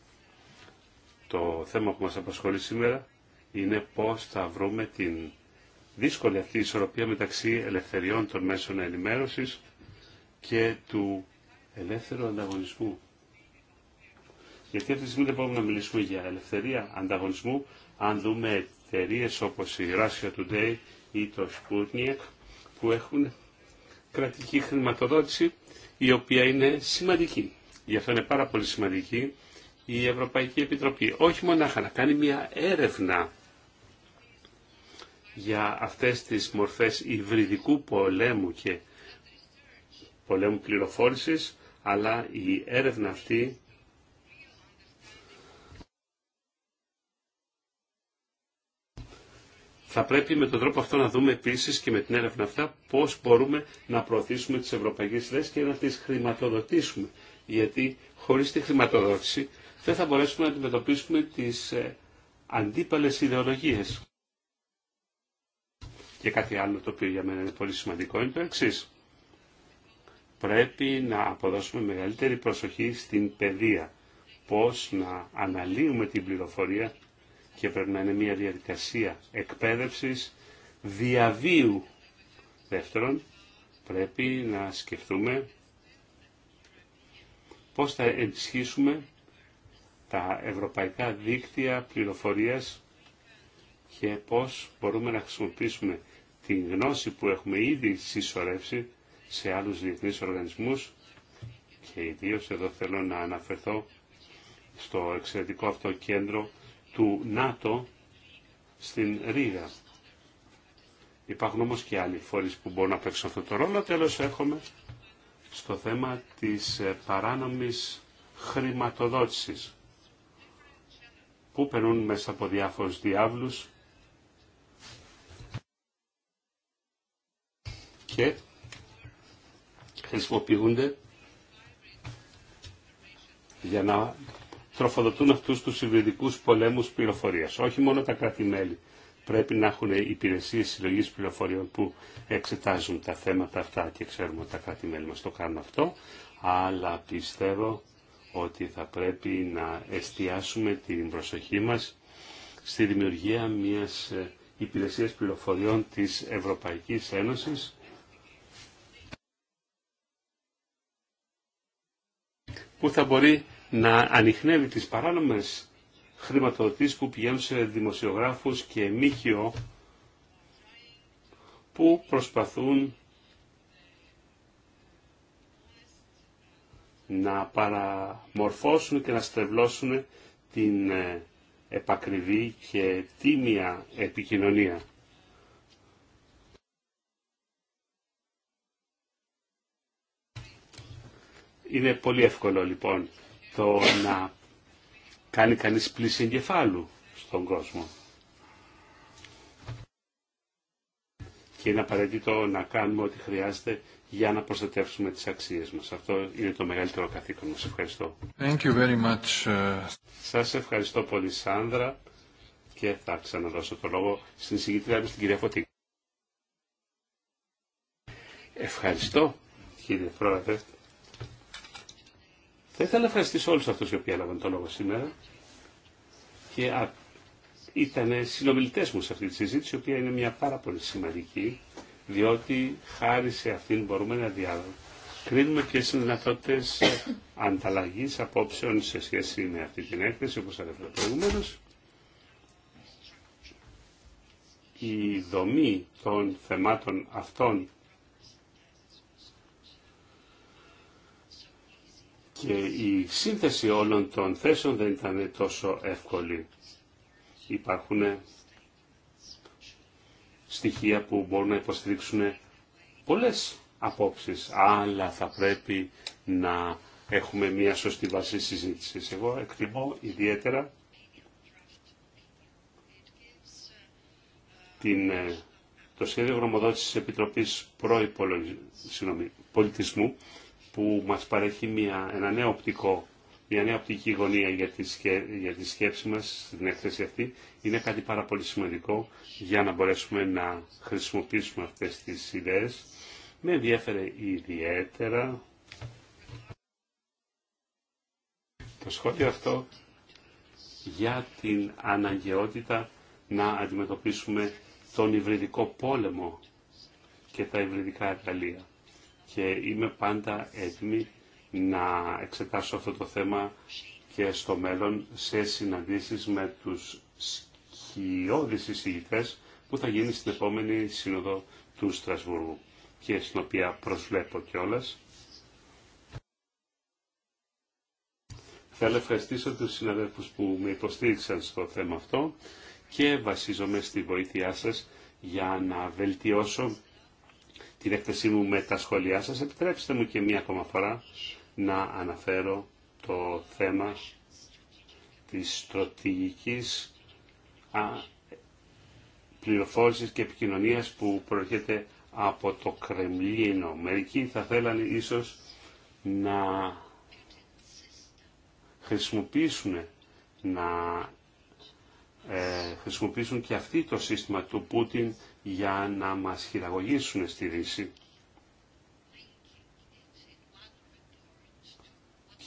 [SPEAKER 1] Το θέμα που μας απασχολεί σήμερα είναι πώς θα βρούμε την δύσκολη αυτή ισορροπία μεταξύ ελευθεριών των μέσων ενημέρωσης και του ελεύθερου ανταγωνισμού. Γιατί αυτή τη στιγμή δεν μπορούμε να μιλήσουμε για ελευθερία ανταγωνισμού αν δούμε εταιρείε όπως η Russia Today ή το Sputnik που έχουν κρατική χρηματοδότηση η οποία είναι σημαντική. Γι' αυτό είναι πάρα πολύ σημαντική η Ευρωπαϊκή Επιτροπή. Όχι μονάχα να κάνει μια έρευνα για αυτές τις μορφές υβριδικού πολέμου και πολέμου πληροφόρησης, αλλά η έρευνα αυτή Θα πρέπει με τον τρόπο αυτό να δούμε επίσης και με την έρευνα αυτά πώς μπορούμε να προωθήσουμε τις ευρωπαϊκές ιδέες και να τις χρηματοδοτήσουμε γιατί χωρίς τη χρηματοδότηση δεν θα μπορέσουμε να αντιμετωπίσουμε τις ε, αντίπαλες ιδεολογίες. Και κάτι άλλο το οποίο για μένα είναι πολύ σημαντικό είναι το εξή. Πρέπει να αποδώσουμε μεγαλύτερη προσοχή στην παιδεία. Πώς να αναλύουμε την πληροφορία και πρέπει να είναι μια διαδικασία εκπαίδευσης διαβίου. Δεύτερον, πρέπει να σκεφτούμε πώς θα ενισχύσουμε τα ευρωπαϊκά δίκτυα πληροφορίας και πώς μπορούμε να χρησιμοποιήσουμε την γνώση που έχουμε ήδη συσσωρεύσει σε άλλους διεθνείς οργανισμούς και ιδίως εδώ θέλω να αναφερθώ στο εξαιρετικό αυτό κέντρο του ΝΑΤΟ στην Ρήγα. Υπάρχουν όμως και άλλοι φορείς που μπορούν να παίξουν αυτό τον ρόλο. Τέλος έχουμε στο θέμα της ε, παράνομης χρηματοδότησης που περνούν μέσα από διάφορους διάβλους και χρησιμοποιούνται για να τροφοδοτούν αυτούς τους υβριδικούς πολέμους πληροφορίας. Όχι μόνο τα κρατη πρέπει να έχουν υπηρεσίες συλλογής πληροφοριών που εξετάζουν τα θέματα αυτά και ξέρουμε ότι τα κράτη-μέλη το κάνουν αυτό, αλλά πιστεύω ότι θα πρέπει να εστιάσουμε την προσοχή μας στη δημιουργία μιας ε, υπηρεσίας πληροφοριών της Ευρωπαϊκής Ένωσης που θα μπορεί να ανοιχνεύει τις παράνομες χρηματοδοτήσεις που πηγαίνουν σε δημοσιογράφους και μίχιο που προσπαθούν να παραμορφώσουν και να στρεβλώσουν την ε, επακριβή και τίμια επικοινωνία. Είναι πολύ εύκολο λοιπόν το να κάνει κανείς πλήση εγκεφάλου στον κόσμο. Και είναι απαραίτητο να κάνουμε ό,τι χρειάζεται για να προστατεύσουμε τις αξίες μας. Αυτό είναι το μεγαλύτερο καθήκον μας. Ευχαριστώ.
[SPEAKER 4] Thank you very much. Uh,
[SPEAKER 1] Σας ευχαριστώ πολύ Σάνδρα και θα ξαναδώσω το λόγο στην συγκεκριά μου στην κυρία Φωτή. Ευχαριστώ κύριε Πρόεδρε. Θα ήθελα να ευχαριστήσω όλους αυτούς οι οποίοι έλαβαν το λόγο σήμερα και ήταν συνομιλητές μου σε αυτή τη συζήτηση, η οποία είναι μια πάρα πολύ σημαντική, διότι χάρη σε αυτήν μπορούμε να κρίνουμε ποιε είναι οι δυνατότητε ανταλλαγή απόψεων σε σχέση με αυτή την έκθεση, όπως ανέφερα προηγουμένω. Η δομή των θεμάτων αυτών και η σύνθεση όλων των θέσεων δεν ήταν τόσο εύκολη. Υπάρχουν στοιχεία που μπορούν να υποστηρίξουν πολλές απόψεις, αλλά θα πρέπει να έχουμε μια σωστή βάση συζήτησης. Εγώ εκτιμώ ιδιαίτερα την, ε, το σχέδιο γνωμοδότησης της Επιτροπής Προϋπολογισμού, πολιτισμού, που μας παρέχει μια, ένα νέο μια νέα οπτική γωνία για τη, για τη σκέψη μας στην έκθεση αυτή, είναι κάτι πάρα πολύ σημαντικό για να μπορέσουμε να χρησιμοποιήσουμε αυτές τις ιδέες. Με ενδιαφέρε ιδιαίτερα το σχόλιο αυτό για την αναγκαιότητα να αντιμετωπίσουμε τον υβριδικό πόλεμο και τα υβριδικά εργαλεία και είμαι πάντα έτοιμη να εξετάσω αυτό το θέμα και στο μέλλον σε συναντήσεις με τους σκιώδεις εισηγητές που θα γίνει στην επόμενη σύνοδο του Στρασβούργου και στην οποία προσβλέπω κιόλα. Θέλω ευχαριστήσω τους συναδέλφους που με υποστήριξαν στο θέμα αυτό και βασίζομαι στη βοήθειά σας για να βελτιώσω την έκθεσή μου με τα σχόλιά σας, επιτρέψτε μου και μία ακόμα φορά να αναφέρω το θέμα της στρατηγικής α, πληροφόρησης και επικοινωνίας που προέρχεται από το Κρεμλίνο. Μερικοί θα θέλανε ίσως να χρησιμοποιήσουν να ε, χρησιμοποιήσουν και αυτή το σύστημα του Πούτιν για να μας χειραγωγήσουν στη Δύση.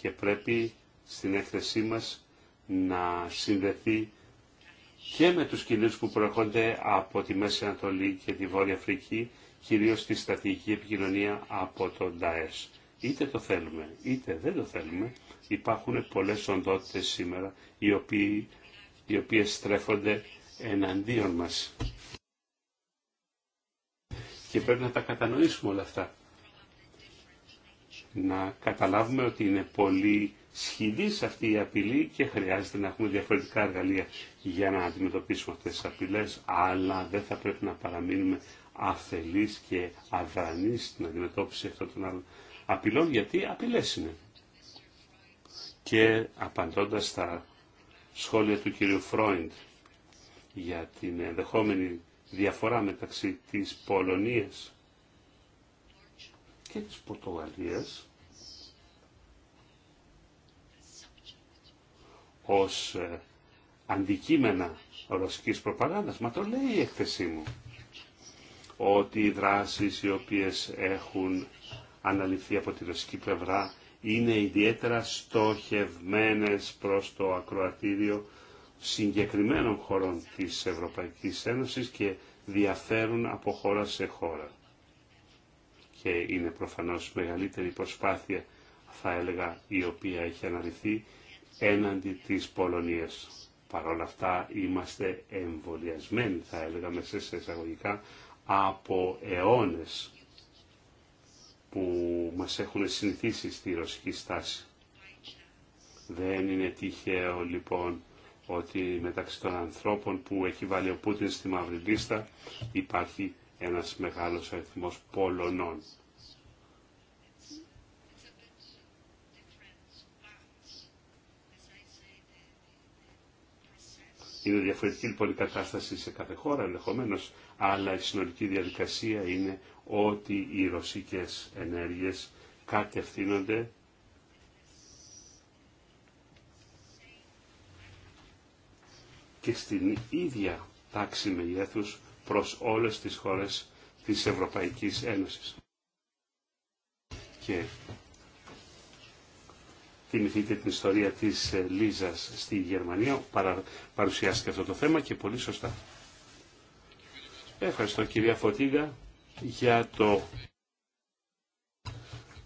[SPEAKER 1] Και πρέπει στην έκθεσή μας να συνδεθεί και με τους κοινούς που προέρχονται από τη Μέση Ανατολή και τη Βόρεια Αφρική, κυρίως στη στρατηγική επικοινωνία από τον ΤΑΕΣ. Είτε το θέλουμε, είτε δεν το θέλουμε, υπάρχουν πολλές οντότητες σήμερα οι, οποίοι, οι οποίες στρέφονται εναντίον μας και πρέπει να τα κατανοήσουμε όλα αυτά. Να καταλάβουμε ότι είναι πολύ σχηλής αυτή η απειλή και χρειάζεται να έχουμε διαφορετικά εργαλεία για να αντιμετωπίσουμε αυτές τις απειλές, αλλά δεν θα πρέπει να παραμείνουμε αφελείς και αδρανείς στην αντιμετώπιση αυτών των άλλων απειλών, γιατί απειλές είναι. Και απαντώντας στα σχόλια του κυρίου Φρόιντ για την ενδεχόμενη διαφορά μεταξύ της Πολωνίας και της Πορτογαλίας ως ε, αντικείμενα ρωσικής προπαγάνδας. Μα το λέει η έκθεσή μου ότι οι δράσεις οι οποίες έχουν αναλυθεί από τη ρωσική πλευρά είναι ιδιαίτερα στοχευμένες προς το ακροατήριο συγκεκριμένων χωρών της Ευρωπαϊκής Ένωσης και διαφέρουν από χώρα σε χώρα. Και είναι προφανώς μεγαλύτερη προσπάθεια, θα έλεγα, η οποία έχει αναλυθεί έναντι της Πολωνίας. Παρ' όλα αυτά είμαστε εμβολιασμένοι, θα έλεγα, μέσα σε εισαγωγικά, από αιώνες που μας έχουν συνηθίσει στη ρωσική στάση. Δεν είναι τυχαίο λοιπόν ότι μεταξύ των ανθρώπων που έχει βάλει ο Πούτιν στη μαύρη λίστα υπάρχει ένας μεγάλος αριθμός Πολωνών. Είναι διαφορετική λοιπόν η κατάσταση σε κάθε χώρα ενδεχομένω, αλλά η συνολική διαδικασία είναι ότι οι ρωσικές ενέργειες κατευθύνονται και στην ίδια τάξη μεγέθους προς όλες τις χώρες της Ευρωπαϊκής Ένωσης. Και θυμηθείτε την ιστορία της ε, Λίζας στη Γερμανία, παρουσιάστηκε αυτό το θέμα και πολύ σωστά. Ευχαριστώ κυρία Φωτίγα για το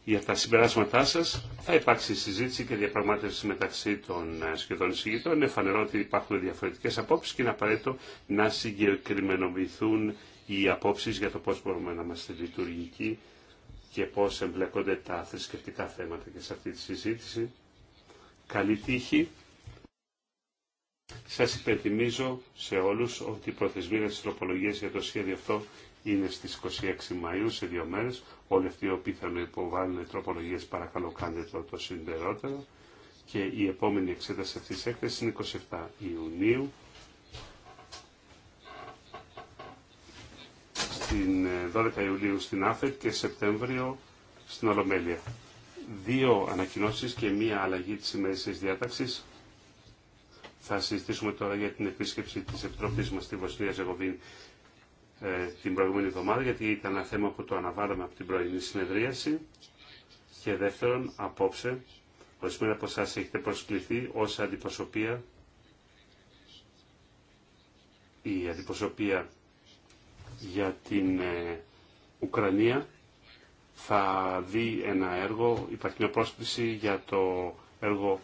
[SPEAKER 1] για τα συμπεράσματά σας. Θα υπάρξει συζήτηση και διαπραγμάτευση μεταξύ των ε, σχεδόν συγγητών. Είναι φανερό ότι υπάρχουν διαφορετικές απόψεις και είναι απαραίτητο να συγκεκριμενοποιηθούν οι απόψεις για το πώς μπορούμε να είμαστε λειτουργικοί και πώς εμπλέκονται τα θρησκευτικά θέματα και σε αυτή τη συζήτηση. Καλή τύχη. Σας υπενθυμίζω σε όλους ότι οι προθεσμίες της τροπολογίας για το σχέδιο αυτό είναι στις 26 Μαΐου σε δύο μέρες. Όλοι αυτοί οι οποίοι θα υποβάλουν τροπολογίες παρακαλώ κάντε το το συντερότερο. Και η επόμενη εξέταση αυτής της έκθεσης είναι 27 Ιουνίου στην 12 ε, Ιουλίου στην ΑΦΕΤ και Σεπτέμβριο στην Ολομέλεια. Δύο ανακοινώσεις και μία αλλαγή της ημέρησης διάταξης. Θα συζητήσουμε τώρα για την επίσκεψη της Επιτροπής μας στη Βοσνία Ζεγοβίνη ε, την προηγούμενη εβδομάδα, γιατί ήταν ένα θέμα που το αναβάλαμε από την πρωινή συνεδρίαση. Και δεύτερον, απόψε, ορισμένα από εσά έχετε προσκληθεί ως αντιπροσωπεία, η αντιπροσωπεία για την ε, Ουκρανία θα δει ένα έργο, υπάρχει μια πρόσκληση για το έργο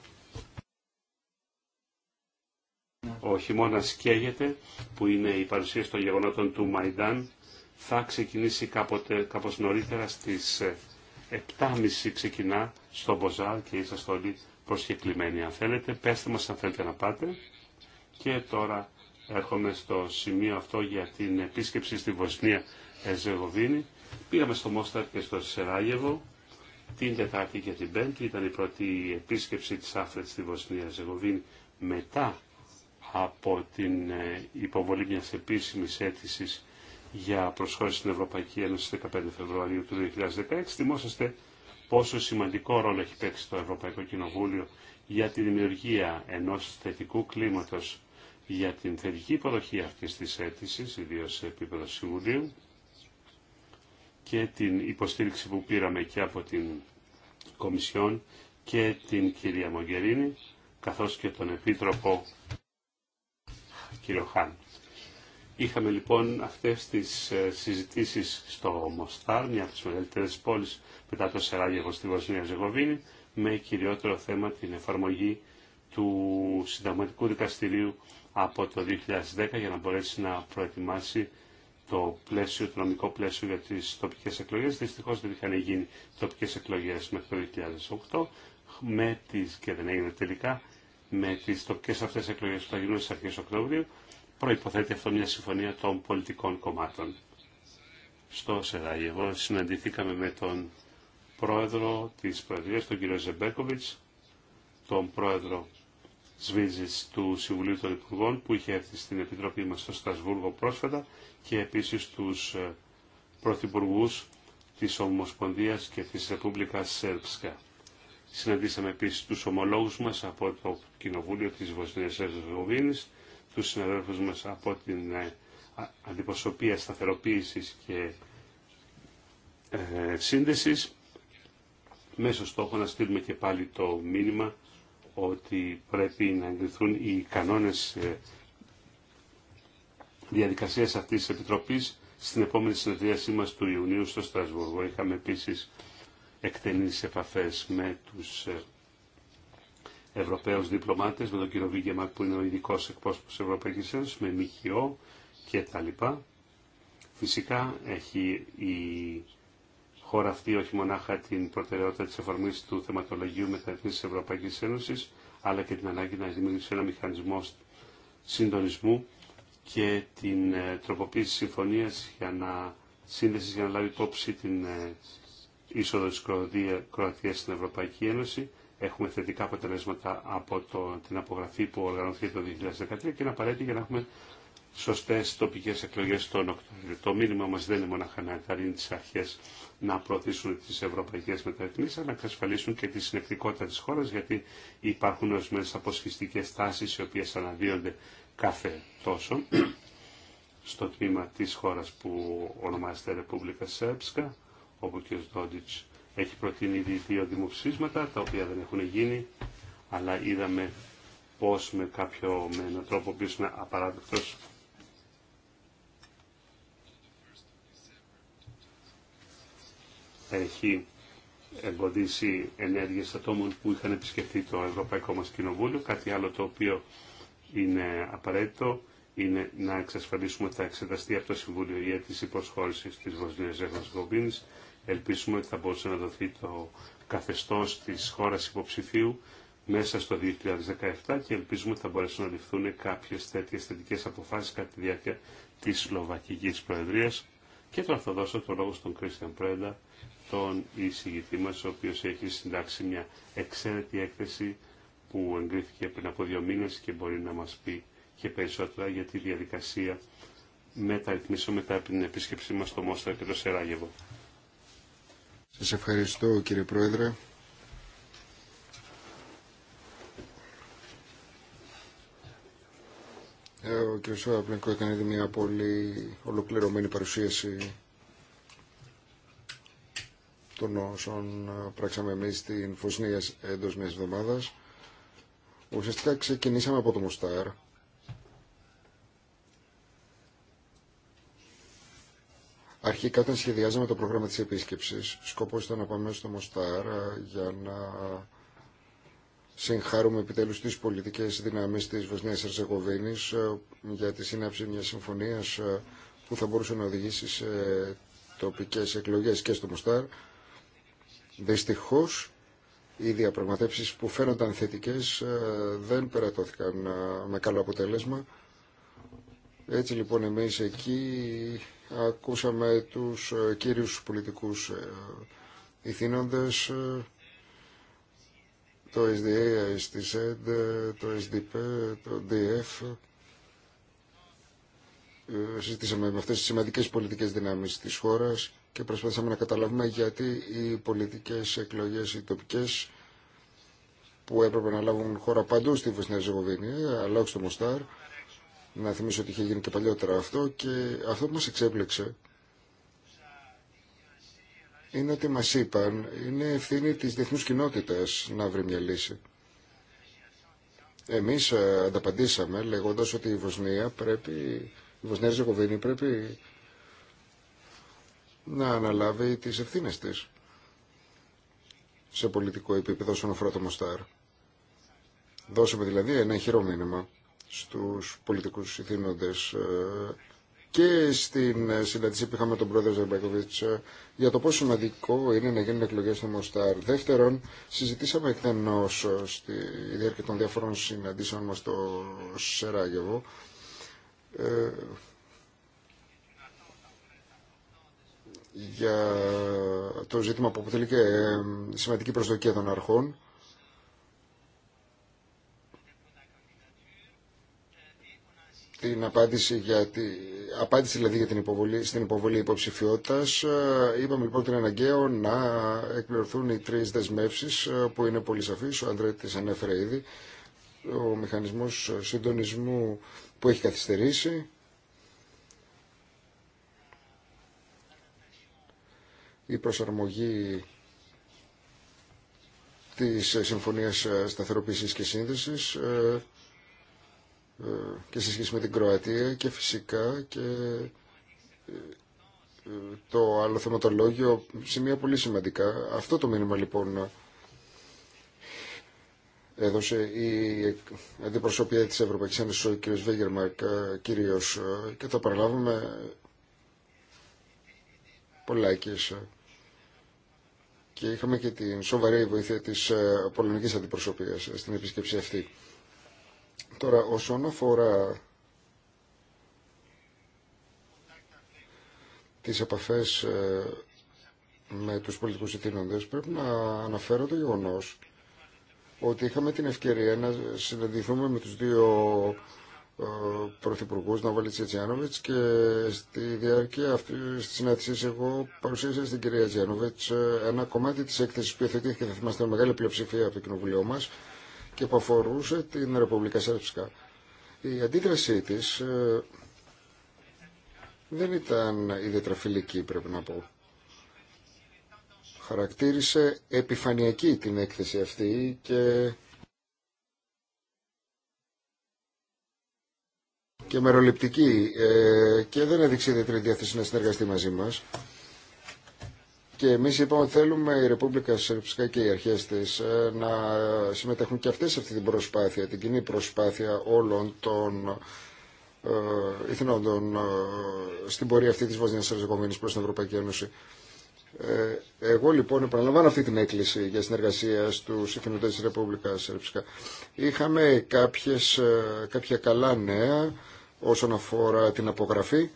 [SPEAKER 1] ο χειμώνα καίγεται, που είναι η παρουσίαση των γεγονότων του Μαϊντάν, θα ξεκινήσει κάποτε, κάπως νωρίτερα στις 7.30 ε, ξεκινά στο Μποζάρ και είσαστε όλοι προσκεκλημένοι. Αν θέλετε, πέστε μας αν θέλετε να πάτε. Και τώρα έρχομαι στο σημείο αυτό για την επίσκεψη στη Βοσνία Εζεγοβίνη. Πήγαμε στο Μόσταρ και στο Σεράγεβο την Τετάρτη και την Πέμπτη. Ήταν η πρώτη επίσκεψη της Άφρετ στη Βοσνία Εζεγοβίνη μετά από την ε, υποβολή μιας επίσημης αίτησης για προσχώρηση στην Ευρωπαϊκή Ένωση 15 Φεβρουαρίου του 2016. Θυμόσαστε πόσο σημαντικό ρόλο έχει παίξει το Ευρωπαϊκό Κοινοβούλιο για τη δημιουργία ενός θετικού κλίματος για την θετική υποδοχή αυτής της αίτησης, ιδίως σε επίπεδο Συμβουλίου και την υποστήριξη που πήραμε και από την Κομισιόν και την κυρία Μογκερίνη καθώς και τον Επίτροπο κύριο Είχαμε λοιπόν αυτές τις ε, συζητήσεις στο Μοστάρ, μια από τις μεγαλύτερες πόλεις μετά το Σεράγεγο στη Βοσνία Ζεγοβίνη, με κυριότερο θέμα την εφαρμογή του συνταγματικού δικαστηρίου από το 2010 για να μπορέσει να προετοιμάσει το, πλαίσιο, το νομικό πλαίσιο για τις τοπικές εκλογές. Δυστυχώς δεν είχαν γίνει τοπικές εκλογές μέχρι το 2008 με τις, και δεν έγινε τελικά με τις τοπικές αυτές εκλογές που θα γίνουν στις αρχές Οκτώβριου, προϋποθέτει αυτό μια συμφωνία των πολιτικών κομμάτων. Στο Εγώ συναντηθήκαμε με τον πρόεδρο της Προεδρίας, τον κύριο Ζεμπέκοβιτς, τον πρόεδρο Σβίζης του Συμβουλίου των Υπουργών που είχε έρθει στην Επιτροπή μας στο Στρασβούργο πρόσφατα και επίσης τους ε, πρωθυπουργούς της Ομοσπονδίας και της Ρεπούμπλικας Σέρψκα. Συναντήσαμε επίση του ομολόγους μας από το Κοινοβούλιο της Βοσνία Ερζεγοβίνη, τους συναδέλφου μας από την ε, Αντιπροσωπεία σταθεροποίηση και ε, Σύνδεσης, μέσω στόχο να στείλουμε και πάλι το μήνυμα ότι πρέπει να εγκριθούν οι κανόνες ε, διαδικασίας αυτής της Επιτροπής στην επόμενη συνεδρίασή μας του Ιουνίου στο Στρασβούργο. Είχαμε επίσης εκτενείς επαφές με τους ε, Ευρωπαίους διπλωμάτες, με τον κύριο Βίγκεμαρ που είναι ο ειδικό εκπρόσωπος τη Ευρωπαϊκής Ένωσης, με ΜΚΟ και τα λοιπά. Φυσικά έχει η χώρα αυτή όχι μονάχα την προτεραιότητα της εφαρμογή του θεματολογίου μεταρρύθμισης της Ευρωπαϊκής Ένωσης, αλλά και την ανάγκη να δημιουργήσει ένα μηχανισμό συντονισμού και την ε, τροποποίηση συμφωνίας για να σύνδεση για να λάβει υπόψη την ε, είσοδο της Κροατίας στην Ευρωπαϊκή Ένωση. Έχουμε θετικά αποτελέσματα από το, την απογραφή που οργανωθεί το 2013 και είναι απαραίτητη για να έχουμε σωστέ τοπικέ εκλογέ τον Οκτώβριο. Το μήνυμα μα δεν είναι μόνο να ενθαρρύνει τι αρχέ να προωθήσουν τι ευρωπαϊκέ μεταρρυθμίσει, αλλά να εξασφαλίσουν και τη συνεκτικότητα τη χώρα, γιατί υπάρχουν ορισμένε αποσχιστικέ τάσει οι οποίε αναδύονται κάθε τόσο στο τμήμα τη χώρα που ονομάζεται Ρεπούμπλικα Σέρψκα όπου ο κ. έχει προτείνει ήδη δύο δημοψήφισματα, τα οποία δεν έχουν γίνει, αλλά είδαμε πώς με, κάποιο, με έναν τρόπο που είναι απαράδεκτο. έχει εμποδίσει ενέργειες ατόμων που είχαν επισκεφτεί το Ευρωπαϊκό μας Κοινοβούλιο, κάτι άλλο το οποίο είναι απαραίτητο είναι να εξασφαλίσουμε ότι θα εξεταστεί από το Συμβούλιο για τις υποσχόλησεις της Βοσνία Ζεγοσκοπίνης. Ελπίσουμε ότι θα μπορούσε να δοθεί το καθεστώ τη χώρα υποψηφίου μέσα στο 2017 και ελπίζουμε ότι θα μπορέσουν να ληφθούν κάποιε τέτοιε θετικέ αποφάσει κατά τη διάρκεια τη Σλοβακική προεδρία Και τώρα θα δώσω το λόγο στον Κρίστιαν Πρέντα, τον εισηγητή μα, ο οποίο έχει συντάξει μια εξαίρετη έκθεση που εγκρίθηκε πριν από δύο μήνε και μπορεί να μα πει και περισσότερα για τη διαδικασία μεταρρυθμίσεων μετά από την επίσκεψή μας στο Μόστρα και το Σεράγεβο.
[SPEAKER 4] Σας ευχαριστώ κύριε Πρόεδρε. Ε, ο κ. Σουάπλενκο έκανε μια πολύ ολοκληρωμένη παρουσίαση των όσων πράξαμε εμείς στην Φωσνία εντός μιας εβδομάδας. Ουσιαστικά ξεκινήσαμε από το Μουστάρ. Αρχικά όταν σχεδιάζαμε το πρόγραμμα της επίσκεψης, σκοπός ήταν να πάμε στο Μοστάρ ε, για να συγχάρουμε επιτέλους τις πολιτικές δυνάμεις της Βοσνίας Ερζεγοβίνης ε, για τη σύναψη μιας συμφωνίας ε, που θα μπορούσε να οδηγήσει σε τοπικές εκλογές και στο Μοστάρ. Δυστυχώς οι διαπραγματεύσεις που φαίνονταν θετικές δεν περατώθηκαν με καλό αποτέλεσμα. Έτσι λοιπόν εμείς εκεί Ακούσαμε τους ε, κύριους πολιτικούς ε, ηθήνοντες, ε, το SDA, STZ, το SDP, το DF. Συζήτησαμε με αυτές τις σημαντικές πολιτικές δυνάμεις της χώρας και προσπαθήσαμε να καταλάβουμε γιατί οι πολιτικές εκλογές, οι τοπικές, που έπρεπε να λάβουν χώρα παντού στη Βοσνία Ζεγοβίνη, αλλά όχι στο Μοστάρ, να θυμίσω ότι είχε γίνει και παλιότερα αυτό και αυτό που μας εξέπλεξε είναι ότι μας είπαν είναι ευθύνη της διεθνούς κοινότητας να βρει μια λύση. Εμείς ε, ανταπαντήσαμε λέγοντας ότι η Βοσνία πρέπει, η Βοσνία πρέπει να αναλάβει τις ευθύνες της σε πολιτικό επίπεδο στον αφορά το Μοστάρ. Δώσαμε δηλαδή ένα χειρό μήνυμα στους πολιτικούς συνθήνοντες ε, και στην συνάντηση που είχαμε τον πρόεδρο Ζαρμπαϊκοβίτς ε, για το πόσο σημαντικό είναι να γίνουν εκλογές στο Μοστάρ. Δεύτερον, συζητήσαμε εκτενώς ε, στη διάρκεια των διαφορών συναντήσεων μας στο Σεράγεβο για το ζήτημα που αποτελεί και σημαντική προσδοκία των αρχών στην απάντηση για τη... Απάντηση δηλαδή για την υποβολή, στην υποβολή υποψηφιότητα. Ε, είπαμε λοιπόν ότι είναι αναγκαίο να εκπληρωθούν οι τρει δεσμεύσει ε, που είναι πολύ σαφεί. Ο Αντρέ ανέφερε ήδη. Ο μηχανισμό συντονισμού που έχει καθυστερήσει. Η προσαρμογή της Συμφωνίας Σταθεροποίησης και Σύνδεσης ε, και σε σχέση με την Κροατία και φυσικά και ε, το άλλο θεματολόγιο, σημεία πολύ σημαντικά. Αυτό το μήνυμα λοιπόν έδωσε η αντιπροσωπεία της Ευρωπαϊκής Ένωσης, ο κ. Βέγερμακ, ε, κυρίως, ε, και θα παραλάβουμε πολλάκες. Και είχαμε και την σοβαρή βοήθεια της πολωνικής αντιπροσωπείας στην επίσκεψη αυτή. Τώρα, όσον αφορά τις επαφές ε, με τους πολιτικούς ηθήνοντες, πρέπει να αναφέρω το γεγονός ότι είχαμε την ευκαιρία να συναντηθούμε με τους δύο ε, πρωθυπουργούς Ναβαλίτς Τζιάνοβιτς και στη διάρκεια αυτή της συνάντησης εγώ παρουσίασα στην κυρία Τζιάνοβιτς ε, ένα κομμάτι της έκθεσης που υιοθετήθηκε θα θυμάστε μεγάλη πλειοψηφία από το κοινοβουλίο μας και που αφορούσε την Ρεπουμπλικά Σέρψκα. Η αντίδρασή της ε, δεν ήταν ιδιαίτερα φιλική πρέπει να πω. Χαρακτήρισε επιφανειακή την έκθεση αυτή και και μεροληπτική ε, και δεν έδειξε ιδιαίτερη διάθεση να συνεργαστεί μαζί μας. Και εμεί είπαμε λοιπόν, ότι θέλουμε η Ρεπούμπλικα Σερψικά και οι αρχές της ε, να συμμετέχουν και αυτές σε αυτή την προσπάθεια, την κοινή προσπάθεια όλων των ε, ηθινόντων ε, στην πορεία αυτή της Βοσνία Ερζεγοβίνη προ την Ευρωπαϊκή Ένωση. Εγώ λοιπόν επαναλαμβάνω αυτή την έκκληση για συνεργασία στου ηθινοντέ τη Ρεπούμπλικα Σερψικά. Είχαμε κάποιες, κάποια καλά νέα όσον αφορά την απογραφή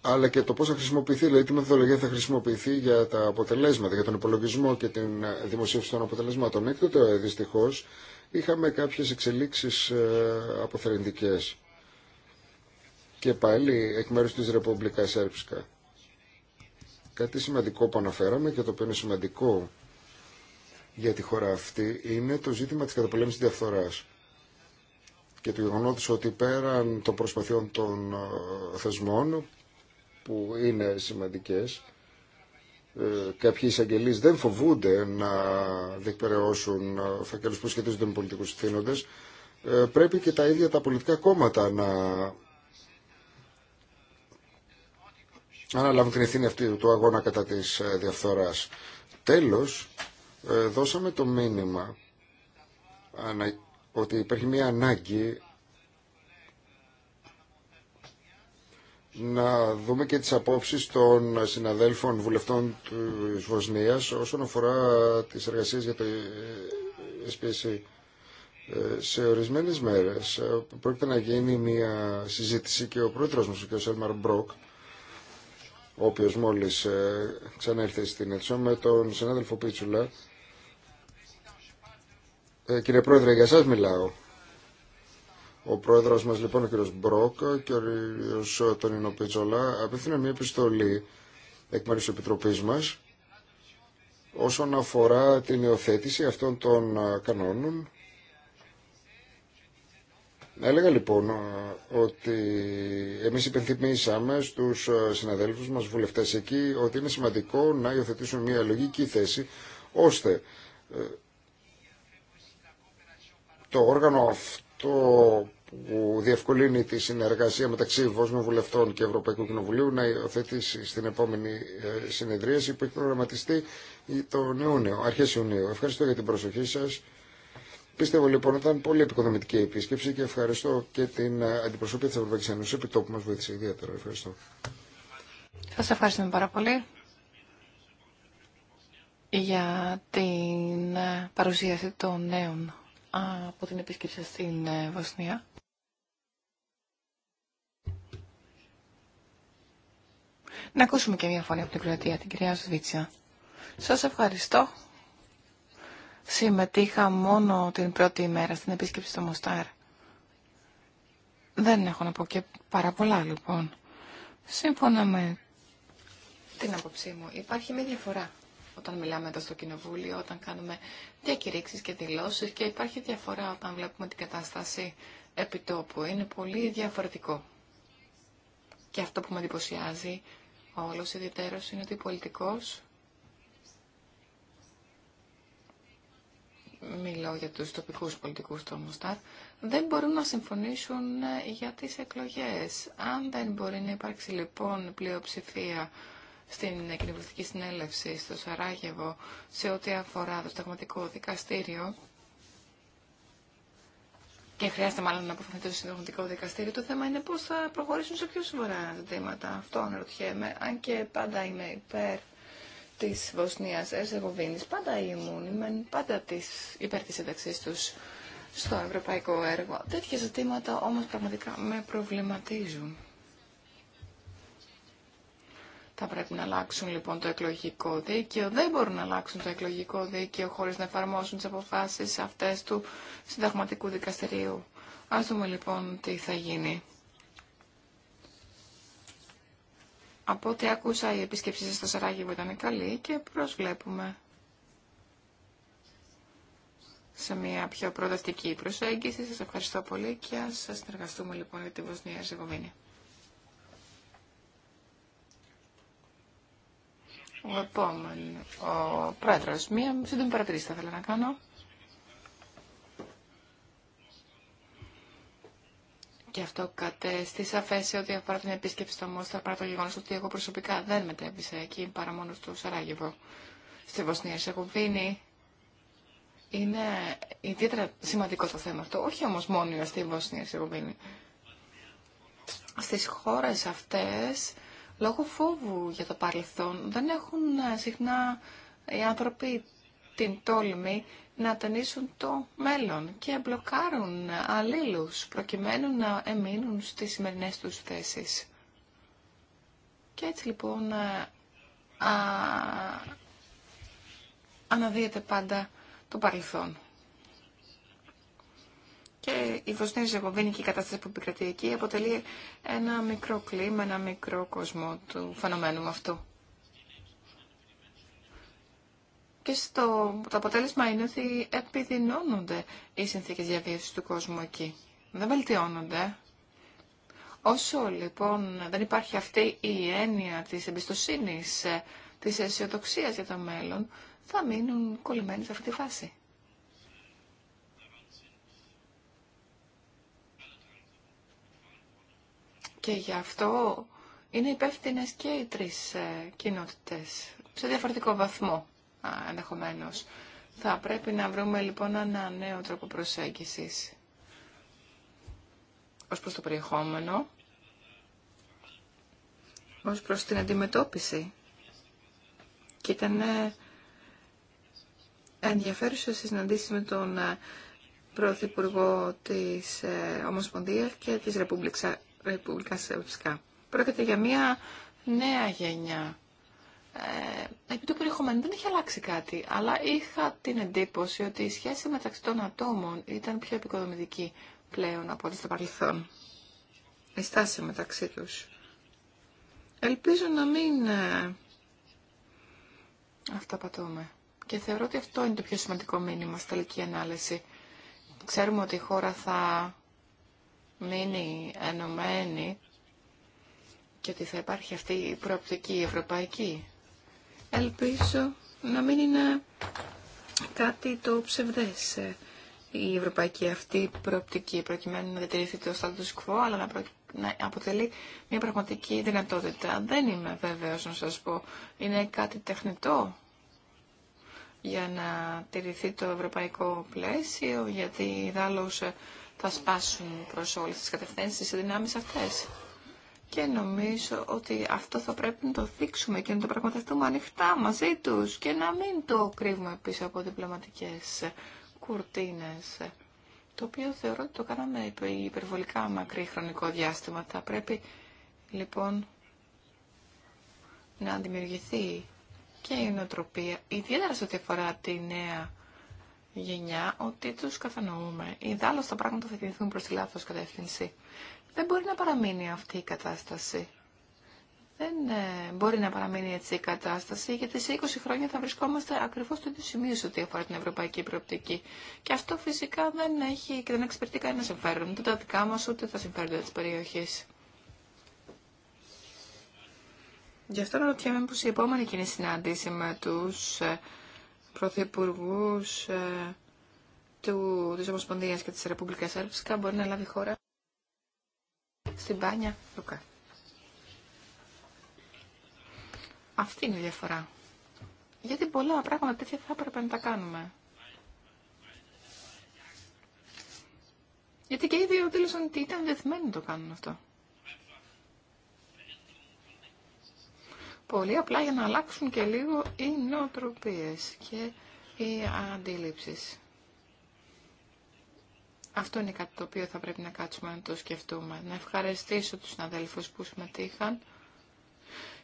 [SPEAKER 4] αλλά και το πώς θα χρησιμοποιηθεί, δηλαδή τι μεθοδολογία θα χρησιμοποιηθεί για τα αποτελέσματα, για τον υπολογισμό και την δημοσίευση των αποτελεσμάτων. Έκτοτε, δυστυχώ, είχαμε κάποιες εξελίξεις ε, αποθαρρυντικέ. και πάλι εκ μέρους της Ρεπομπλικά Σέρψκα. Κάτι σημαντικό που αναφέραμε και το οποίο είναι σημαντικό για τη χώρα αυτή είναι το ζήτημα της καταπολέμησης διαφθοράς και του γεγονότος ότι πέραν των προσπαθειών των ε, θεσμών που είναι σημαντικές. Ε, κάποιοι εισαγγελεί δεν φοβούνται να διεκπαιρεώσουν ε, φακέλους που σχετίζονται με πολιτικούς ευθύνοντες. Ε, πρέπει και τα ίδια τα πολιτικά κόμματα να αναλάβουν την ευθύνη αυτή του αγώνα κατά της ε, διαφθοράς. Τέλος, ε, δώσαμε το μήνυμα ότι υπάρχει μια ανάγκη να δούμε και τις απόψεις των συναδέλφων βουλευτών της Βοσνίας όσον αφορά τις εργασίες για το SPSC. Σε ορισμένες μέρες πρόκειται να γίνει μια συζήτηση και ο πρόεδρος μας, ο κ. Σέλμαρ Μπρόκ, ο οποίος μόλις ξαναήρθε στην έτσι, με τον συνάδελφο Πίτσουλα. Κύριε Πρόεδρε, για σας μιλάω. Ο πρόεδρος μας λοιπόν, ο κ. Μπρόκ και ο κ. Τονίνο Πίτσολα μια επιστολή εκ μέρου τη Επιτροπής μας όσον αφορά την υιοθέτηση αυτών των κανόνων. Έλεγα λοιπόν ότι εμείς υπενθυμίσαμε στους συναδέλφους μας βουλευτές εκεί ότι είναι σημαντικό να υιοθετήσουν μια λογική θέση ώστε ε, το όργανο αυτό που διευκολύνει τη συνεργασία μεταξύ Βόσμων Βουλευτών και Ευρωπαϊκού Κοινοβουλίου να υιοθετήσει στην επόμενη ε, συνεδρίαση που έχει προγραμματιστεί τον Ιούνιο, αρχές Ιουνίου. Ευχαριστώ για την προσοχή σας. Πιστεύω λοιπόν ότι ήταν πολύ επικοδομητική η επίσκεψη και ευχαριστώ και την ε, αντιπροσωπή της Ευρωπαϊκής Ένωσης επί που μας βοήθησε ιδιαίτερα. Ευχαριστώ.
[SPEAKER 5] Σας ευχαριστούμε πάρα πολύ για την ε, παρουσίαση των νέων από την επίσκεψη στην Βοσνία. Να ακούσουμε και μια φωνή από την Κροατία, την κυρία Σβίτσια. Σα ευχαριστώ. Συμμετείχα μόνο την πρώτη ημέρα στην επίσκεψη στο Μοστάρ. Δεν έχω να πω και πάρα πολλά λοιπόν. Σύμφωνα με την άποψή μου, υπάρχει μια διαφορά όταν μιλάμε εδώ στο Κοινοβούλιο, όταν κάνουμε διακηρύξεις και δηλώσεις και υπάρχει διαφορά όταν βλέπουμε την κατάσταση επιτόπου. Είναι πολύ διαφορετικό. Και αυτό που με εντυπωσιάζει όλος ιδιαίτερος είναι ότι πολιτικός μιλώ για τους τοπικούς πολιτικούς του Ομοστάρ, δεν μπορούν να συμφωνήσουν ε, για τις εκλογές. Αν δεν μπορεί να υπάρξει λοιπόν πλειοψηφία στην κοινοβουλευτική συνέλευση στο Σαράγεβο σε ό,τι αφορά το σταγματικό δικαστήριο, και χρειάζεται μάλλον να αποφανθεί το συνταγματικό δικαστήριο. Το θέμα είναι πώ θα προχωρήσουν σε πιο σοβαρά ζητήματα. Αυτό αναρωτιέμαι. Αν και πάντα είμαι υπέρ τη Βοσνία Ερζεγοβίνη, πάντα ήμουν, είμαι πάντα της, υπέρ τη ένταξή του στο ευρωπαϊκό έργο. Τέτοια ζητήματα όμω πραγματικά με προβληματίζουν. Θα πρέπει να αλλάξουν λοιπόν το εκλογικό δίκαιο. Δεν μπορούν να αλλάξουν το εκλογικό δίκαιο χωρίς να εφαρμόσουν τις αποφάσεις αυτές του συνταγματικού δικαστηρίου. Ας δούμε λοιπόν τι θα γίνει. Από ό,τι άκουσα η επίσκεψή σας στο Σαράγεβο ήταν καλή και προσβλέπουμε σε μια πιο προοδευτική προσέγγιση. Σας ευχαριστώ πολύ και ας συνεργαστούμε λοιπόν για τη Βοσνία Ζεγοβίνη. Ο επόμενο, ο πρόεδρος. Μία σύντομη παρατηρήση θα ήθελα να κάνω. Και αυτό κατέστη σαφέ σε ό,τι αφορά την επίσκεψη στο Μόστα, παρά το γεγονό ότι εγώ προσωπικά δεν μετέβησα εκεί παρά μόνο στο Σαράγεβο. Στη Βοσνία Ερσεγοβίνη είναι ιδιαίτερα σημαντικό το θέμα αυτό, όχι όμως μόνο στη Βοσνία Ερσεγοβίνη. Στις χώρες αυτές λόγω φόβου για το παρελθόν δεν έχουν ε, συχνά οι άνθρωποι την τόλμη να ταινίσουν το μέλλον και μπλοκάρουν ε, αλλήλους προκειμένου να εμείνουν στις σημερινές τους θέσεις. Και έτσι λοιπόν ε, α, αναδύεται πάντα το παρελθόν και η Βοσνία Ζεγοβίνη και η κατάσταση που επικρατεί εκεί αποτελεί ένα μικρό κλίμα, ένα μικρό κόσμο του φαινομένου αυτού. Και στο, το αποτέλεσμα είναι ότι επιδεινώνονται οι συνθήκες διαβίωσης του κόσμου εκεί. Δεν βελτιώνονται. Όσο λοιπόν δεν υπάρχει αυτή η έννοια της εμπιστοσύνης, ε, της αισιοδοξία για το μέλλον, θα μείνουν κολλημένοι σε αυτή τη φάση. Και γι' αυτό είναι υπεύθυνε και οι τρεις ε, κοινότητες, σε διαφορετικό βαθμό ενδεχομένω. Θα πρέπει να βρούμε λοιπόν ένα νέο τρόπο προσέγγισης ως προς το περιεχόμενο, ως προς την αντιμετώπιση. Και ήταν ε, ενδιαφέρουσα συναντήσεις με τον ε, Πρωθυπουργό της Ομοσπονδίας και της Ρεπούμπλικα Ρεπούμπλικα Πρόκειται για μια νέα γενιά. Ε, επί του περιεχομένου δεν έχει αλλάξει κάτι, αλλά είχα την εντύπωση ότι η σχέση μεταξύ των ατόμων ήταν πιο επικοδομητική πλέον από ό,τι στο παρελθόν. Η στάση μεταξύ τους. Ελπίζω να μην ε, αυταπατώμε. Και θεωρώ ότι αυτό είναι το πιο σημαντικό μήνυμα στη τελική ανάλυση. Ξέρουμε ότι η χώρα θα μείνει ενωμένη και ότι θα υπάρχει αυτή η προοπτική ευρωπαϊκή. Ελπίζω να μην είναι κάτι το ψευδές ε, η ευρωπαϊκή αυτή προοπτική προκειμένου να διατηρηθεί το status quo αλλά να, αποτελεί μια πραγματική δυνατότητα. Δεν είμαι βέβαιος να σας πω. Είναι κάτι τεχνητό για να τηρηθεί το ευρωπαϊκό πλαίσιο γιατί δάλλως ε, θα σπάσουν προς όλες τις κατευθύνσεις οι δυνάμεις αυτές. Και νομίζω ότι αυτό θα πρέπει να το δείξουμε και να το πραγματευτούμε ανοιχτά μαζί τους και να μην το κρύβουμε πίσω από διπλωματικές κουρτίνες το οποίο θεωρώ ότι το κάναμε υπερβολικά μακρύ χρονικό διάστημα. Θα πρέπει λοιπόν να δημιουργηθεί και η νοοτροπία, ιδιαίτερα σε ό,τι αφορά τη νέα γενιά ότι τους κατανοούμε. Ιδάλλως τα πράγματα θα κινηθούν προς τη λάθος κατεύθυνση. Δεν μπορεί να παραμείνει αυτή η κατάσταση. Δεν ε, μπορεί να παραμείνει έτσι η κατάσταση, γιατί σε 20 χρόνια θα βρισκόμαστε ακριβώ στο ίδιο σημείο σε ό,τι αφορά την ευρωπαϊκή προοπτική. Και αυτό φυσικά δεν έχει και δεν εξυπηρετεί κανένα συμφέρον, ούτε τα δικά μα ούτε τα συμφέροντα τη περιοχή. Γι' αυτό ρωτιέμαι πως η επόμενη κοινή συνάντηση με του. Ε, πρωθυπουργούς ε, του, της Ομοσπονδίας και της Ρεπουμπλικής Έλψικα μπορεί να λάβει χώρα στην Πάνια Λουκά. Αυτή είναι η διαφορά. Γιατί πολλά πράγματα τέτοια θα έπρεπε να τα κάνουμε. Γιατί και οι δύο δήλωσαν ότι ήταν δεθμένοι να το κάνουν αυτό. Πολύ απλά για να αλλάξουν και λίγο οι νοοτροπίες και οι αντίληψεις. Αυτό είναι κάτι το οποίο θα πρέπει να κάτσουμε να το σκεφτούμε. Να ευχαριστήσω τους συναδέλφους που συμμετείχαν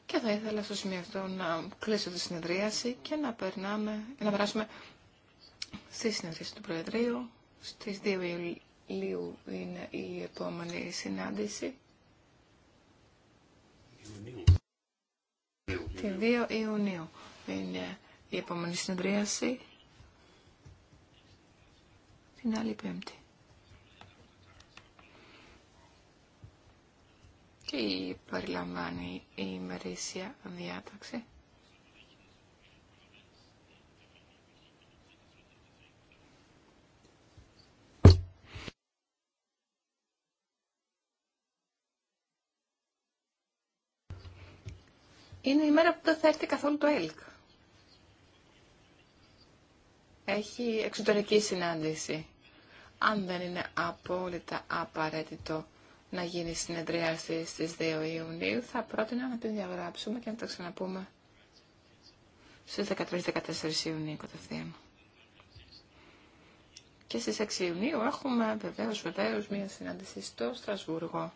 [SPEAKER 5] και θα ήθελα στο σημείο αυτό να κλείσω τη συνεδρίαση και να, περνάμε, να περάσουμε στη συνεδρίαση του Προεδρείου. Στις 2 Ιουλίου είναι η επόμενη συνάντηση. Την 2 Ιουνίου είναι η επόμενη συνεδρίαση. Την άλλη Πέμπτη. Και παριλαμβάνει η ημερήσια διάταξη. είναι η μέρα που δεν θα έρθει καθόλου το ΕΛΚ. Έχει εξωτερική συνάντηση. Αν δεν είναι απόλυτα απαραίτητο να γίνει συνεδρίαση στις 2 Ιουνίου, θα πρότεινα να την διαγράψουμε και να το ξαναπούμε στις 13-14 Ιουνίου κατευθείαν. Και στις 6 Ιουνίου έχουμε βεβαίως, βεβαίως μία συνάντηση στο Στρασβούργο.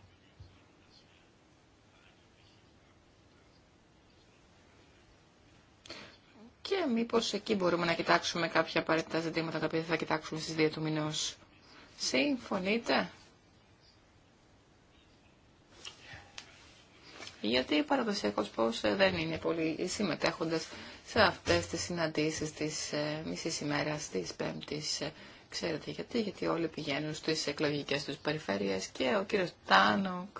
[SPEAKER 5] και μήπω εκεί μπορούμε να κοιτάξουμε κάποια απαραίτητα ζητήματα τα οποία θα κοιτάξουμε στις δύο του μηνό. Συμφωνείτε. Γιατί παραδοσιακό πώ ε, δεν είναι πολύ συμμετέχοντε σε αυτέ τι συναντήσει τη ε, μισή ημέρα, τη Πέμπτη. Ε, ξέρετε γιατί, γιατί όλοι πηγαίνουν στι εκλογικέ του περιφέρειες και ο κύριο Τάνοκ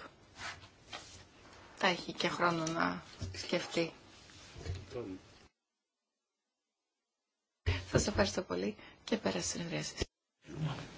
[SPEAKER 5] θα έχει και χρόνο να σκεφτεί. Σας ευχαριστώ πολύ και τη στις σα.